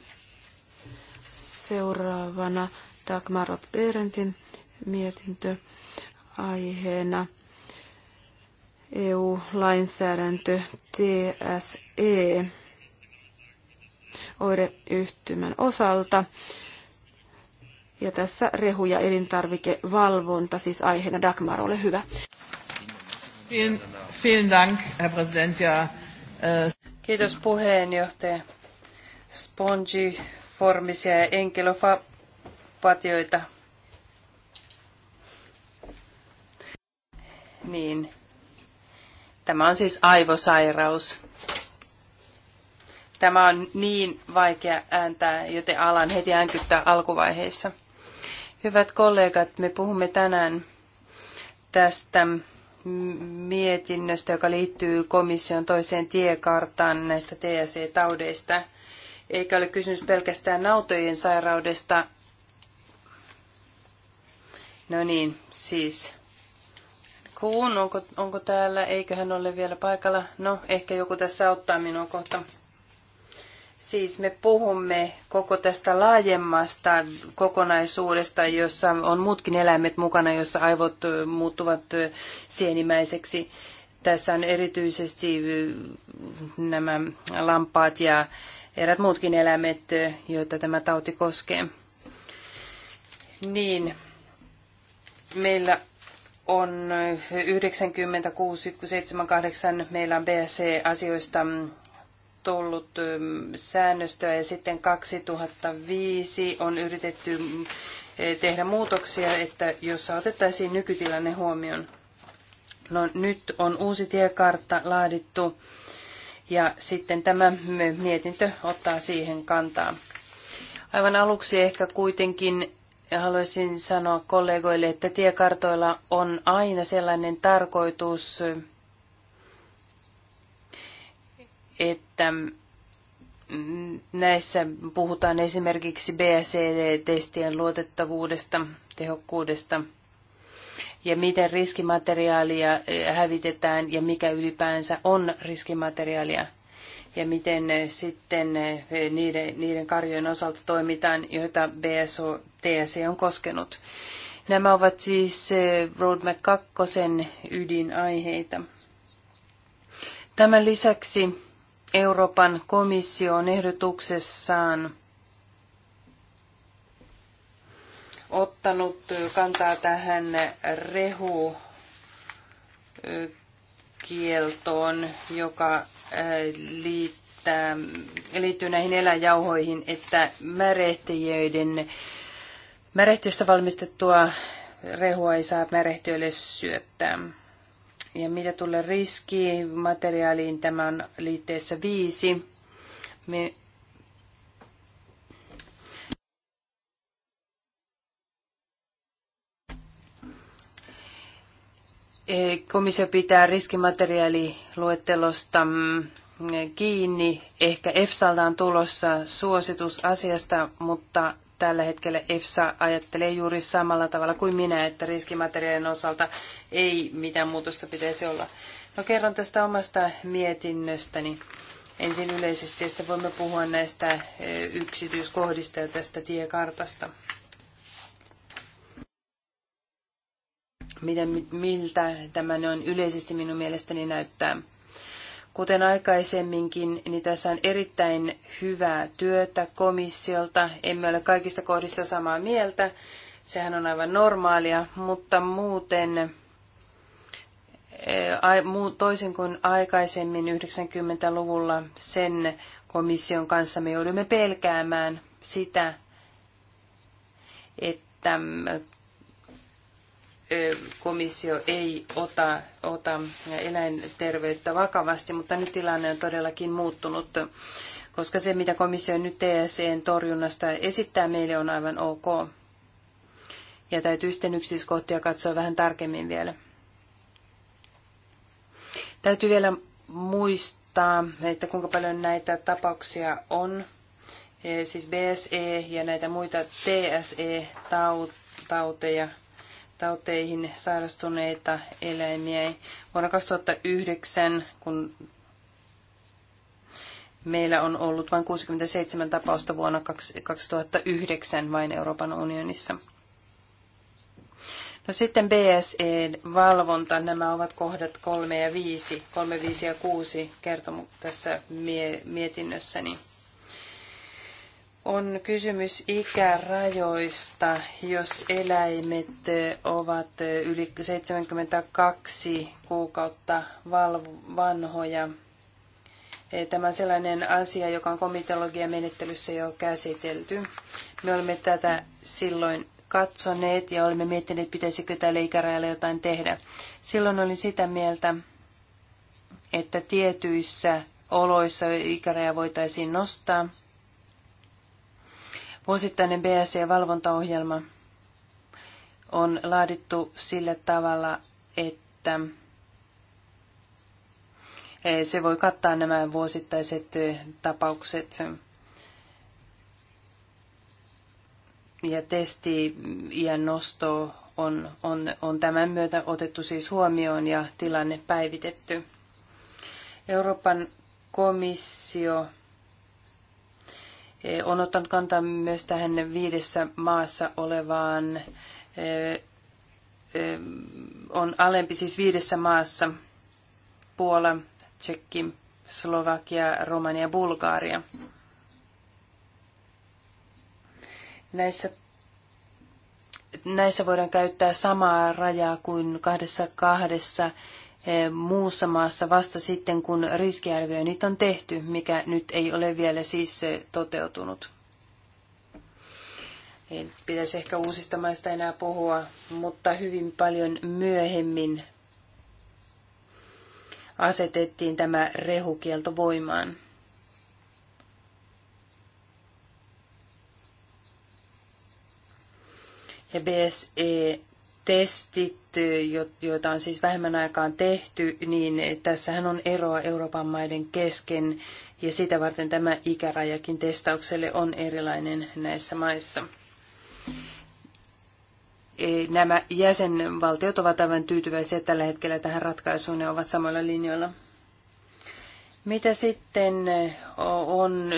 Seuraavana Dagmar Berentin mietintö aiheena EU-lainsäädäntö TSE oireyhtymän osalta. Ja tässä rehu- ja elintarvikevalvonta, siis aiheena Dagmar, ole hyvä. Vielen, Dank, Herr Präsident. Ja, äh, Kiitos puheenjohtaja. Spongy formisia ja enkelofapatioita. Niin. Tämä on siis aivosairaus. Tämä on niin vaikea ääntää, joten alan heti äänkyttää alkuvaiheessa. Hyvät kollegat, me puhumme tänään tästä mietinnöstä, joka liittyy komission toiseen tiekarttaan näistä TSE-taudeista – eikä ole kysymys pelkästään nautojen sairaudesta. No niin, siis Kuun, onko, onko täällä? Eiköhän ole vielä paikalla. No, ehkä joku tässä auttaa minua kohta. Siis me puhumme koko tästä laajemmasta kokonaisuudesta, jossa on muutkin eläimet mukana, jossa aivot muuttuvat sienimäiseksi. Tässä on erityisesti nämä lampaat ja erät muutkin eläimet, joita tämä tauti koskee. Niin, meillä on 96,78 meillä on BSC-asioista tullut ähm, säännöstöä ja sitten 2005 on yritetty äh, tehdä muutoksia, että jossa otettaisiin nykytilanne huomioon. No, nyt on uusi tiekartta laadittu ja sitten tämä mietintö ottaa siihen kantaa. Aivan aluksi ehkä kuitenkin haluaisin sanoa kollegoille, että tiekartoilla on aina sellainen tarkoitus, että näissä puhutaan esimerkiksi BSD-testien luotettavuudesta, tehokkuudesta – ja miten riskimateriaalia eh, hävitetään ja mikä ylipäänsä on riskimateriaalia ja miten eh, sitten eh, niiden, niiden karjojen osalta toimitaan, joita BSO TSE on koskenut. Nämä ovat siis Roadmap 2 ydinaiheita. Tämän lisäksi Euroopan komissio on ehdotuksessaan ottanut kantaa tähän rehu kieltoon, joka äh, liittää, liittyy näihin eläjauhoihin, että märehtijöiden, märehtiöstä valmistettua rehua ei saa märehtiöille syöttää. Ja mitä tulee materiaaliin, tämä on liitteessä viisi. Me Eh, komissio pitää riskimateriaaliluettelosta mm, kiinni. Ehkä EFSAlta on tulossa suositus asiasta, mutta tällä hetkellä EFSA ajattelee juuri samalla tavalla kuin minä, että riskimateriaalien osalta ei mitään muutosta pitäisi olla. No kerron tästä omasta mietinnöstäni. Ensin yleisesti, ja sitten voimme puhua näistä eh, yksityiskohdista ja tästä tiekartasta. miten, miltä tämä on yleisesti minun mielestäni näyttää. Kuten aikaisemminkin, niin tässä on erittäin hyvää työtä komissiolta. Emme ole kaikista kohdista samaa mieltä. Sehän on aivan normaalia, mutta muuten eh, toisin kuin aikaisemmin 90-luvulla sen komission kanssa me joudumme pelkäämään sitä, että komissio ei ota, ota eläinterveyttä vakavasti, mutta nyt tilanne on todellakin muuttunut, koska se, mitä komissio nyt TSEn torjunnasta esittää meille, on aivan ok. Ja täytyy sitten yksityiskohtia katsoa vähän tarkemmin vielä. Täytyy vielä muistaa, että kuinka paljon näitä tapauksia on, siis BSE ja näitä muita TSE-tauteja tauteihin sairastuneita eläimiä. Vuonna 2009, kun meillä on ollut vain 67 tapausta vuonna 2009 vain Euroopan unionissa. No sitten BSE-valvonta, nämä ovat kohdat 3 ja 5, 3, 5 ja 6 kertomu tässä mietinnössäni. Niin on kysymys ikärajoista, jos eläimet ovat yli 72 kuukautta vanhoja. Tämä on sellainen asia, joka on komitologian menettelyssä jo käsitelty. Me olemme tätä silloin katsoneet ja olemme miettineet, pitäisikö tälle ikärajalle jotain tehdä. Silloin olin sitä mieltä, että tietyissä oloissa ikäraja voitaisiin nostaa – Vuosittainen BSE-valvontaohjelma on laadittu sillä tavalla, että e, se voi kattaa nämä vuosittaiset e, tapaukset. Ja testi ja nosto on, on, on tämän myötä otettu siis huomioon ja tilanne päivitetty. Euroopan komissio Eh, on ottanut kantaa myös tähän viidessä maassa olevaan, eh, eh, on alempi siis viidessä maassa, Puola, Tsekki, Slovakia, Romania ja Bulgaaria. Näissä, näissä voidaan käyttää samaa rajaa kuin kahdessa kahdessa Eh, muussa maassa vasta sitten, kun riskiarvioinnit on tehty, mikä nyt ei ole vielä siis eh, toteutunut. Ei pitäisi ehkä uusista maista enää puhua, mutta hyvin paljon myöhemmin asetettiin tämä rehukielto voimaan. Ja BSE testit, joita on siis vähemmän aikaan tehty, niin tässähän on eroa Euroopan maiden kesken ja sitä varten tämä ikärajakin testaukselle on erilainen näissä maissa. E, nämä jäsenvaltiot ovat aivan tyytyväisiä tällä hetkellä tähän ratkaisuun ja ovat samoilla linjoilla. Mitä sitten e, on,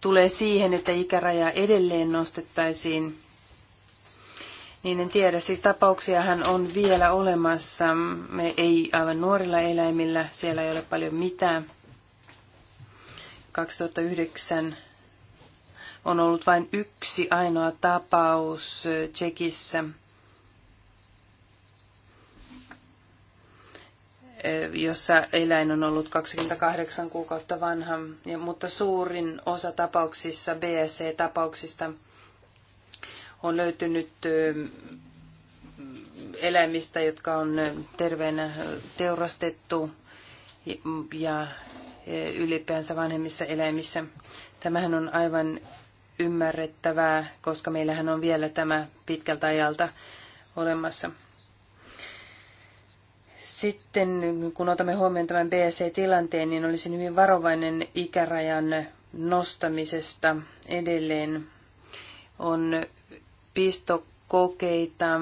tulee siihen, että ikäraja edelleen nostettaisiin niin en tiedä. Siis tapauksiahan on vielä olemassa. Me ei aivan nuorilla eläimillä, siellä ei ole paljon mitään. 2009 on ollut vain yksi ainoa tapaus Tsekissä, jossa eläin on ollut 28 kuukautta vanha, mutta suurin osa tapauksissa, BSC-tapauksista, on löytynyt eläimistä, jotka on terveenä teurastettu ja ylipäänsä vanhemmissa eläimissä. Tämähän on aivan ymmärrettävää, koska meillähän on vielä tämä pitkältä ajalta olemassa. Sitten kun otamme huomioon tämän BSE-tilanteen, niin olisin hyvin varovainen ikärajan nostamisesta edelleen. On pistokokeita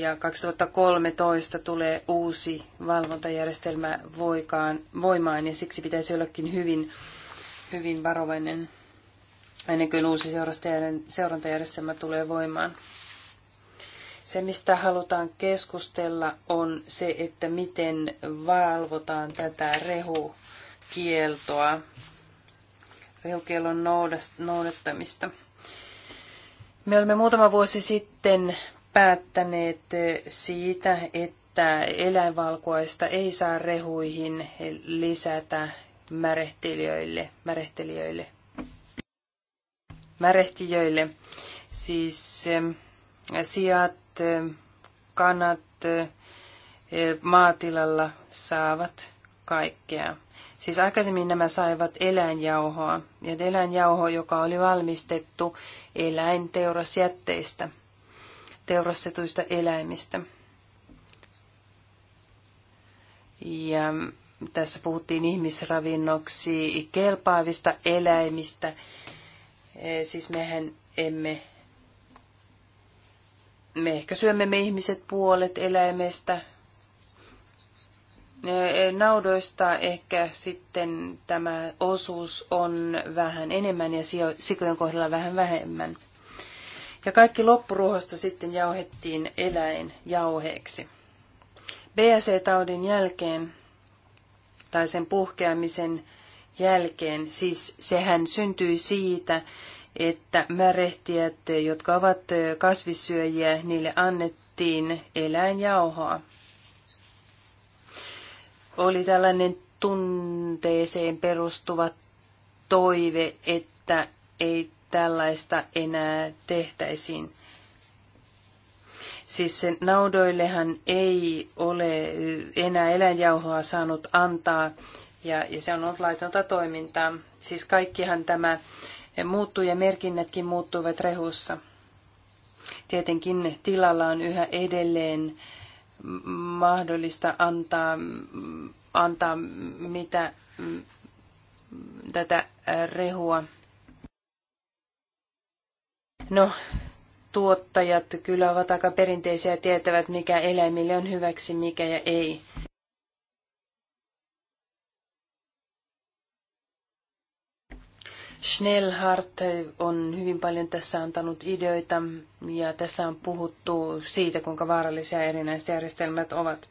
ja 2013 tulee uusi valvontajärjestelmä voikaan, voimaan ja siksi pitäisi ollakin hyvin, hyvin varovainen ennen kuin uusi seurantajärjestelmä tulee voimaan. Se, mistä halutaan keskustella, on se, että miten valvotaan tätä rehukieltoa, rehukielon noudattamista. Me olemme muutama vuosi sitten päättäneet siitä, että eläinvalkuaista ei saa rehuihin lisätä märehtelijöille, märehtelijöille, märehtijöille. Siis eh, sijat, eh, kanat eh, maatilalla saavat kaikkea. Siis aikaisemmin nämä saivat eläinjauhoa, ja eläinjauho, joka oli valmistettu eläinteurasjätteistä, teurastetuista eläimistä. Ja tässä puhuttiin ihmisravinnoksi kelpaavista eläimistä. E, siis mehän emme, me ehkä syömme me ihmiset puolet eläimestä, naudoista ehkä sitten tämä osuus on vähän enemmän ja sikojen kohdalla vähän vähemmän. Ja kaikki loppuruohosta sitten jauhettiin eläinjauheeksi. BSE-taudin jälkeen tai sen puhkeamisen jälkeen, siis sehän syntyi siitä, että märehtijät, jotka ovat kasvissyöjiä, niille annettiin eläinjauhoa oli tällainen tunteeseen perustuva toive, että ei tällaista enää tehtäisiin. Siis se naudoillehan ei ole enää eläinjauhoa saanut antaa ja, ja se on ollut laitonta toimintaa. Siis kaikkihan tämä muuttuu ja merkinnätkin muuttuivat rehussa. Tietenkin tilalla on yhä edelleen äh, mahdollista antaa, antaa mitä tätä rehua. No, tuottajat kyllä ovat aika perinteisiä ja tietävät, mikä eläimille on hyväksi, mikä ja ei. Schnellhardt on hyvin paljon tässä antanut ideoita ja tässä on puhuttu siitä, kuinka vaarallisia erinäiset järjestelmät ovat.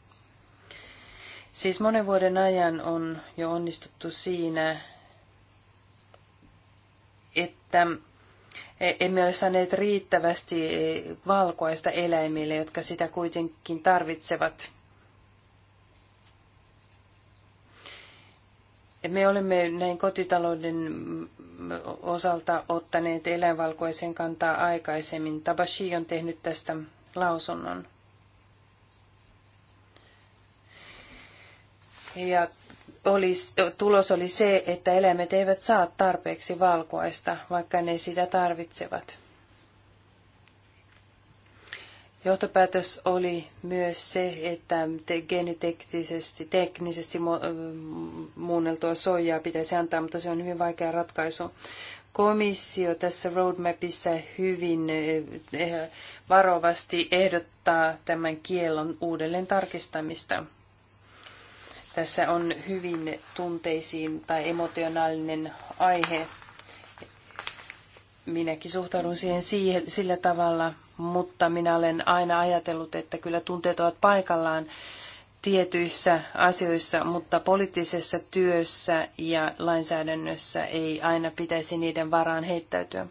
Siis monen vuoden ajan on jo onnistuttu siinä, että emme ole saaneet riittävästi valkoista eläimille, jotka sitä kuitenkin tarvitsevat – Me olemme näin kotitalouden osalta ottaneet eläinvalkoisen kantaa aikaisemmin. Tabashi on tehnyt tästä lausunnon. Ja tulos oli se, että eläimet eivät saa tarpeeksi valkuaista, vaikka ne sitä tarvitsevat. Johtopäätös oli myös se, että geeniteknisesti teknisesti muunneltua soijaa pitäisi antaa, mutta se on hyvin vaikea ratkaisu. Komissio tässä roadmapissa hyvin eh, varovasti ehdottaa tämän kiellon uudelleen tarkistamista. Tässä on hyvin tunteisiin tai emotionaalinen aihe minäkin suhtaudun siihen, sillä tavalla, mutta minä olen aina ajatellut, että kyllä tunteet ovat paikallaan tietyissä asioissa, mutta poliittisessa työssä ja lainsäädännössä ei aina pitäisi niiden varaan heittäytyä.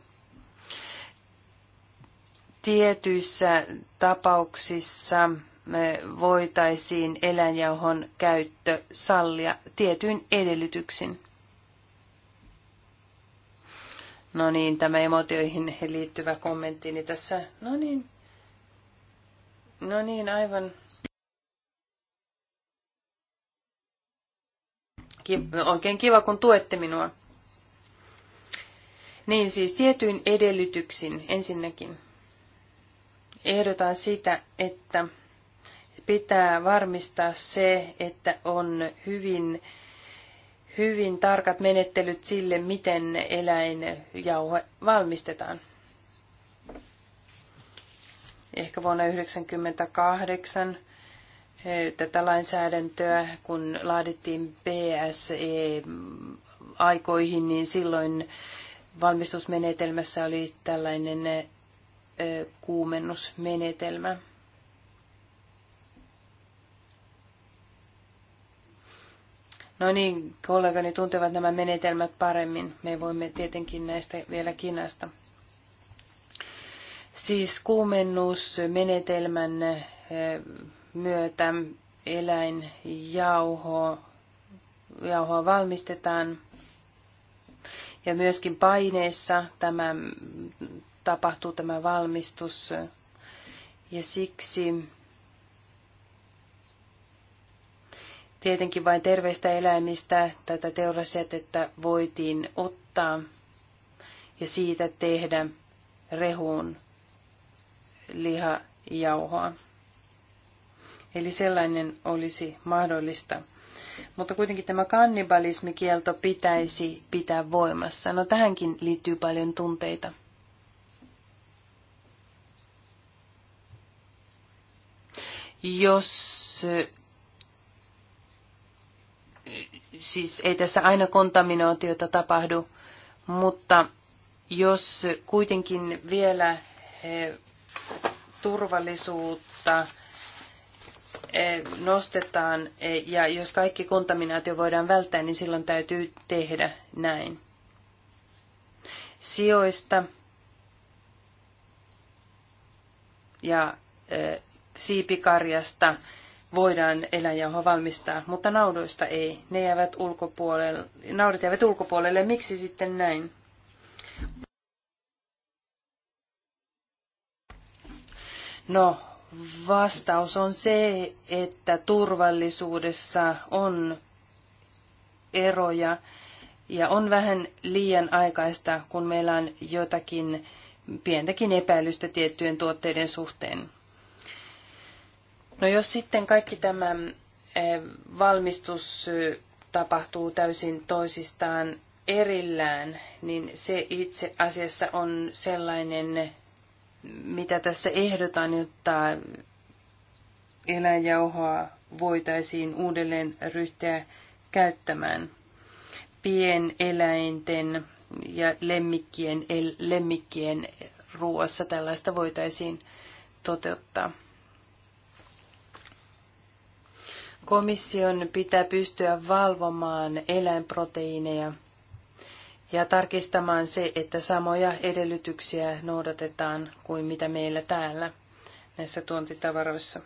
Tietyissä tapauksissa me eh, voitaisiin eläinjauhon käyttö sallia tietyin edellytyksin. No niin, tämä emotioihin liittyvä kommentti, niin tässä, no niin, no niin, aivan. oikein kiva, kun tuette minua. Niin siis tietyin edellytyksin ensinnäkin ehdotan sitä, että pitää varmistaa se, että on hyvin hyvin tarkat menettelyt sille, miten eläinjauhe valmistetaan. Ehkä vuonna 1998 eh, tätä lainsäädäntöä, kun laadittiin PSE-aikoihin, niin silloin valmistusmenetelmässä oli tällainen eh, kuumennusmenetelmä. No niin, kollegani tuntevat nämä menetelmät paremmin. Me voimme tietenkin näistä vielä kinasta. Siis kuumennusmenetelmän eh, myötä eläin jauho jauhoa valmistetaan. Ja myöskin paineessa tämä, tapahtuu tämä valmistus. Ja siksi Tietenkin vain terveistä eläimistä tätä teurasjätettä voitiin ottaa ja siitä tehdä rehuun lihajauhoa. Eli sellainen olisi mahdollista. Mutta kuitenkin tämä kannibalismikielto pitäisi pitää voimassa. No tähänkin liittyy paljon tunteita. Jos siis ei tässä aina kontaminaatiota tapahdu, mutta jos kuitenkin vielä eh, turvallisuutta eh, nostetaan eh, ja jos kaikki kontaminaatio voidaan välttää, niin silloin täytyy tehdä näin. Sijoista ja siipikarjasta voidaan eläinjauhoa valmistaa, mutta naudoista ei. Ne jäävät ulkopuolelle, naudat jäävät ulkopuolelle. Miksi sitten näin? No, vastaus on se, että turvallisuudessa on eroja ja on vähän liian aikaista, kun meillä on jotakin pientäkin epäilystä tiettyjen tuotteiden suhteen. No jos sitten kaikki tämä eh, valmistus eh, tapahtuu täysin toisistaan erillään, niin se itse asiassa on sellainen, mitä tässä ehdotan, jotta eläinjauhoa voitaisiin uudelleen ryhtyä käyttämään pieneläinten ja lemmikkien, lemmikkien ruoassa tällaista voitaisiin toteuttaa. Komission pitää pystyä valvomaan eläinproteiineja ja tarkistamaan se, että samoja edellytyksiä noudatetaan kuin mitä meillä täällä näissä tuontitavaroissa.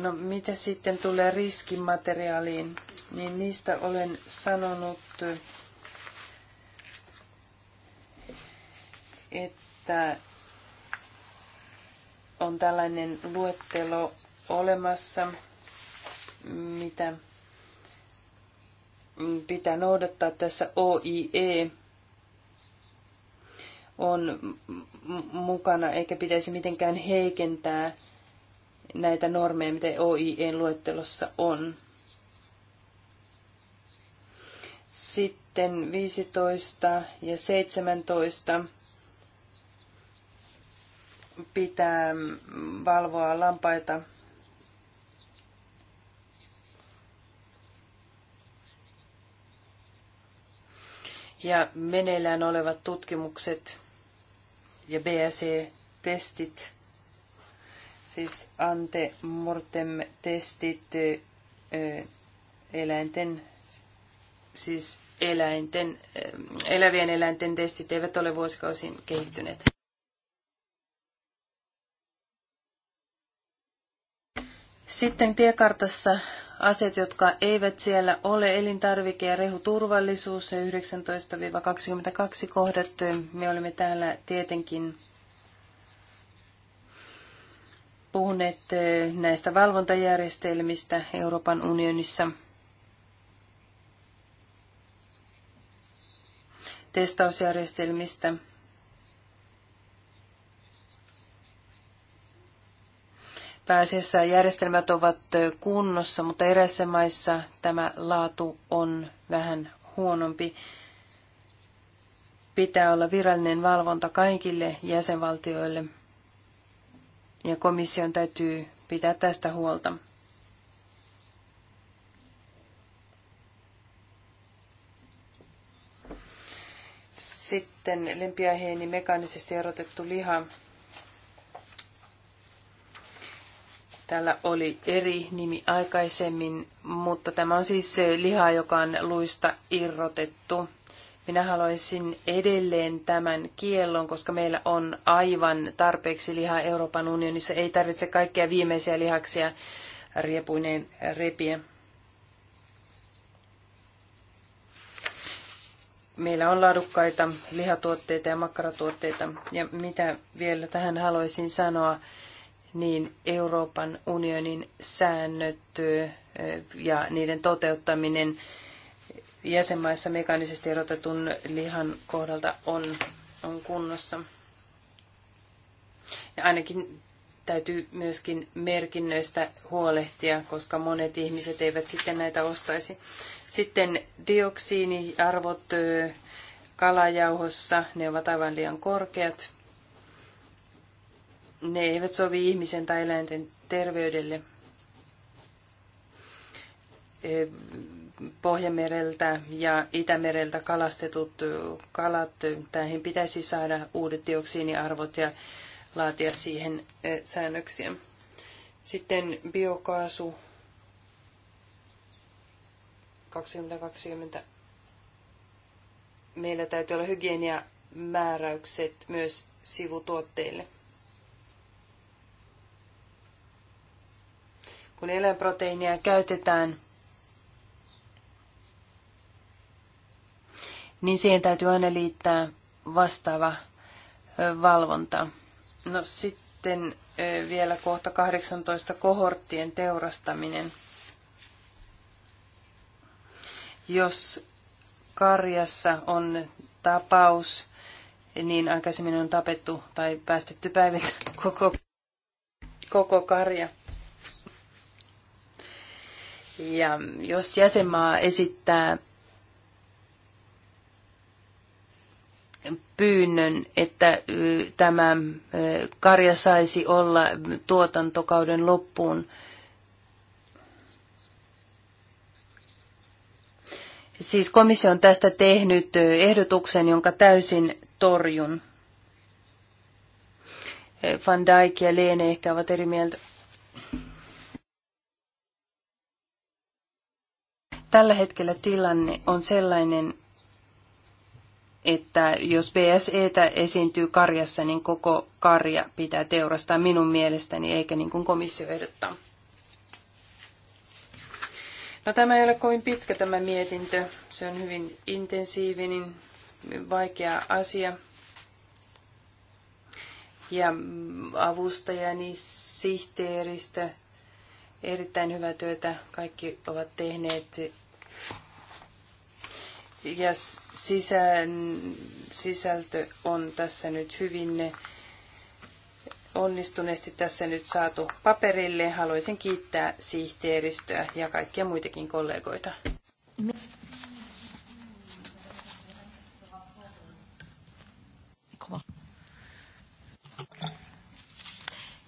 No mitä sitten tulee riskimateriaaliin, niin niistä olen sanonut että on tällainen luettelo olemassa, mitä pitää noudattaa tässä OIE on mukana, eikä pitäisi mitenkään heikentää näitä normeja, mitä OIEn luettelossa on. Sitten 15 ja 17 pitää valvoa lampaita. Ja meneillään olevat tutkimukset ja BSE-testit, siis ante mortem testit eläinten, siis eläinten, elävien eläinten testit eivät ole vuosikausin kehittyneet. Sitten tiekartassa asiat, jotka eivät siellä ole, elintarvike- ja rehuturvallisuus, 19-22 kohdat, me olemme täällä tietenkin puhuneet eh, näistä valvontajärjestelmistä Euroopan unionissa. testausjärjestelmistä Pääasiassa järjestelmät ovat kunnossa, mutta eräissä maissa tämä laatu on vähän huonompi. Pitää olla virallinen valvonta kaikille jäsenvaltioille ja komission täytyy pitää tästä huolta. Sitten lempiaiheeni mekaanisesti erotettu liha. Täällä oli eri nimi aikaisemmin, mutta tämä on siis liha, joka on luista irrotettu. Minä haluaisin edelleen tämän kiellon, koska meillä on aivan tarpeeksi lihaa Euroopan unionissa. Ei tarvitse kaikkia viimeisiä lihaksia riepuineen repiä. Meillä on laadukkaita lihatuotteita ja makkaratuotteita. Ja mitä vielä tähän haluaisin sanoa, niin Euroopan unionin säännöt ja niiden toteuttaminen jäsenmaissa mekaanisesti erotetun lihan kohdalta on, on kunnossa. Ja ainakin täytyy myöskin merkinnöistä huolehtia, koska monet ihmiset eivät sitten näitä ostaisi. Sitten dioksiiniarvot kalajauhossa, ne ovat aivan liian korkeat ne eivät sovi ihmisen tai eläinten terveydelle. E, Pohjamereltä ja Itämereltä kalastetut kalat, tähän pitäisi saada uudet dioksiiniarvot ja laatia siihen e, säännöksiä. Sitten biokaasu 2020. Meillä täytyy olla hygieniamääräykset myös sivutuotteille. kun eläinproteiinia käytetään, niin siihen täytyy aina liittää vastaava valvonta. No sitten vielä kohta 18 kohorttien teurastaminen. Jos karjassa on tapaus, niin aikaisemmin on tapettu tai päästetty päivittäin koko, koko karja. Ja jos jäsenmaa esittää pyynnön, että tämä karja saisi olla tuotantokauden loppuun. Siis komissio on tästä tehnyt ehdotuksen, jonka täysin torjun. Van Dijk ja Leene ehkä ovat eri mieltä. Tällä hetkellä tilanne on sellainen, että jos BSEtä esiintyy karjassa, niin koko karja pitää teurastaa minun mielestäni, eikä niin kuin komissio ehdottaa. No tämä ei ole kovin pitkä tämä mietintö. Se on hyvin intensiivinen, vaikea asia. Ja avustajani, sihteeristö, erittäin hyvää työtä kaikki ovat tehneet ja sisään, sisältö on tässä nyt hyvin onnistuneesti tässä nyt saatu paperille. Haluaisin kiittää sihteeristöä ja kaikkia muitakin kollegoita.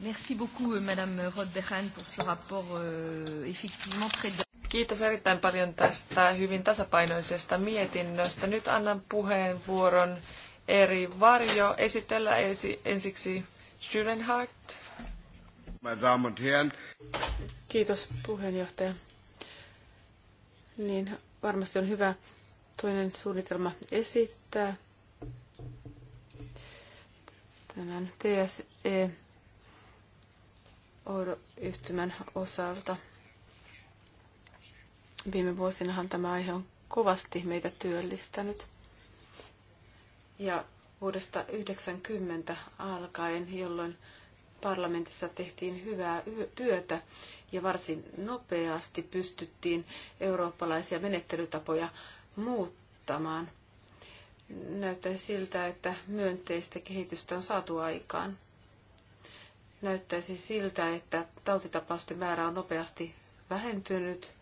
Merci beaucoup, euh, Madame Roth-Behan, pour ce rapport euh, effectivement très... Kiitos erittäin paljon tästä hyvin tasapainoisesta mietinnöstä. Nyt annan puheenvuoron eri varjo esitellä esi- ensiksi Schürenhardt. Kiitos puheenjohtaja. Niin, varmasti on hyvä toinen suunnitelma esittää. Tämän TSE-yhtymän osalta – Viime vuosinahan tämä aihe on kovasti meitä työllistänyt. Ja vuodesta 90 alkaen, jolloin parlamentissa tehtiin hyvää työtä ja varsin nopeasti pystyttiin eurooppalaisia menettelytapoja muuttamaan. Näyttää siltä, että myönteistä kehitystä on saatu aikaan. Näyttäisi siltä, että tautitapausten määrä on nopeasti vähentynyt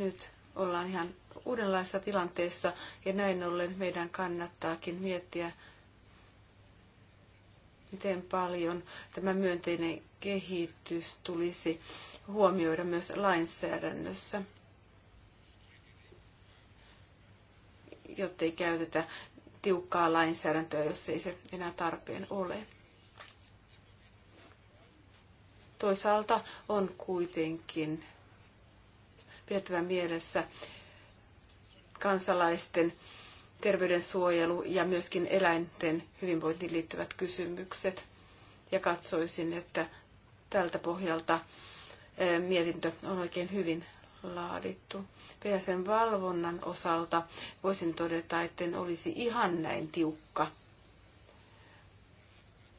nyt ollaan ihan uudenlaisessa tilanteessa ja näin ollen meidän kannattaakin miettiä, miten paljon tämä myönteinen kehitys tulisi huomioida myös lainsäädännössä, ei käytetä tiukkaa lainsäädäntöä, jos ei se enää tarpeen ole. Toisaalta on kuitenkin pidettävä mielessä kansalaisten terveydensuojelu ja myöskin eläinten hyvinvointiin liittyvät kysymykset. Ja katsoisin, että tältä pohjalta eh, mietintö on oikein hyvin laadittu. PSN valvonnan osalta voisin todeta, että en olisi ihan näin tiukka,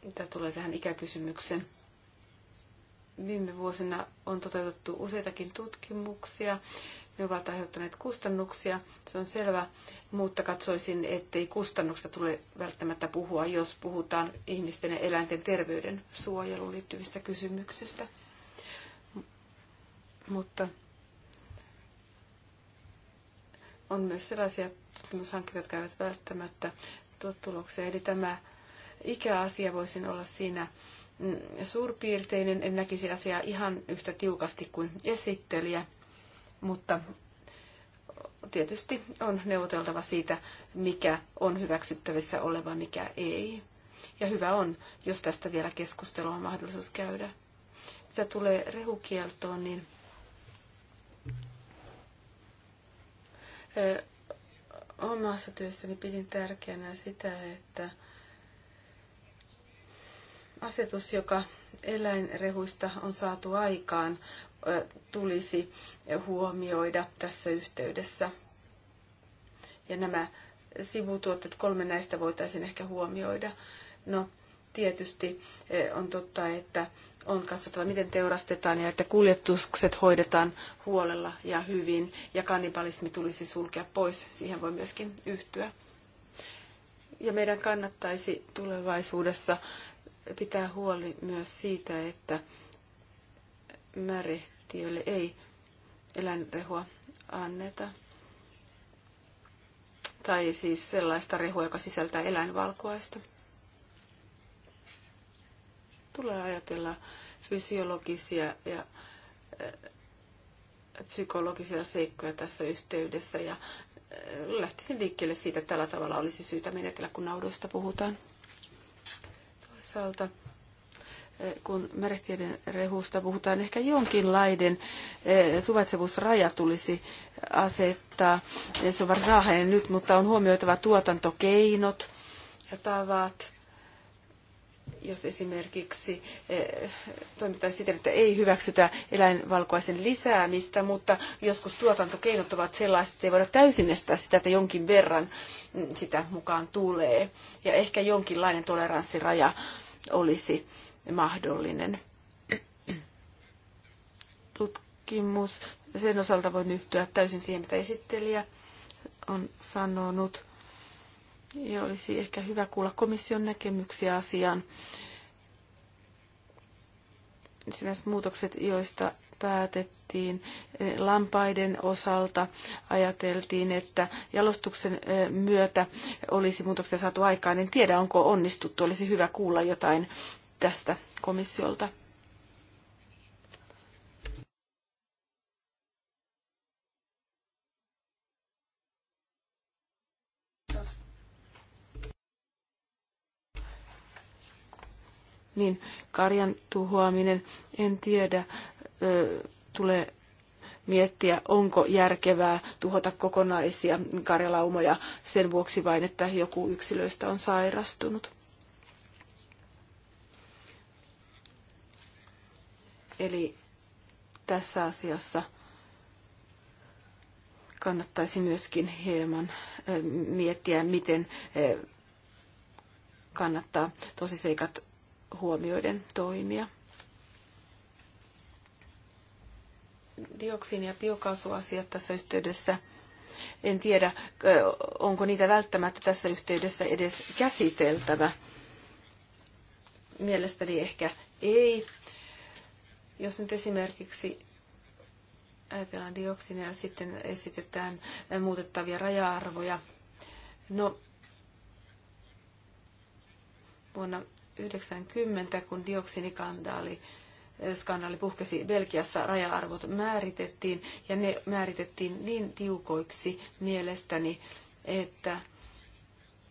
mitä tulee tähän ikäkysymykseen viime vuosina on toteutettu useitakin tutkimuksia. Ne ovat aiheuttaneet kustannuksia, se on selvä, mutta katsoisin, ettei kustannuksista tule välttämättä puhua, jos puhutaan ihmisten ja eläinten terveyden suojeluun liittyvistä kysymyksistä. Mutta on myös sellaisia tutkimushankkeita, jotka eivät välttämättä tuo tuloksia. Eli tämä ikäasia voisin olla siinä suurpiirteinen, en näkisi asiaa ihan yhtä tiukasti kuin esittelijä, mutta tietysti on neuvoteltava siitä, mikä on hyväksyttävissä oleva, mikä ei. Ja hyvä on, jos tästä vielä keskustelua on mahdollisuus käydä. Mitä tulee rehukieltoon, niin omassa työssäni pidin tärkeänä sitä, että asetus, joka eläinrehuista on saatu aikaan, tulisi huomioida tässä yhteydessä. Ja nämä sivutuotteet, kolme näistä voitaisiin ehkä huomioida. No, tietysti on totta, että on katsottava, miten teurastetaan ja että kuljetukset hoidetaan huolella ja hyvin ja kannibalismi tulisi sulkea pois. Siihen voi myöskin yhtyä. Ja meidän kannattaisi tulevaisuudessa pitää huoli myös siitä, että märehtiöille ei eläinrehua anneta. Tai siis sellaista rehua, joka sisältää eläinvalkuaista. Tulee ajatella fysiologisia ja äh, psykologisia seikkoja tässä yhteydessä ja äh, lähtisin liikkeelle siitä, että tällä tavalla olisi syytä menetellä, kun naudoista puhutaan toisaalta eh, kun merehtieden rehusta puhutaan, ehkä jonkinlainen eh, suvaitsevuusraja tulisi asettaa. Eh, se on varsin nyt, mutta on huomioitava tuotantokeinot ja tavat jos esimerkiksi eh, toimitaan siten, että ei hyväksytä eläinvalkuaisen lisäämistä, mutta joskus tuotantokeinot ovat sellaiset, että ei voida täysin estää sitä, että jonkin verran mm, sitä mukaan tulee. Ja ehkä jonkinlainen toleranssiraja olisi mahdollinen. Tutkimus sen osalta voi yhtyä täysin siihen, mitä esittelijä on sanonut ja olisi ehkä hyvä kuulla komission näkemyksiä asiaan. Esimerkiksi muutokset, joista päätettiin eh, lampaiden osalta. Ajateltiin, että jalostuksen eh, myötä olisi muutoksia saatu aikaan. En tiedä, onko onnistuttu. Olisi hyvä kuulla jotain tästä komissiolta. niin karjan tuhoaminen, en tiedä, tulee miettiä, onko järkevää tuhota kokonaisia karjalaumoja sen vuoksi vain, että joku yksilöistä on sairastunut. Eli tässä asiassa kannattaisi myöskin hieman miettiä, miten kannattaa tosiseikat huomioiden toimia. Dioksiini- ja biokaasuasiat tässä yhteydessä. En tiedä, onko niitä välttämättä tässä yhteydessä edes käsiteltävä. Mielestäni ehkä ei. Jos nyt esimerkiksi ajatellaan dioksinia ja sitten esitetään muutettavia raja-arvoja. No, vuonna 90, kun dioksinikandaali eh, skandaali puhkesi Belgiassa, raja-arvot määritettiin ja ne määritettiin niin tiukoiksi mielestäni, että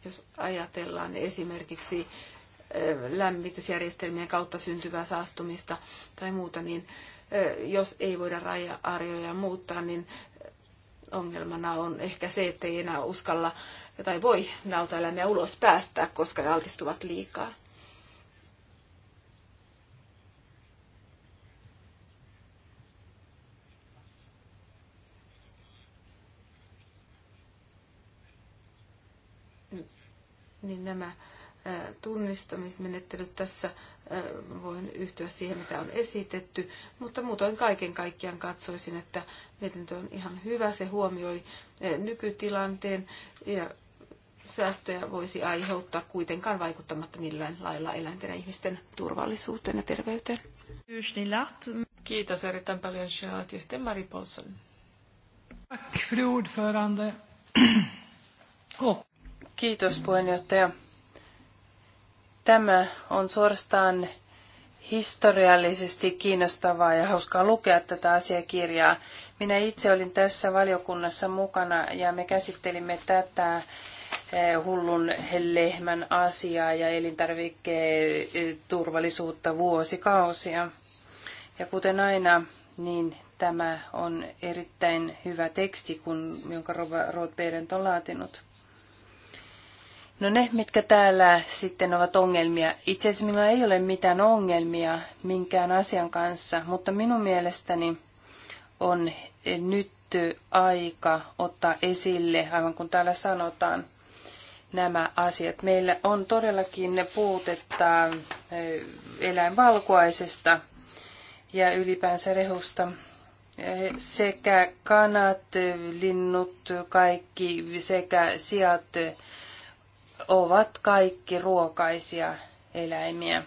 jos ajatellaan esimerkiksi eh, lämmitysjärjestelmien kautta syntyvää saastumista tai muuta, niin eh, jos ei voida raja-arjoja muuttaa, niin ongelmana on ehkä se, että ei enää uskalla tai voi nautaeläimiä ulos päästää, koska ne altistuvat liikaa. niin nämä tunnistamismenettelyt tässä voin yhtyä siihen, mitä on esitetty, mutta muutoin kaiken kaikkiaan katsoisin, että mietintö on ihan hyvä, se huomioi nykytilanteen ja säästöjä voisi aiheuttaa kuitenkaan vaikuttamatta millään lailla eläinten ja ihmisten turvallisuuteen ja terveyteen. Kiitos erittäin paljon Jeanette ja sitten Mari Paulson. Tack fru ordförande. oh. Kiitos puheenjohtaja. Tämä on suorastaan historiallisesti kiinnostavaa ja hauskaa lukea tätä asiakirjaa. Minä itse olin tässä valiokunnassa mukana ja me käsittelimme tätä eh, hullun lehmän asiaa ja elintarviketurvallisuutta eh, vuosikausia. Ja kuten aina, niin tämä on erittäin hyvä teksti, kun, jonka Rod Berent on laatinut. No ne, mitkä täällä sitten ovat ongelmia. Itse asiassa minulla ei ole mitään ongelmia minkään asian kanssa, mutta minun mielestäni on nyt aika ottaa esille, aivan kun täällä sanotaan, nämä asiat. Meillä on todellakin puutetta eh, eläinvalkuaisesta ja ylipäänsä rehusta eh, sekä kanat, eh, linnut, kaikki sekä sijat ovat kaikki ruokaisia eläimiä.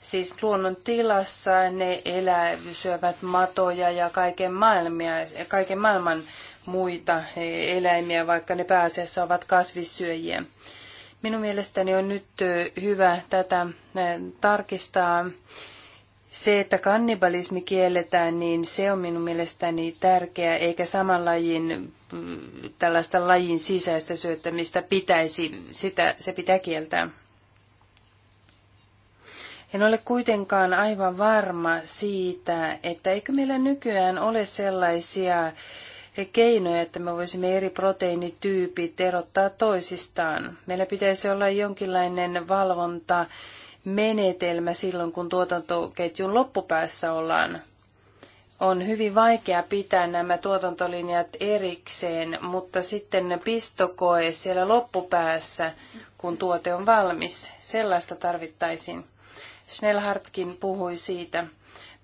Siis luonnon tilassa ne elää, syövät matoja ja kaiken, maailmia, kaiken maailman muita eläimiä, vaikka ne pääasiassa ovat kasvissyöjiä. Minun mielestäni on nyt hyvä tätä tarkistaa se, että kannibalismi kielletään, niin se on minun mielestäni tärkeää, eikä saman lajin, mm, tällaista lajin sisäistä syöttämistä pitäisi, sitä, se pitää kieltää. En ole kuitenkaan aivan varma siitä, että eikö meillä nykyään ole sellaisia keinoja, että me voisimme eri proteiinityypit erottaa toisistaan. Meillä pitäisi olla jonkinlainen valvonta, menetelmä silloin, kun tuotantoketjun loppupäässä ollaan. On hyvin vaikea pitää nämä tuotantolinjat erikseen, mutta sitten pistokoe siellä loppupäässä, kun tuote on valmis, sellaista tarvittaisiin. Schnellhartkin puhui siitä.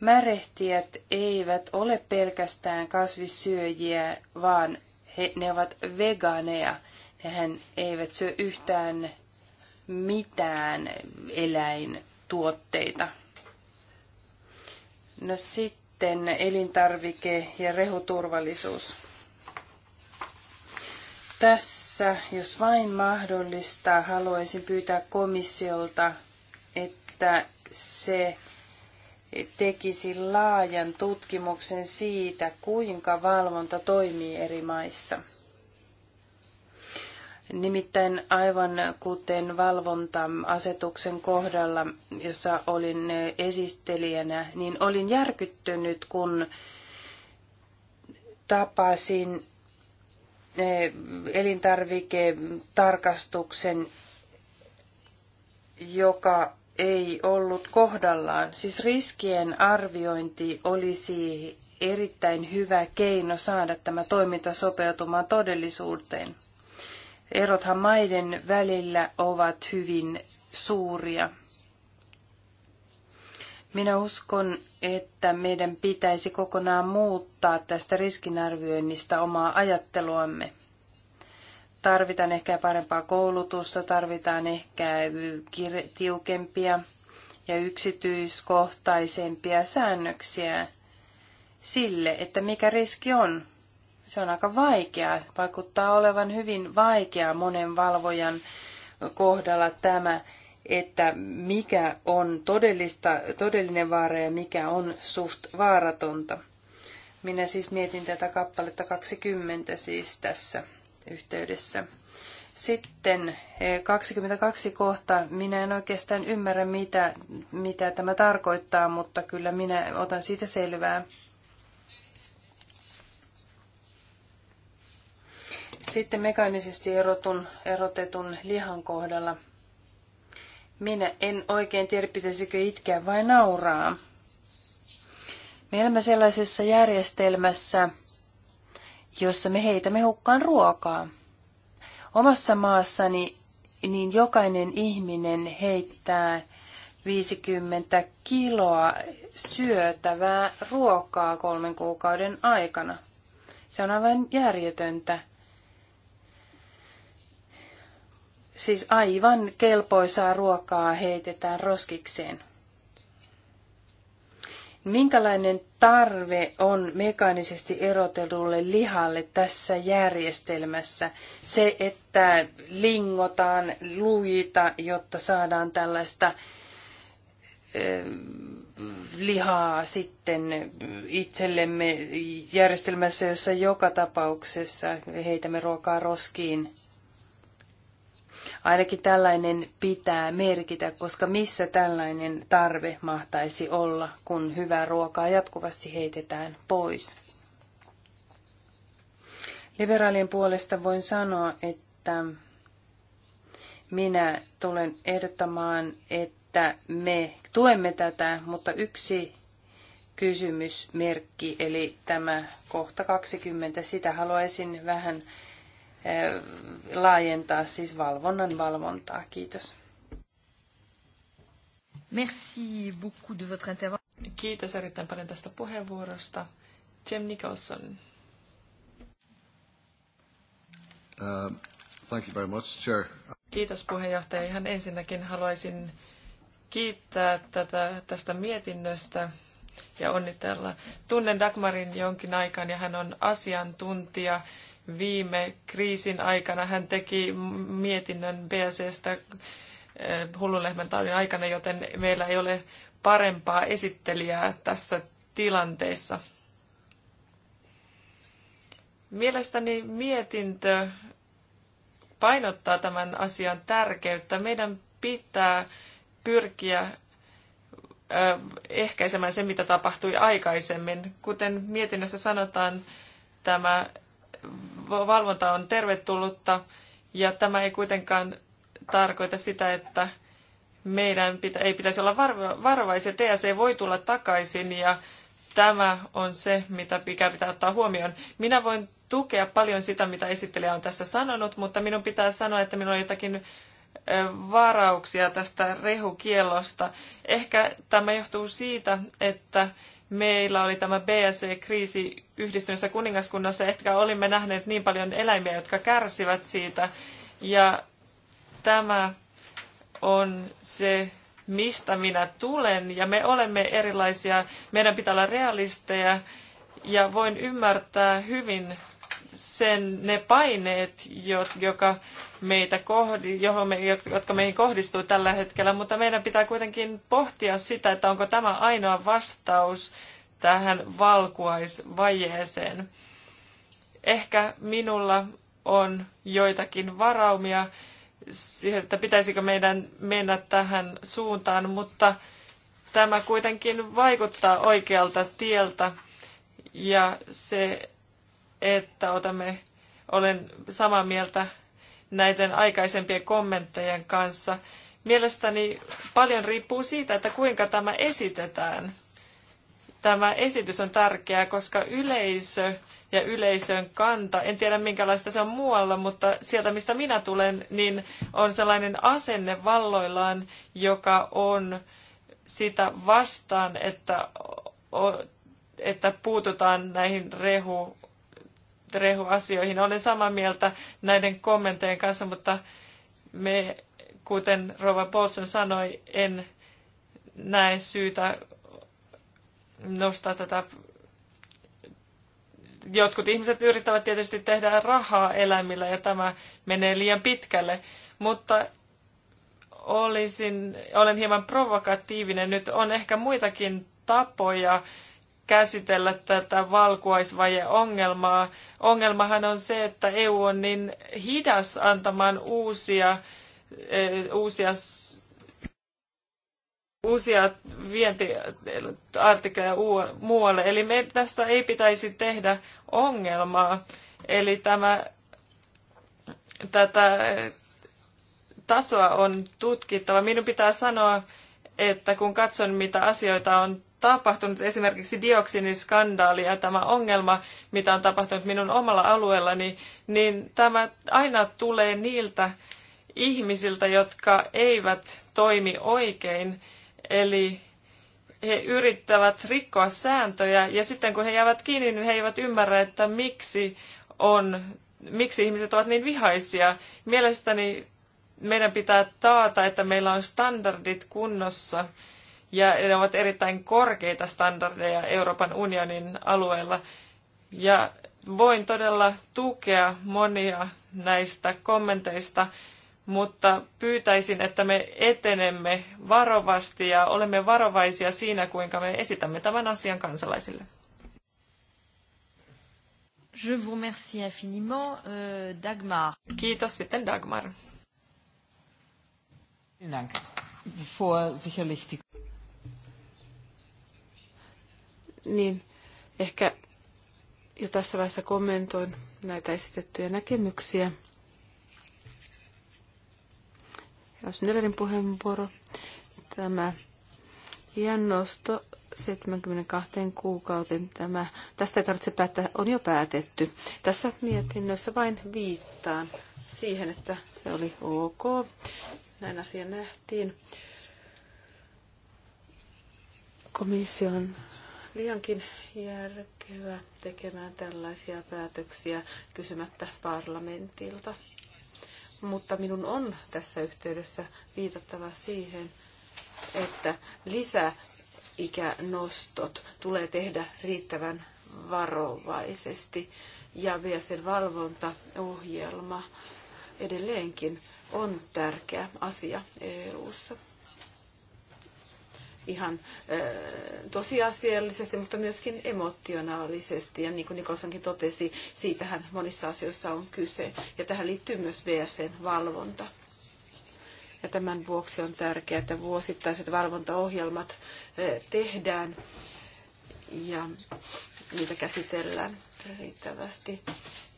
Märehtijät eivät ole pelkästään kasvissyöjiä, vaan he, ne ovat vegaaneja. Nehän eivät syö yhtään mitään eläintuotteita. No sitten elintarvike ja rehuturvallisuus. Tässä, jos vain mahdollista, haluaisin pyytää komissiolta, että se tekisi laajan tutkimuksen siitä, kuinka valvonta toimii eri maissa. Nimittäin aivan kuten valvonta-asetuksen kohdalla, jossa olin esistelijänä, niin olin järkyttynyt, kun tapasin eh, elintarviketarkastuksen, joka ei ollut kohdallaan. Siis riskien arviointi olisi erittäin hyvä keino saada tämä toiminta sopeutumaan todellisuuteen. Erothan maiden välillä ovat hyvin suuria. Minä uskon, että meidän pitäisi kokonaan muuttaa tästä riskinarvioinnista omaa ajatteluamme. Tarvitaan ehkä parempaa koulutusta, tarvitaan ehkä tiukempia ja yksityiskohtaisempia säännöksiä sille, että mikä riski on se on aika vaikeaa. Vaikuttaa olevan hyvin vaikeaa monen valvojan kohdalla tämä, että mikä on todellista, todellinen vaara ja mikä on suht vaaratonta. Minä siis mietin tätä kappaletta 20 siis tässä yhteydessä. Sitten 22 e, kohta. Minä en oikeastaan ymmärrä, mitä, mitä tämä tarkoittaa, mutta kyllä minä otan siitä selvää. Sitten mekaanisesti erotun, erotetun lihan kohdalla. Minä en oikein tiedä, pitäisikö itkeä vai nauraa. Me elämme sellaisessa järjestelmässä, jossa me heitämme hukkaan ruokaa. Omassa maassani niin jokainen ihminen heittää 50 kiloa syötävää ruokaa kolmen kuukauden aikana. Se on aivan järjetöntä. Siis aivan kelpoisaa ruokaa heitetään roskikseen. Minkälainen tarve on mekaanisesti erotetulle lihalle tässä järjestelmässä? Se, että lingotaan luita, jotta saadaan tällaista eh, lihaa sitten itsellemme järjestelmässä, jossa joka tapauksessa heitämme ruokaa roskiin. Ainakin tällainen pitää merkitä, koska missä tällainen tarve mahtaisi olla, kun hyvää ruokaa jatkuvasti heitetään pois. Liberaalien puolesta voin sanoa, että minä tulen ehdottamaan, että me tuemme tätä, mutta yksi kysymysmerkki, eli tämä kohta 20, sitä haluaisin vähän Eh, laajentaa siis valvonnan valvontaa. Kiitos. Merci beaucoup de votre intervention. Kiitos erittäin paljon tästä puheenvuorosta. Jim Nicholson. Uh, thank you very much, Chair. Kiitos puheenjohtaja. Ihan ensinnäkin haluaisin kiittää tätä, tästä mietinnöstä ja onnitella. Tunnen Dagmarin jonkin aikaan ja hän on asiantuntija Viime kriisin aikana hän teki mietinnön BSEstä eh, hullun lehmän taudin aikana, joten meillä ei ole parempaa esittelijää tässä tilanteessa. Mielestäni mietintö painottaa tämän asian tärkeyttä. Meidän pitää pyrkiä eh, ehkäisemään se, mitä tapahtui aikaisemmin. Kuten mietinnössä sanotaan, tämä valvonta on tervetullutta ja tämä ei kuitenkaan tarkoita sitä, että meidän pitä, ei pitäisi olla varovaisia. TSE voi tulla takaisin ja tämä on se, mitä mikä pitää ottaa huomioon. Minä voin tukea paljon sitä, mitä esittelijä on tässä sanonut, mutta minun pitää sanoa, että minulla on jotakin varauksia tästä rehukielosta. Ehkä tämä johtuu siitä, että meillä oli tämä BSE-kriisi yhdistyneessä kuningaskunnassa, ehkä olimme nähneet niin paljon eläimiä, jotka kärsivät siitä. Ja tämä on se, mistä minä tulen. Ja me olemme erilaisia, meidän pitää olla realisteja. Ja voin ymmärtää hyvin sen ne paineet, joka meitä kohdi, johon me, jotka meihin kohdistuu tällä hetkellä, mutta meidän pitää kuitenkin pohtia sitä, että onko tämä ainoa vastaus tähän valkuaisvajeeseen. Ehkä minulla on joitakin varaumia siihen, että pitäisikö meidän mennä tähän suuntaan, mutta tämä kuitenkin vaikuttaa oikealta tieltä ja se että otamme, olen samaa mieltä näiden aikaisempien kommenttejen kanssa. Mielestäni paljon riippuu siitä, että kuinka tämä esitetään. Tämä esitys on tärkeää, koska yleisö ja yleisön kanta, en tiedä minkälaista se on muualla, mutta sieltä mistä minä tulen, niin on sellainen asenne valloillaan, joka on sitä vastaan, että, että puututaan näihin rehu rehuasioihin. Olen samaa mieltä näiden kommenttien kanssa, mutta me, kuten Rova Paulson sanoi, en näe syytä nostaa tätä. Jotkut ihmiset yrittävät tietysti tehdä rahaa eläimillä ja tämä menee liian pitkälle, mutta olisin, olen hieman provokatiivinen nyt. On ehkä muitakin tapoja käsitellä tätä valkuaisvajeongelmaa. ongelmaa Ongelmahan on se, että EU on niin hidas antamaan uusia, eh, uusia, uusia vientiartikkeleja muualle. Eli me tästä ei pitäisi tehdä ongelmaa. Eli tämä, tätä tasoa on tutkittava. Minun pitää sanoa, että kun katson, mitä asioita on tapahtunut esimerkiksi dioksiiniskandaali ja tämä ongelma, mitä on tapahtunut minun omalla alueellani, niin tämä aina tulee niiltä ihmisiltä, jotka eivät toimi oikein. Eli he yrittävät rikkoa sääntöjä ja sitten kun he jäävät kiinni, niin he eivät ymmärrä, että miksi, on, miksi ihmiset ovat niin vihaisia. Mielestäni meidän pitää taata, että meillä on standardit kunnossa ja ne ovat erittäin korkeita standardeja Euroopan unionin alueella. Ja voin todella tukea monia näistä kommenteista, mutta pyytäisin, että me etenemme varovasti ja olemme varovaisia siinä, kuinka me esitämme tämän asian kansalaisille. Je vous remercie infiniment, euh, Dagmar. Kiitos sitten Dagmar. Vielen Dank. sicherlich die niin ehkä jo tässä vaiheessa kommentoin näitä esitettyjä näkemyksiä. Jos Nellerin puheenvuoro. Tämä iän nosto 72 kuukauteen. Tämä, tästä ei tarvitse päättää, on jo päätetty. Tässä mietinnössä vain viittaan siihen, että se oli ok. Näin asia nähtiin. Komission liiankin järkevä tekemään tällaisia päätöksiä kysymättä parlamentilta. Mutta minun on tässä yhteydessä viitattava siihen, että lisäikänostot tulee tehdä riittävän varovaisesti ja vielä sen valvontaohjelma edelleenkin on tärkeä asia EU:ssa. ssa ihan tosiasiallisesti, mutta myöskin emotionaalisesti. Ja niin kuin Nikolsonkin totesi, siitähän monissa asioissa on kyse. Ja tähän liittyy myös VSN valvonta. Ja tämän vuoksi on tärkeää, että vuosittaiset valvontaohjelmat tehdään ja niitä käsitellään riittävästi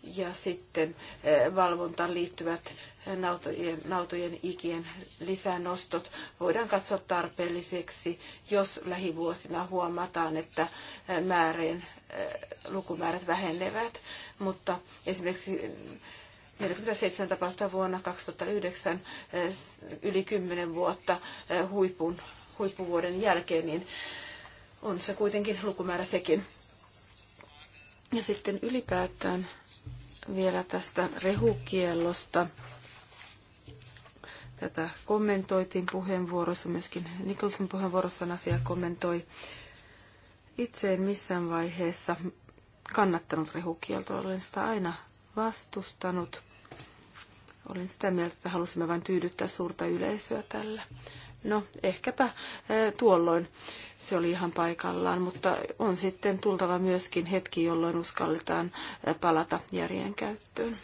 ja sitten eh, valvontaan liittyvät nautojen, nautojen ikien lisänostot voidaan katsoa tarpeelliseksi, jos lähivuosina huomataan, että eh, määrien, eh, lukumäärät vähenevät. Mutta esimerkiksi 47 mm, tapausta vuonna 2009 yli 10 vuotta huipun, huippuvuoden jälkeen, niin on se kuitenkin lukumäärä sekin. Ja sitten ylipäätään vielä tästä rehukiellosta. Tätä kommentoitiin puheenvuorossa, myöskin Nicholson puheenvuorossa asia kommentoi. Itse en missään vaiheessa kannattanut rehukieltoa, olen sitä aina vastustanut. Olen sitä mieltä, että halusimme vain tyydyttää suurta yleisöä tällä No, ehkäpä tuolloin se oli ihan paikallaan, mutta on sitten tultava myöskin hetki, jolloin uskalletaan palata järjen käyttöön.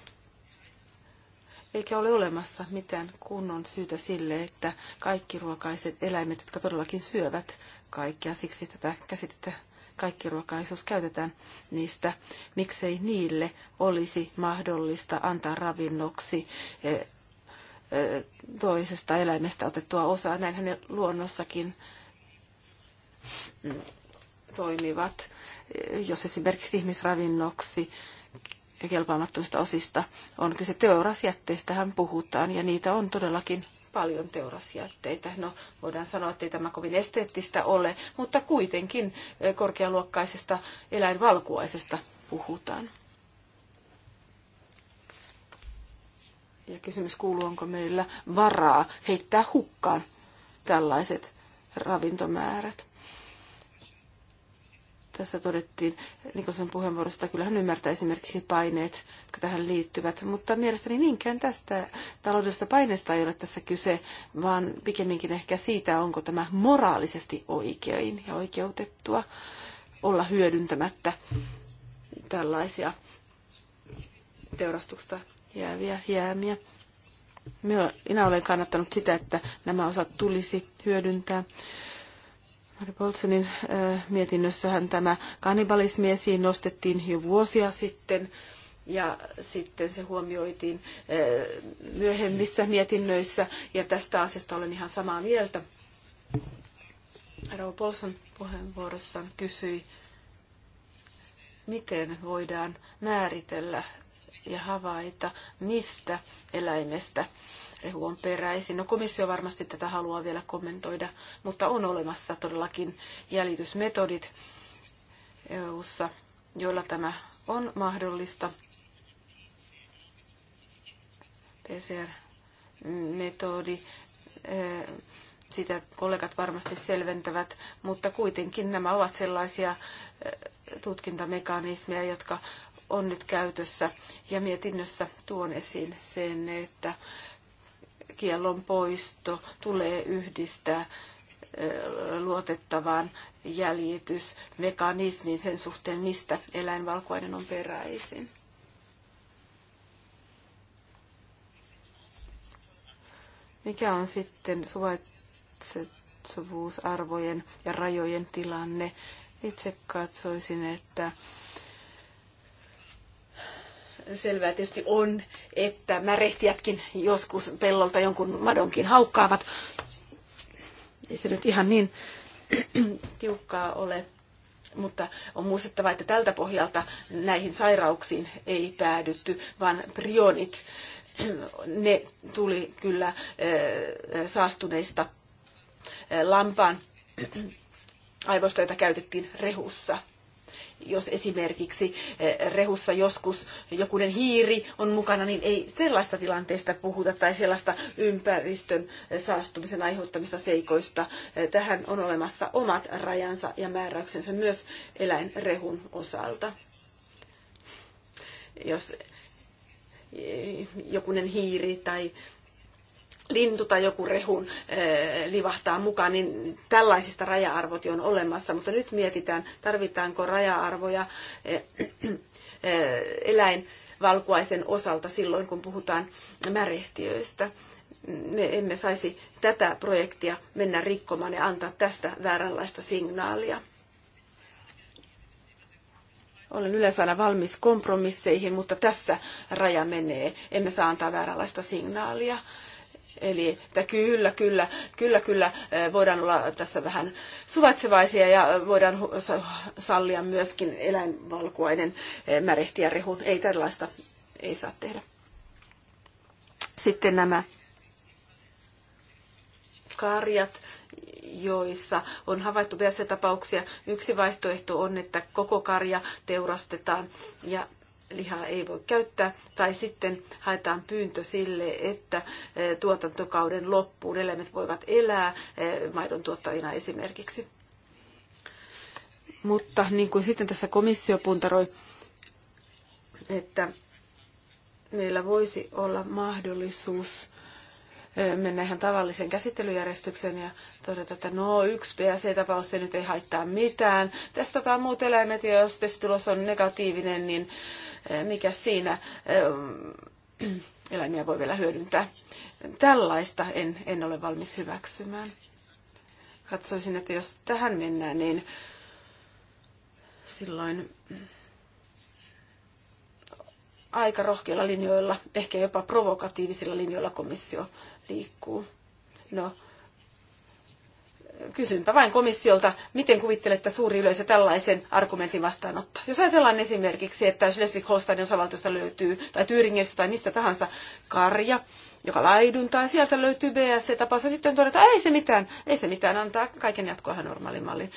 Eikä ole olemassa mitään kunnon syytä sille, että kaikki ruokaiset eläimet, jotka todellakin syövät kaikkea, siksi tätä käsitettä kaikki ruokaisuus käytetään niistä, miksei niille olisi mahdollista antaa ravinnoksi toisesta eläimestä otettua osaa. Näinhän ne luonnossakin mm, toimivat. Jos esimerkiksi ihmisravinnoksi kelpaamattomista osista on kyse teurasjätteistähän puhutaan, ja niitä on todellakin paljon teurasjätteitä. No, voidaan sanoa, että ei tämä kovin esteettistä ole, mutta kuitenkin korkealuokkaisesta eläinvalkuaisesta puhutaan. Ja kysymys kuuluu, onko meillä varaa heittää hukkaan tällaiset ravintomäärät. Tässä todettiin Nikosen puheenvuorosta, että kyllähän ymmärtää esimerkiksi paineet, jotka tähän liittyvät, mutta mielestäni niinkään tästä taloudellisesta paineesta ei ole tässä kyse, vaan pikemminkin ehkä siitä, onko tämä moraalisesti oikein ja oikeutettua olla hyödyntämättä tällaisia teurastuksesta jääviä jäämiä. Minä olen kannattanut sitä, että nämä osat tulisi hyödyntää. Mari Polsenin äh, mietinnössähän tämä kannibalismi esiin nostettiin jo vuosia sitten ja sitten se huomioitiin äh, myöhemmissä mietinnöissä ja tästä asiasta olen ihan samaa mieltä. Rauha Polson puheenvuorossaan kysyi, miten voidaan määritellä ja havaita, mistä eläimestä rehu on peräisin. No komissio varmasti tätä haluaa vielä kommentoida, mutta on olemassa todellakin jäljitysmetodit EU-ssa, joilla tämä on mahdollista. PCR-metodi, e, sitä kollegat varmasti selventävät, mutta kuitenkin nämä ovat sellaisia e, tutkintamekanismeja, jotka on nyt käytössä ja mietinnössä tuon esiin sen, että kiellon poisto tulee yhdistää luotettavaan jäljitysmekanismiin sen suhteen, mistä eläinvalkuainen on peräisin. Mikä on sitten suvaitsevuusarvojen ja rajojen tilanne? Itse katsoisin, että selvää tietysti on, että märehtijätkin joskus pellolta jonkun madonkin haukkaavat. Ei se nyt ihan niin tiukkaa ole, mutta on muistettava, että tältä pohjalta näihin sairauksiin ei päädytty, vaan prionit, ne tuli kyllä äh, saastuneista äh, lampaan aivoista, joita käytettiin rehussa jos esimerkiksi eh, rehussa joskus jokunen hiiri on mukana, niin ei sellaista tilanteesta puhuta tai sellaista ympäristön eh, saastumisen aiheuttamista seikoista. Eh, tähän on olemassa omat rajansa ja määräyksensä myös eläinrehun osalta. Jos jokunen hiiri tai lintu tai joku rehun eh, livahtaa mukaan, niin tällaisista raja-arvot on olemassa. Mutta nyt mietitään, tarvitaanko raja-arvoja eh, eh, eläinvalkuaisen osalta silloin, kun puhutaan märehtiöistä. Me emme saisi tätä projektia mennä rikkomaan ja antaa tästä vääränlaista signaalia. Olen yleensä aina valmis kompromisseihin, mutta tässä raja menee. Emme saa antaa vääränlaista signaalia Eli että kyllä, kyllä, kyllä, kyllä eh, voidaan olla tässä vähän suvaitsevaisia ja eh, voidaan sallia myöskin eläinvalkuainen eh, märehtiä rehu. Ei tällaista ei saa tehdä. Sitten nämä karjat, joissa on havaittu vielä se tapauksia. Yksi vaihtoehto on, että koko karja teurastetaan ja lihaa ei voi käyttää, tai sitten haetaan pyyntö sille, että e, tuotantokauden loppuun eläimet voivat elää e, maidon tuottajina esimerkiksi. Mutta niin kuin sitten tässä komissio puntaroi, että meillä voisi olla mahdollisuus e, mennä ihan tavallisen käsittelyjärjestyksen ja todeta, että no yksi pse tapaus se nyt ei haittaa mitään. Testataan muut eläimet ja jos testitulos on negatiivinen, niin mikä siinä eh, eläimiä voi vielä hyödyntää. Tällaista en, en ole valmis hyväksymään. Katsoisin, että jos tähän mennään, niin silloin aika rohkeilla linjoilla, ehkä jopa provokatiivisilla linjoilla komissio liikkuu. No, kysynpä vain komissiolta, miten kuvittelette suuri yleisö tällaisen argumentin vastaanottaa. Jos ajatellaan esimerkiksi, että Schleswig-Holsteinin osavaltiosta löytyy, tai Tyyringestä tai mistä tahansa karja, joka laiduntaa, ja sieltä löytyy BSC-tapaus, ja sitten todetaan, ei se mitään, ei se mitään, antaa kaiken jatkoa ihan normaalimalliin.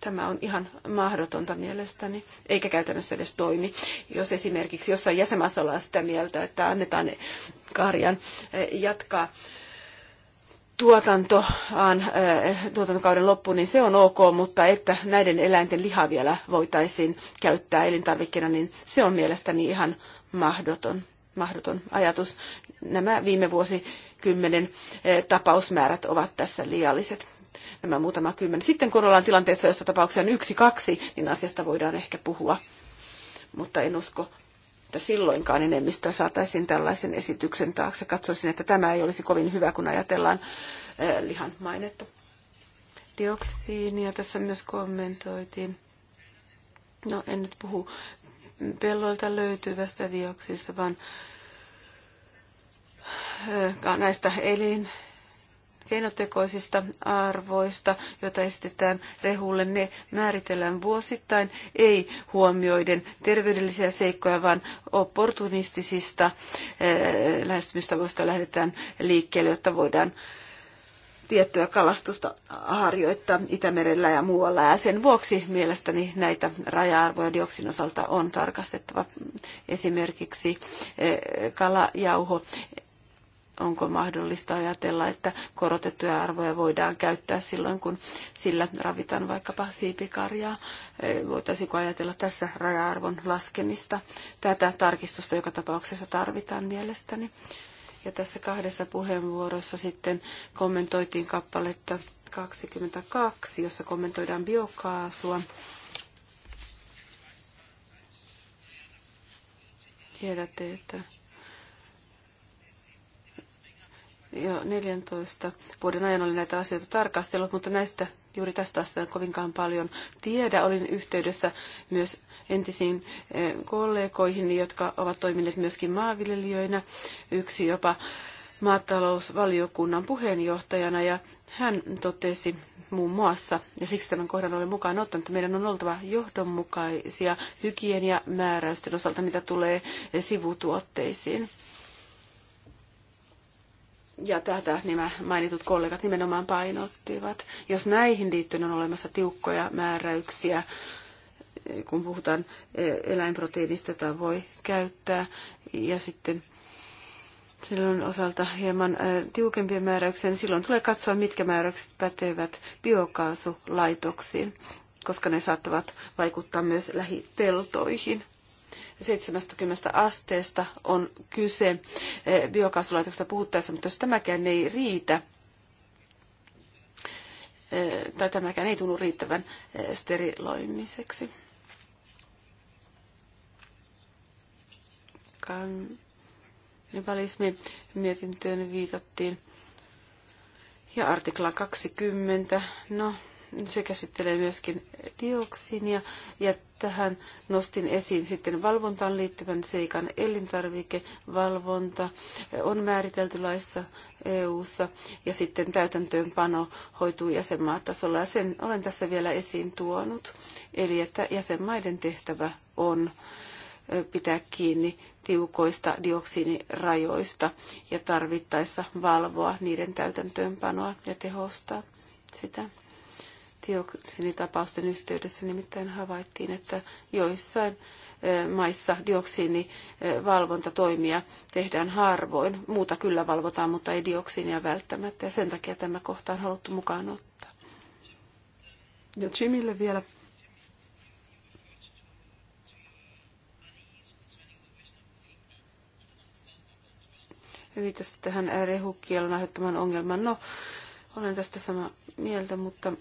Tämä on ihan mahdotonta mielestäni, eikä käytännössä edes toimi. Jos esimerkiksi jossain jäsenmaassa ollaan sitä mieltä, että annetaan karjan eh, jatkaa tuotantoaan, tuotantokauden loppu, niin se on ok, mutta että näiden eläinten liha vielä voitaisiin käyttää elintarvikkeena, niin se on mielestäni ihan mahdoton, mahdoton ajatus. Nämä viime vuosikymmenen tapausmäärät ovat tässä liialliset. Nämä muutama kymmenen. Sitten kun ollaan tilanteessa, jossa tapauksia on yksi, kaksi, niin asiasta voidaan ehkä puhua. Mutta en usko että silloinkaan enemmistöä saataisiin tällaisen esityksen taakse. Katsoisin, että tämä ei olisi kovin hyvä, kun ajatellaan eh, lihan mainetta. Dioksiinia tässä myös kommentoitiin. No en nyt puhu pelloilta löytyvästä dioksista, vaan eh, näistä elin keinotekoisista arvoista, joita esitetään rehulle, ne määritellään vuosittain, ei huomioiden terveydellisiä seikkoja, vaan opportunistisista eh, lähestymistavoista lähdetään liikkeelle, jotta voidaan tiettyä kalastusta harjoittaa Itämerellä ja muualla. Ja sen vuoksi mielestäni näitä raja-arvoja dioksin osalta on tarkastettava. Esimerkiksi eh, kalajauho onko mahdollista ajatella, että korotettuja arvoja voidaan käyttää silloin, kun sillä ravitaan vaikkapa siipikarjaa. E, voitaisiinko ajatella tässä raja-arvon laskemista? Tätä tarkistusta joka tapauksessa tarvitaan mielestäni. Ja tässä kahdessa puheenvuorossa sitten kommentoitiin kappaletta 22, jossa kommentoidaan biokaasua. Tiedätte, että jo 14 vuoden ajan olin näitä asioita tarkastellut, mutta näistä juuri tästä asiasta kovinkaan paljon tiedä. Olin yhteydessä myös entisiin eh, kollegoihin, jotka ovat toimineet myöskin maanviljelijöinä, yksi jopa maatalousvaliokunnan puheenjohtajana, ja hän totesi muun muassa, ja siksi tämän kohdan olen mukaan ottanut, että meidän on oltava johdonmukaisia hygieniamääräysten osalta, mitä tulee sivutuotteisiin ja tätä nämä mainitut kollegat nimenomaan painottivat. Jos näihin liittyen on olemassa tiukkoja määräyksiä, kun puhutaan eläinproteiinista, jota voi käyttää, ja sitten silloin osalta hieman tiukempien määräyksiä, niin silloin tulee katsoa, mitkä määräykset pätevät biokaasulaitoksiin, koska ne saattavat vaikuttaa myös lähipeltoihin. 70 asteesta on kyse eh, biokaasulaitoksesta puhuttaessa, mutta jos tämäkään ei riitä, eh, tai tämäkään ei tunnu riittävän eh, steriloimiseksi. Kannibalismi mietintöön viitattiin. Ja artikla 20. No, se käsittelee myöskin dioksinia ja tähän nostin esiin sitten valvontaan liittyvän seikan elintarvikevalvonta on määritelty laissa EU-ssa ja sitten täytäntöönpano hoituu jäsenmaatasolla ja sen olen tässä vielä esiin tuonut. Eli että jäsenmaiden tehtävä on pitää kiinni tiukoista dioksiinirajoista ja tarvittaessa valvoa niiden täytäntöönpanoa ja tehostaa sitä dioksinitapausten yhteydessä nimittäin havaittiin, että joissain e, maissa dioksiinivalvontatoimia tehdään harvoin. Muuta kyllä valvotaan, mutta ei dioksiinia välttämättä, ja sen takia tämä kohta on haluttu mukaan ottaa. Ja Jimille vielä. Viitasi tähän rehukielon aiheuttaman ongelman. No, olen tästä samaa mieltä, mutta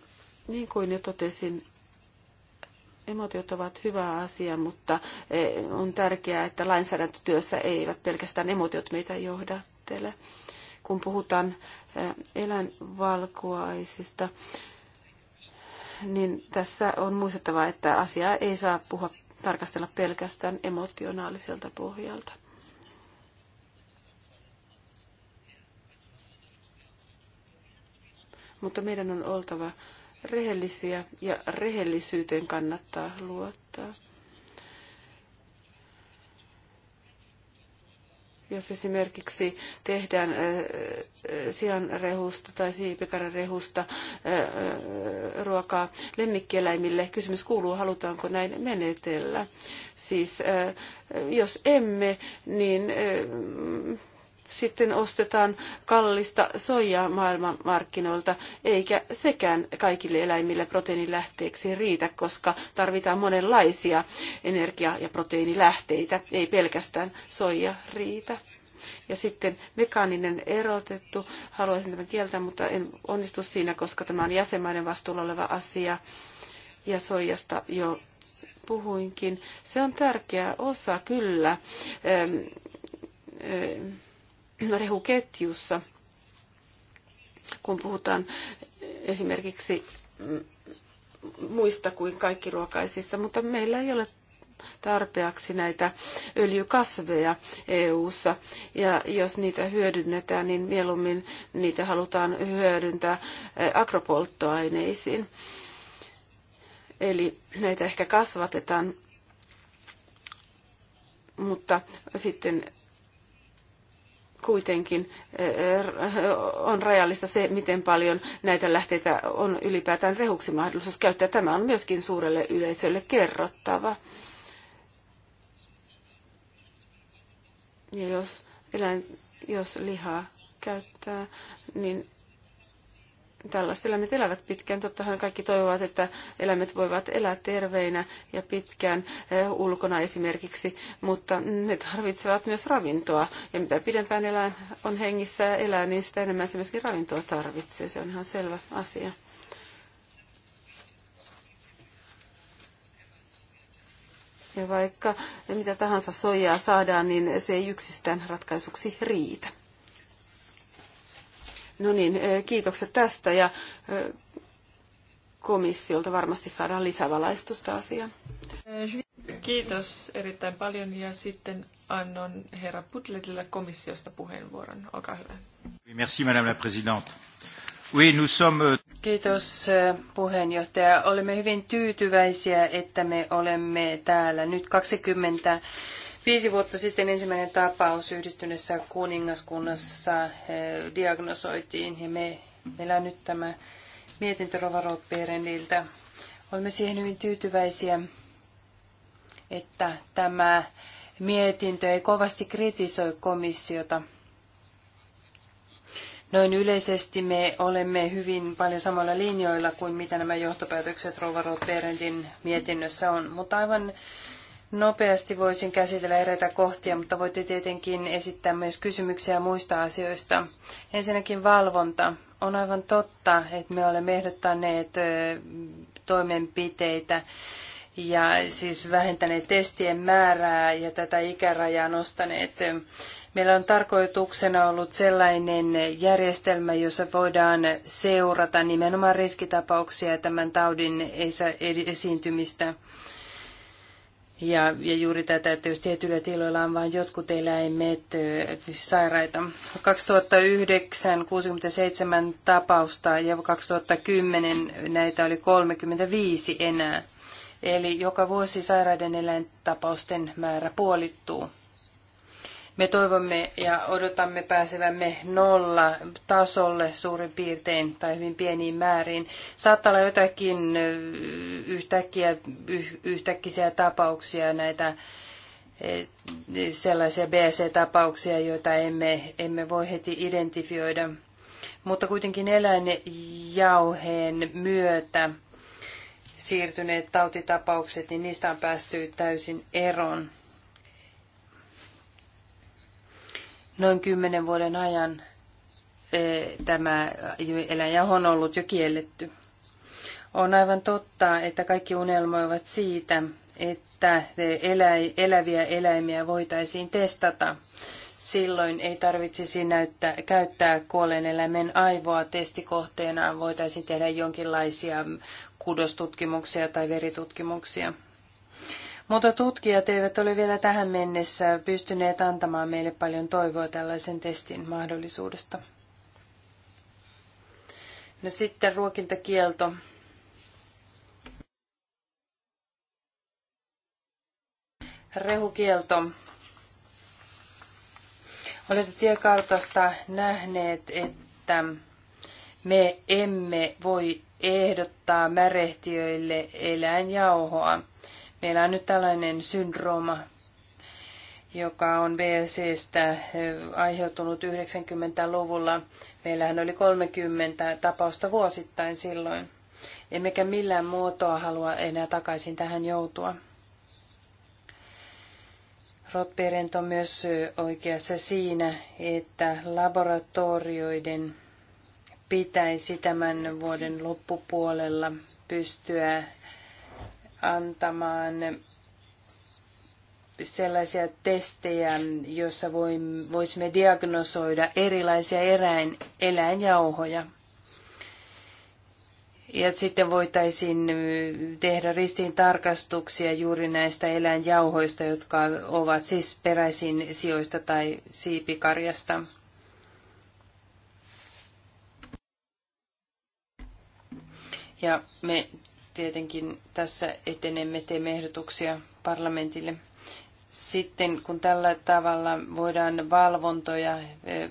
niin kuin jo totesin, emotiot ovat hyvä asia, mutta e, on tärkeää, että lainsäädäntötyössä eivät pelkästään emotiot meitä johdattele. Kun puhutaan e, eläinvalkuaisista, niin tässä on muistettava, että asiaa ei saa puhua tarkastella pelkästään emotionaaliselta pohjalta. Mutta meidän on oltava rehellisiä ja rehellisyyteen kannattaa luottaa. Jos esimerkiksi tehdään äh, äh, sianrehusta tai siipikararehusta äh, ruokaa lemmikkieläimille, kysymys kuuluu, halutaanko näin menetellä. Siis jos emme, niin sitten ostetaan kallista soijaa maailmanmarkkinoilta, eikä sekään kaikille eläimille proteiinilähteeksi riitä, koska tarvitaan monenlaisia energia- ja proteiinilähteitä, ei pelkästään soija riitä. Ja sitten mekaaninen erotettu, haluaisin tämän kieltää, mutta en onnistu siinä, koska tämä on jäsenmaiden vastuulla oleva asia. Ja soijasta jo puhuinkin. Se on tärkeä osa, kyllä. Ähm, ähm, rehuketjussa, kun puhutaan esimerkiksi muista kuin kaikki ruokaisissa, mutta meillä ei ole tarpeeksi näitä öljykasveja EU-ssa. Ja jos niitä hyödynnetään, niin mieluummin niitä halutaan hyödyntää agropolttoaineisiin. Eli näitä ehkä kasvatetaan, mutta sitten kuitenkin eh, on rajallista se, miten paljon näitä lähteitä on ylipäätään rehuksi mahdollisuus käyttää. Tämä on myöskin suurelle yleisölle kerrottava. Ja jos, eläin, jos lihaa käyttää, niin tällaiset eläimet elävät pitkään. Tottahan kaikki toivovat, että eläimet voivat elää terveinä ja pitkään eh, ulkona esimerkiksi, mutta ne tarvitsevat myös ravintoa. Ja mitä pidempään elää, on hengissä ja elää, niin sitä enemmän se myöskin ravintoa tarvitsee. Se on ihan selvä asia. Ja vaikka mitä tahansa soijaa saadaan, niin se ei yksistään ratkaisuksi riitä. No niin, kiitokset tästä ja komissiolta varmasti saadaan lisävalaistusta asiaan. Kiitos erittäin paljon ja sitten annan herra Putletilla komissiosta puheenvuoron. Olkaa hyvä. Merci, madame la présidente. Oui, nous sommes... Euh, Kiitos puheenjohtaja. Olemme hyvin tyytyväisiä, että me olemme täällä nyt 20 Viisi vuotta sitten ensimmäinen tapaus yhdistyneessä kuningaskunnassa eh, diagnosoitiin ja me, meillä on nyt tämä mietintö Rovarot Olemme siihen hyvin tyytyväisiä, että tämä mietintö ei kovasti kritisoi komissiota. Noin yleisesti me olemme hyvin paljon samalla linjoilla kuin mitä nämä johtopäätökset Rovarot mietinnössä on, mutta aivan Nopeasti voisin käsitellä eräitä kohtia, mutta voitte tietenkin esittää myös kysymyksiä muista asioista. Ensinnäkin valvonta. On aivan totta, että me olemme ehdottaneet toimenpiteitä ja siis vähentäneet testien määrää ja tätä ikärajaa nostaneet. Meillä on tarkoituksena ollut sellainen järjestelmä, jossa voidaan seurata nimenomaan riskitapauksia ja tämän taudin esiintymistä. Ja, ja juuri tätä, että jos tietyillä tiloilla on vain jotkut eläimet sairaita. 2009 67 tapausta ja 2010 näitä oli 35 enää. Eli joka vuosi sairaiden eläintapausten määrä puolittuu. Me toivomme ja odotamme pääsevämme nolla tasolle suurin piirtein tai hyvin pieniin määriin. Saattaa olla jotakin yhtäkkiä, yhtäkkiä tapauksia näitä e, sellaisia BC-tapauksia, joita emme, emme voi heti identifioida. Mutta kuitenkin eläinjauheen myötä siirtyneet tautitapaukset, niin niistä on päästy täysin eroon. Noin kymmenen vuoden ajan e, tämä eläjä on ollut jo kielletty. On aivan totta, että kaikki unelmoivat siitä, että e, eläviä eläimiä voitaisiin testata. Silloin ei tarvitsisi näyttää, käyttää kuolleen eläimen aivoa testikohteena, voitaisiin tehdä jonkinlaisia kudostutkimuksia tai veritutkimuksia. Mutta tutkijat eivät ole vielä tähän mennessä pystyneet antamaan meille paljon toivoa tällaisen testin mahdollisuudesta. No sitten ruokintakielto. Rehukielto. Olette tiekartasta nähneet, että me emme voi ehdottaa märehtiöille eläinjauhoa. Meillä on nyt tällainen syndrooma, joka on BSEstä eh, aiheutunut 90-luvulla. Meillähän oli 30 tapausta vuosittain silloin. Emmekä millään muotoa halua enää takaisin tähän joutua. Rotberent on myös eh, oikeassa siinä, että laboratorioiden pitäisi tämän vuoden loppupuolella pystyä antamaan sellaisia testejä, joissa voisimme diagnosoida erilaisia eräin, eläinjauhoja. Ja sitten voitaisiin tehdä ristiin tarkastuksia juuri näistä eläinjauhoista, jotka ovat siis peräisin sijoista tai siipikarjasta. Ja me tietenkin tässä etenemme, teemme ehdotuksia parlamentille. Sitten kun tällä tavalla voidaan valvontoja eh,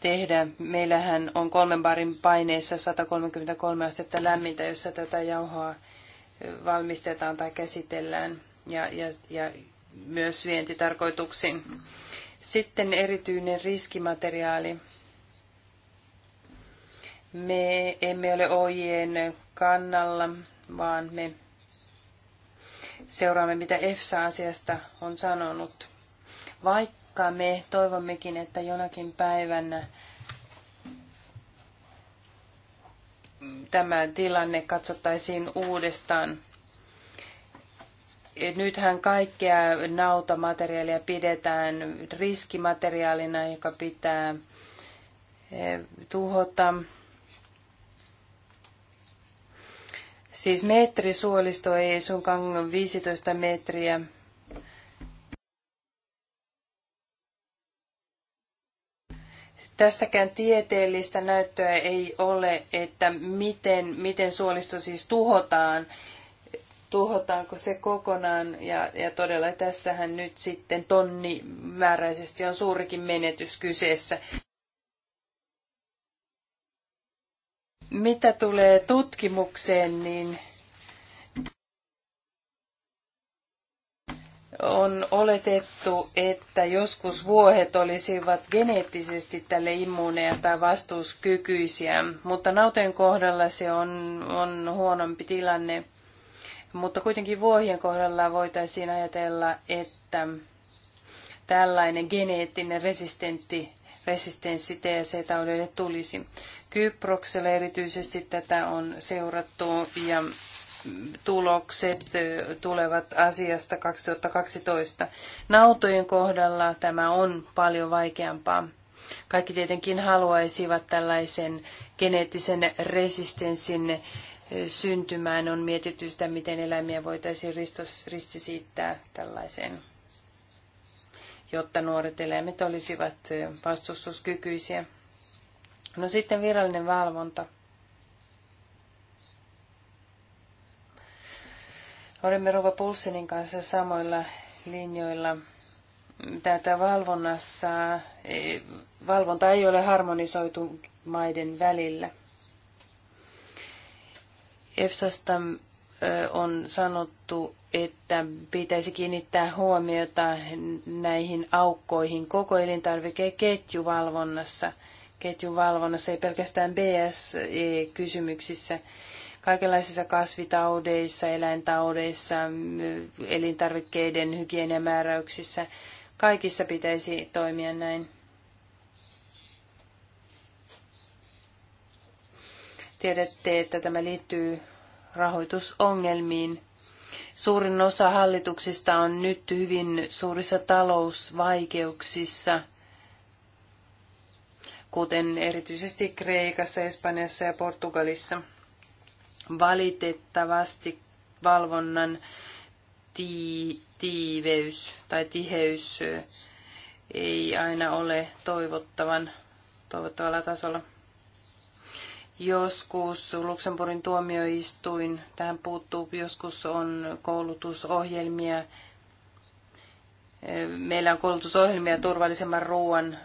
tehdä. Meillähän on kolmen barin paineessa 133 astetta lämmintä, jossa tätä jauhoa eh, valmistetaan tai käsitellään ja, ja, ja myös vientitarkoituksiin. Sitten erityinen riskimateriaali. Me emme ole OJien kannalla, vaan me seuraamme, mitä EFSA-asiasta on sanonut. Vaikka me toivommekin, että jonakin päivänä tämä tilanne katsottaisiin uudestaan. Nythän kaikkea nautamateriaalia pidetään riskimateriaalina, joka pitää eh, tuhota. Siis metrisuolisto ei suinkaan 15 metriä. Tästäkään tieteellistä näyttöä ei ole, että miten, miten suolisto siis tuhotaan, tuhotaanko se kokonaan. Ja, ja todella tässähän nyt sitten tonni määräisesti on suurikin menetys kyseessä. Mitä tulee tutkimukseen, niin on oletettu, että joskus vuohet olisivat geneettisesti tälle immuuneja tai vastuuskykyisiä, mutta nauteen kohdalla se on, on huonompi tilanne. Mutta kuitenkin vuohien kohdalla voitaisiin ajatella, että tällainen geneettinen resistentti, resistenssi TSE-taudille tulisi. Kyproksella erityisesti tätä on seurattu ja tulokset tulevat asiasta 2012. Nautojen kohdalla tämä on paljon vaikeampaa. Kaikki tietenkin haluaisivat tällaisen geneettisen resistenssin syntymään. On mietitty sitä, miten eläimiä voitaisiin ristisiittää tällaiseen, jotta nuoret eläimet olisivat vastustuskykyisiä. No sitten virallinen valvonta. Olemme Rova Pulssinin kanssa samoilla linjoilla. Tätä valvonnassa, e, valvonta ei ole harmonisoitu maiden välillä. EFSAsta e, on sanottu, että pitäisi kiinnittää huomiota näihin aukkoihin koko elintarvikeketjuvalvonnassa – ketjun valvonnassa, ei pelkästään BSE-kysymyksissä, kaikenlaisissa kasvitaudeissa, eläintaudeissa, elintarvikkeiden hygieniamääräyksissä. Kaikissa pitäisi toimia näin. Tiedätte, että tämä liittyy rahoitusongelmiin. Suurin osa hallituksista on nyt hyvin suurissa talousvaikeuksissa – kuten erityisesti Kreikassa, Espanjassa ja Portugalissa. Valitettavasti valvonnan tiiveys tai tiheys ei aina ole toivottavan, toivottavalla tasolla. Joskus Luxemburgin tuomioistuin tähän puuttuu, joskus on koulutusohjelmia. Meillä on koulutusohjelmia turvallisemman ruoan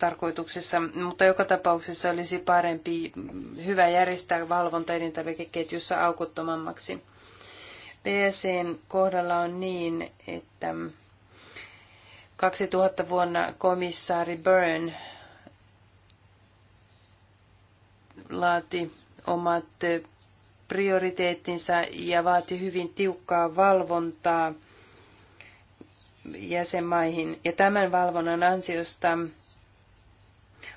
tarkoituksessa, mutta joka tapauksessa olisi parempi mm, hyvä järjestää valvonta elintarvikeketjussa aukottomammaksi. PSCn kohdalla on niin, että 2000 vuonna komissaari Byrne laati omat prioriteettinsa ja vaati hyvin tiukkaa valvontaa jäsenmaihin. Ja tämän valvonnan ansiosta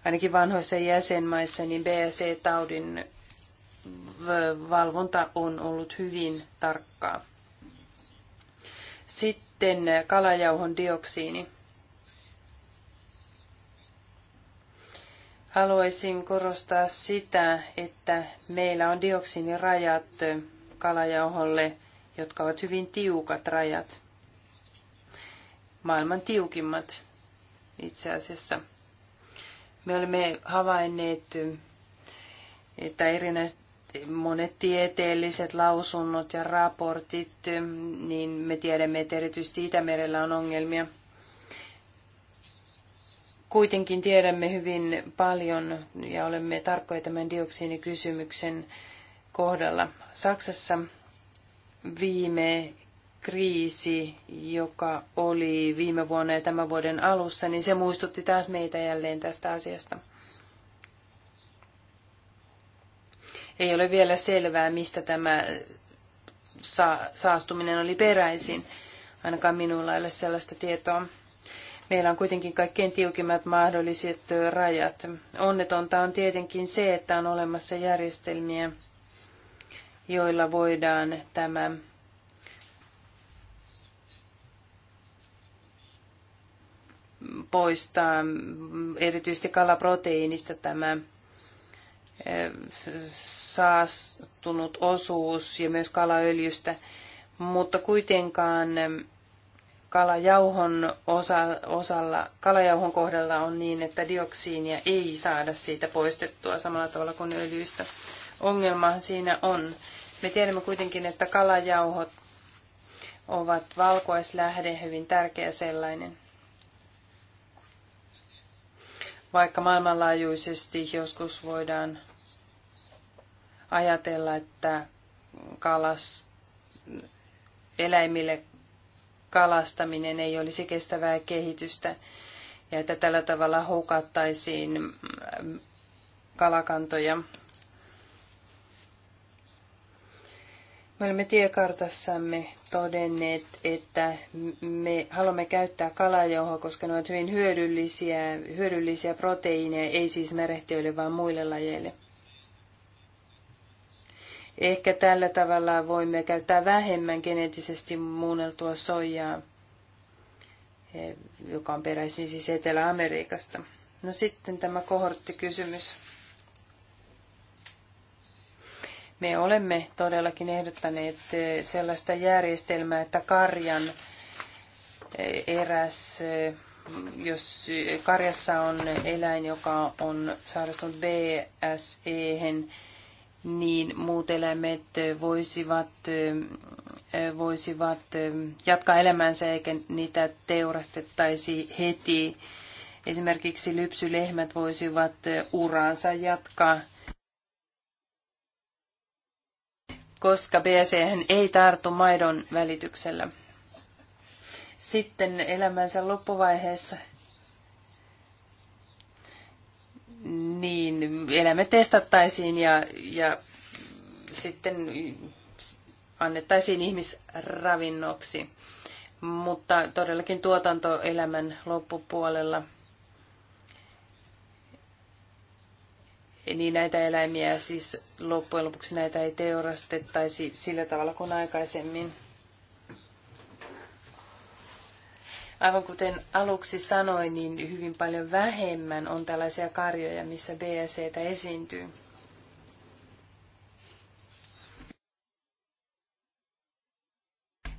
ainakin vanhoissa jäsenmaissa, niin BSE-taudin valvonta on ollut hyvin tarkkaa. Sitten kalajauhon dioksiini. Haluaisin korostaa sitä, että meillä on dioksiinirajat kalajauholle, jotka ovat hyvin tiukat rajat. Maailman tiukimmat itse asiassa. Me olemme havainneet, että erinäiset monet tieteelliset lausunnot ja raportit, niin me tiedämme, että erityisesti Itämerellä on ongelmia. Kuitenkin tiedämme hyvin paljon ja olemme tarkkoja tämän dioksiinikysymyksen kohdalla. Saksassa viime kriisi, joka oli viime vuonna ja tämän vuoden alussa, niin se muistutti taas meitä jälleen tästä asiasta. Ei ole vielä selvää, mistä tämä saastuminen oli peräisin. Ainakaan minulla ei ole sellaista tietoa. Meillä on kuitenkin kaikkein tiukimmat mahdolliset rajat. Onnetonta on tietenkin se, että on olemassa järjestelmiä, joilla voidaan tämä poistaa erityisesti kalaproteiinista tämä saastunut osuus ja myös kalaöljystä, mutta kuitenkaan kalajauhon osa, osalla, kalajauhon kohdalla on niin, että dioksiinia ei saada siitä poistettua samalla tavalla kuin öljystä. Ongelma siinä on. Me tiedämme kuitenkin, että kalajauhot ovat valkoislähde hyvin tärkeä sellainen. vaikka maailmanlaajuisesti joskus voidaan ajatella, että kalas, eläimille kalastaminen ei olisi kestävää kehitystä ja että tällä tavalla hukattaisiin mm, kalakantoja. Me olemme tiekartassamme todenneet, että me haluamme käyttää kalajauhoa, koska ne ovat hyvin hyödyllisiä, hyödyllisiä proteiineja, ei siis merehtiöille, vaan muille lajeille. Ehkä tällä tavalla voimme käyttää vähemmän geneettisesti muunneltua soijaa, eh, joka on peräisin siis Etelä-Amerikasta. No sitten tämä kohorttikysymys. Me olemme todellakin ehdottaneet eh, sellaista järjestelmää, että karjan eh, eräs, eh, jos karjassa on eläin, joka on sairastunut BSE, niin muut eläimet voisivat, voisivat jatkaa elämäänsä eikä niitä teurastettaisi heti. Esimerkiksi lypsylehmät voisivat uraansa jatkaa koska BC ei tartu maidon välityksellä. Sitten elämänsä loppuvaiheessa niin elämä testattaisiin ja, ja sitten annettaisiin ihmisravinnoksi. Mutta todellakin tuotanto elämän loppupuolella niin näitä eläimiä siis loppujen lopuksi näitä ei teurastettaisi sillä tavalla kuin aikaisemmin. Aivan kuten aluksi sanoin, niin hyvin paljon vähemmän on tällaisia karjoja, missä BSEtä esiintyy.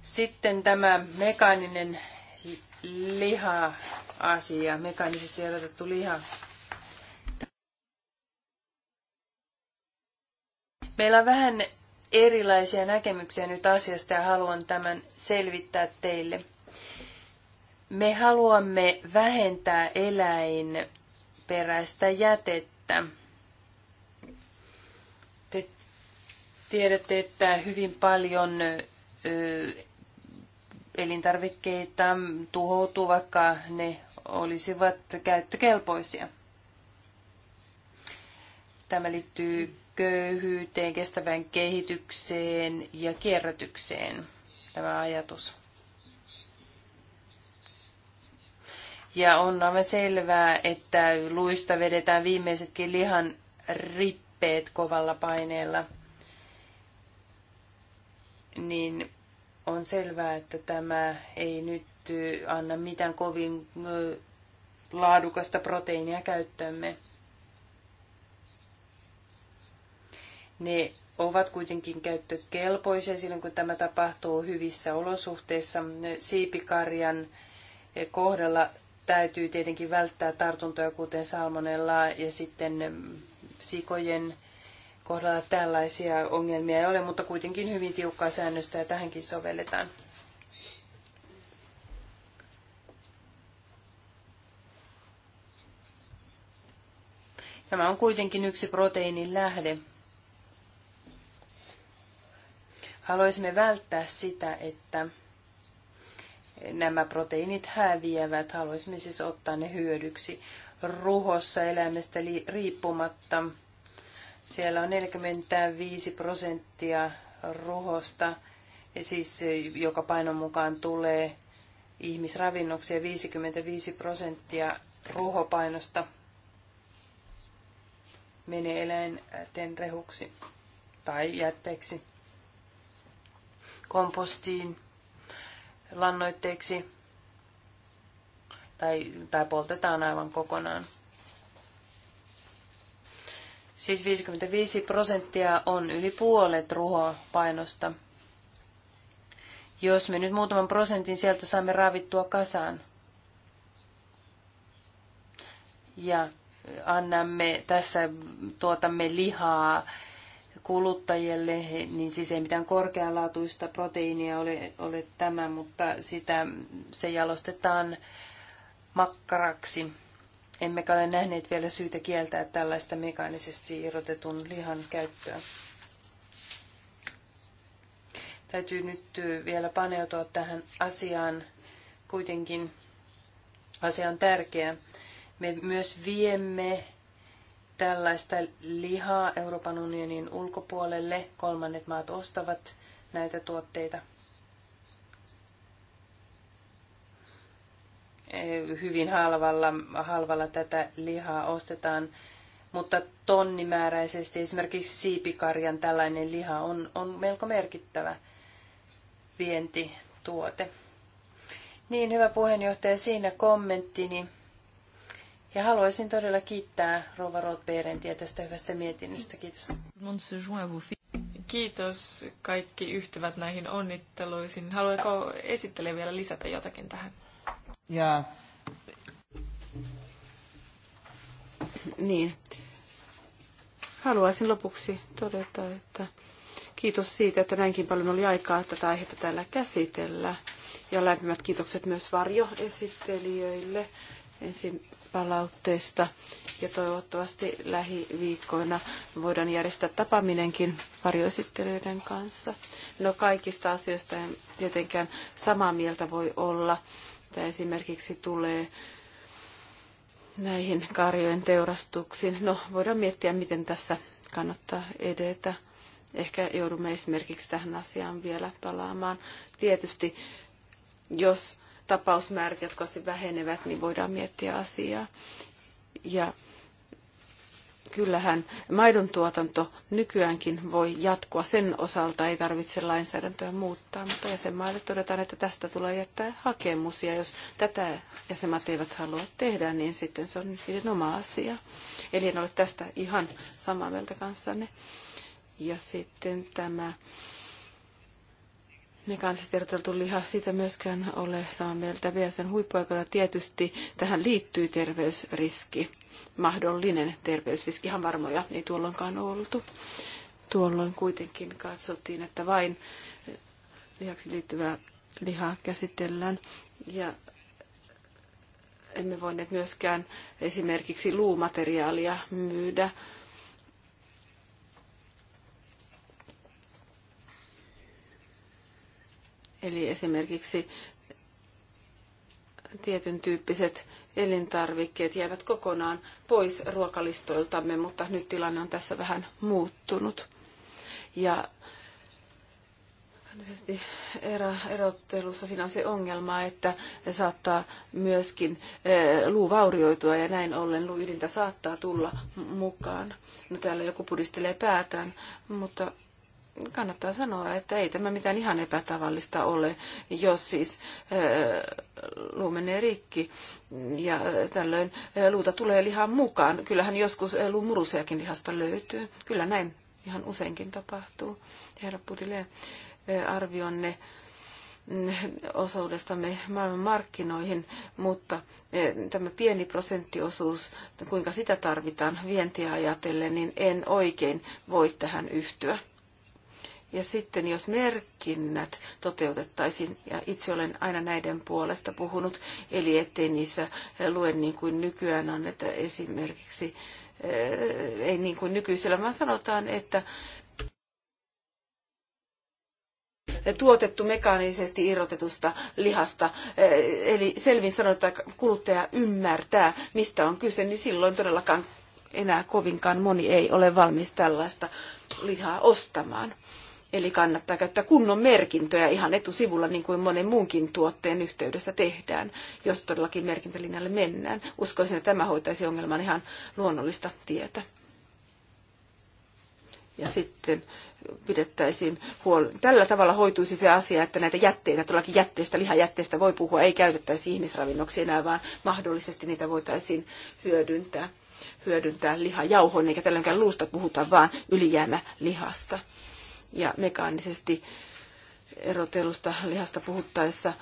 Sitten tämä mekaaninen liha-asia, mekaanisesti erotettu liha. Meillä on vähän erilaisia näkemyksiä nyt asiasta ja haluan tämän selvittää teille. Me haluamme vähentää eläinperäistä jätettä. Te tiedätte, että hyvin paljon elintarvikkeita tuhoutuu, vaikka ne olisivat käyttökelpoisia. Tämä liittyy köyhyyteen, kestävään kehitykseen ja kierrätykseen tämä ajatus. Ja on aivan selvää, että luista vedetään viimeisetkin lihan rippeet kovalla paineella. Niin on selvää, että tämä ei nyt anna mitään kovin laadukasta proteiinia käyttöömme. Ne ovat kuitenkin käyttökelpoisia silloin, kun tämä tapahtuu hyvissä olosuhteissa. Siipikarjan kohdalla täytyy tietenkin välttää tartuntoja, kuten salmonella ja sitten sikojen kohdalla tällaisia ongelmia ei ole, mutta kuitenkin hyvin tiukkaa säännöstä ja tähänkin sovelletaan. Tämä on kuitenkin yksi proteiinin lähde, Haluaisimme välttää sitä, että nämä proteiinit häviävät. Haluaisimme siis ottaa ne hyödyksi ruhossa elämästä riippumatta. Siellä on 45 prosenttia ruhosta, siis joka painon mukaan tulee ihmisravinnoksi ja 55 prosenttia ruhopainosta menee eläinten rehuksi tai jätteeksi kompostiin lannoitteeksi tai, tai poltetaan aivan kokonaan. Siis 55 prosenttia on yli puolet ruhopainosta. Jos me nyt muutaman prosentin sieltä saamme ravittua kasaan ja annamme tässä, tuotamme lihaa kuluttajille, niin siis ei mitään korkealaatuista proteiinia ole, ole tämä, mutta sitä se jalostetaan makkaraksi. Emmekä ole nähneet vielä syytä kieltää tällaista mekaanisesti irrotetun lihan käyttöä. Täytyy nyt vielä paneutua tähän asiaan. Kuitenkin asia on tärkeä. Me myös viemme tällaista lihaa Euroopan unionin ulkopuolelle. Kolmannet maat ostavat näitä tuotteita. Eh, hyvin halvalla, halvalla tätä lihaa ostetaan, mutta tonnimääräisesti esimerkiksi siipikarjan tällainen liha on, on melko merkittävä vientituote. Niin, hyvä puheenjohtaja, siinä kommenttini. Ja haluaisin todella kiittää Rova Rothberentiä tästä hyvästä mietinnöstä. Kiitos. Kiitos. Kaikki yhtyvät näihin onnitteluihin. Haluatko esittelijä vielä lisätä jotakin tähän? Ja. Niin. Haluaisin lopuksi todeta, että kiitos siitä, että näinkin paljon oli aikaa tätä aihetta täällä käsitellä. Ja lämpimät kiitokset myös varjoesittelijöille. Ensin palautteesta ja toivottavasti lähiviikkoina voidaan järjestää tapaaminenkin varjoesittelyiden kanssa. No kaikista asioista en tietenkään samaa mieltä voi olla. Tämä esimerkiksi tulee näihin karjojen teurastuksiin. No voidaan miettiä, miten tässä kannattaa edetä. Ehkä joudumme esimerkiksi tähän asiaan vielä palaamaan. Tietysti jos tapausmäärät jatkuvasti vähenevät, niin voidaan miettiä asiaa. Ja kyllähän maidon tuotanto nykyäänkin voi jatkua. Sen osalta ei tarvitse lainsäädäntöä muuttaa, mutta jäsenmaille todetaan, että tästä tulee jättää hakemus. Ja jos tätä jäsenmaat eivät halua tehdä, niin sitten se on niiden oma asia. Eli en ole tästä ihan samaa mieltä kanssanne. Ja sitten tämä tiedoteltu liha, siitä myöskään ole samaa mieltä. Vielä sen huippuaikoina tietysti tähän liittyy terveysriski, mahdollinen terveysriski, ihan varmoja ei tuolloinkaan oltu. Tuolloin kuitenkin katsottiin, että vain lihaksi liittyvää lihaa käsitellään ja emme voineet myöskään esimerkiksi luumateriaalia myydä Eli esimerkiksi tietyn tyyppiset elintarvikkeet jäävät kokonaan pois ruokalistoiltamme, mutta nyt tilanne on tässä vähän muuttunut. Ja erottelussa siinä on se ongelma, että saattaa myöskin eh, luu vaurioitua ja näin ollen ydintä saattaa tulla mukaan. No täällä joku pudistelee päätään, mutta kannattaa sanoa, että ei tämä mitään ihan epätavallista ole, jos siis luu menee rikki ja tällöin luuta tulee lihan mukaan. Kyllähän joskus luumuruseakin lihasta löytyy. Kyllä näin ihan useinkin tapahtuu. Herra Putile, arvionne mm, osuudestamme maailman markkinoihin, mutta tämä pieni prosenttiosuus, kuinka sitä tarvitaan vientiä ajatellen, niin en oikein voi tähän yhtyä. Ja sitten jos merkinnät toteutettaisiin, ja itse olen aina näiden puolesta puhunut, eli ettei niissä lue niin kuin nykyään on, että esimerkiksi eh, ei niin kuin nykyisellä, vaan sanotaan, että tuotettu mekaanisesti irrotetusta lihasta, eh, eli selvin sanotaan, että kuluttaja ymmärtää, mistä on kyse, niin silloin todellakaan enää kovinkaan moni ei ole valmis tällaista lihaa ostamaan. Eli kannattaa käyttää kunnon merkintöjä ihan etusivulla, niin kuin monen muunkin tuotteen yhteydessä tehdään, jos todellakin merkintälinjalle mennään. Uskoisin, että tämä hoitaisi ongelman ihan luonnollista tietä. Ja sitten pidettäisiin huoli. Tällä tavalla hoituisi se asia, että näitä jätteitä, todellakin jätteistä, lihajätteistä voi puhua, ei käytettäisi ihmisravinnoksi enää, vaan mahdollisesti niitä voitaisiin hyödyntää, hyödyntää lihajauhoon, eikä tällöinkään luusta puhuta, vaan ylijäämä lihasta ja mekaanisesti erotelusta lihasta puhuttaessa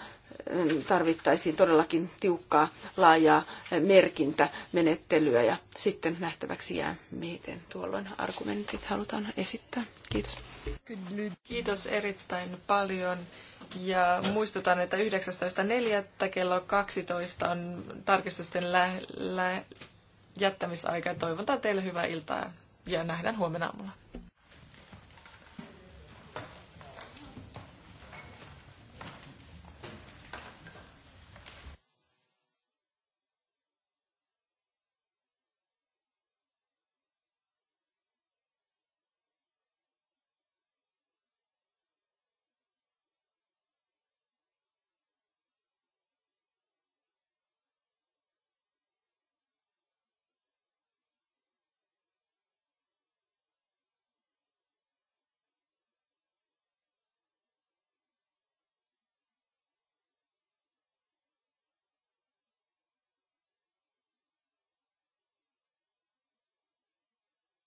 mm, tarvittaisiin todellakin tiukkaa, laajaa merkintämenettelyä ja sitten nähtäväksi jää, miten tuolloin argumentit halutaan esittää. Kiitos. Kiitos erittäin paljon ja muistutan, että 19.4. kello 12 on tarkistusten lä- lä- jättämisaika. Toivotan teille hyvää iltaa ja nähdään huomenna aamulla.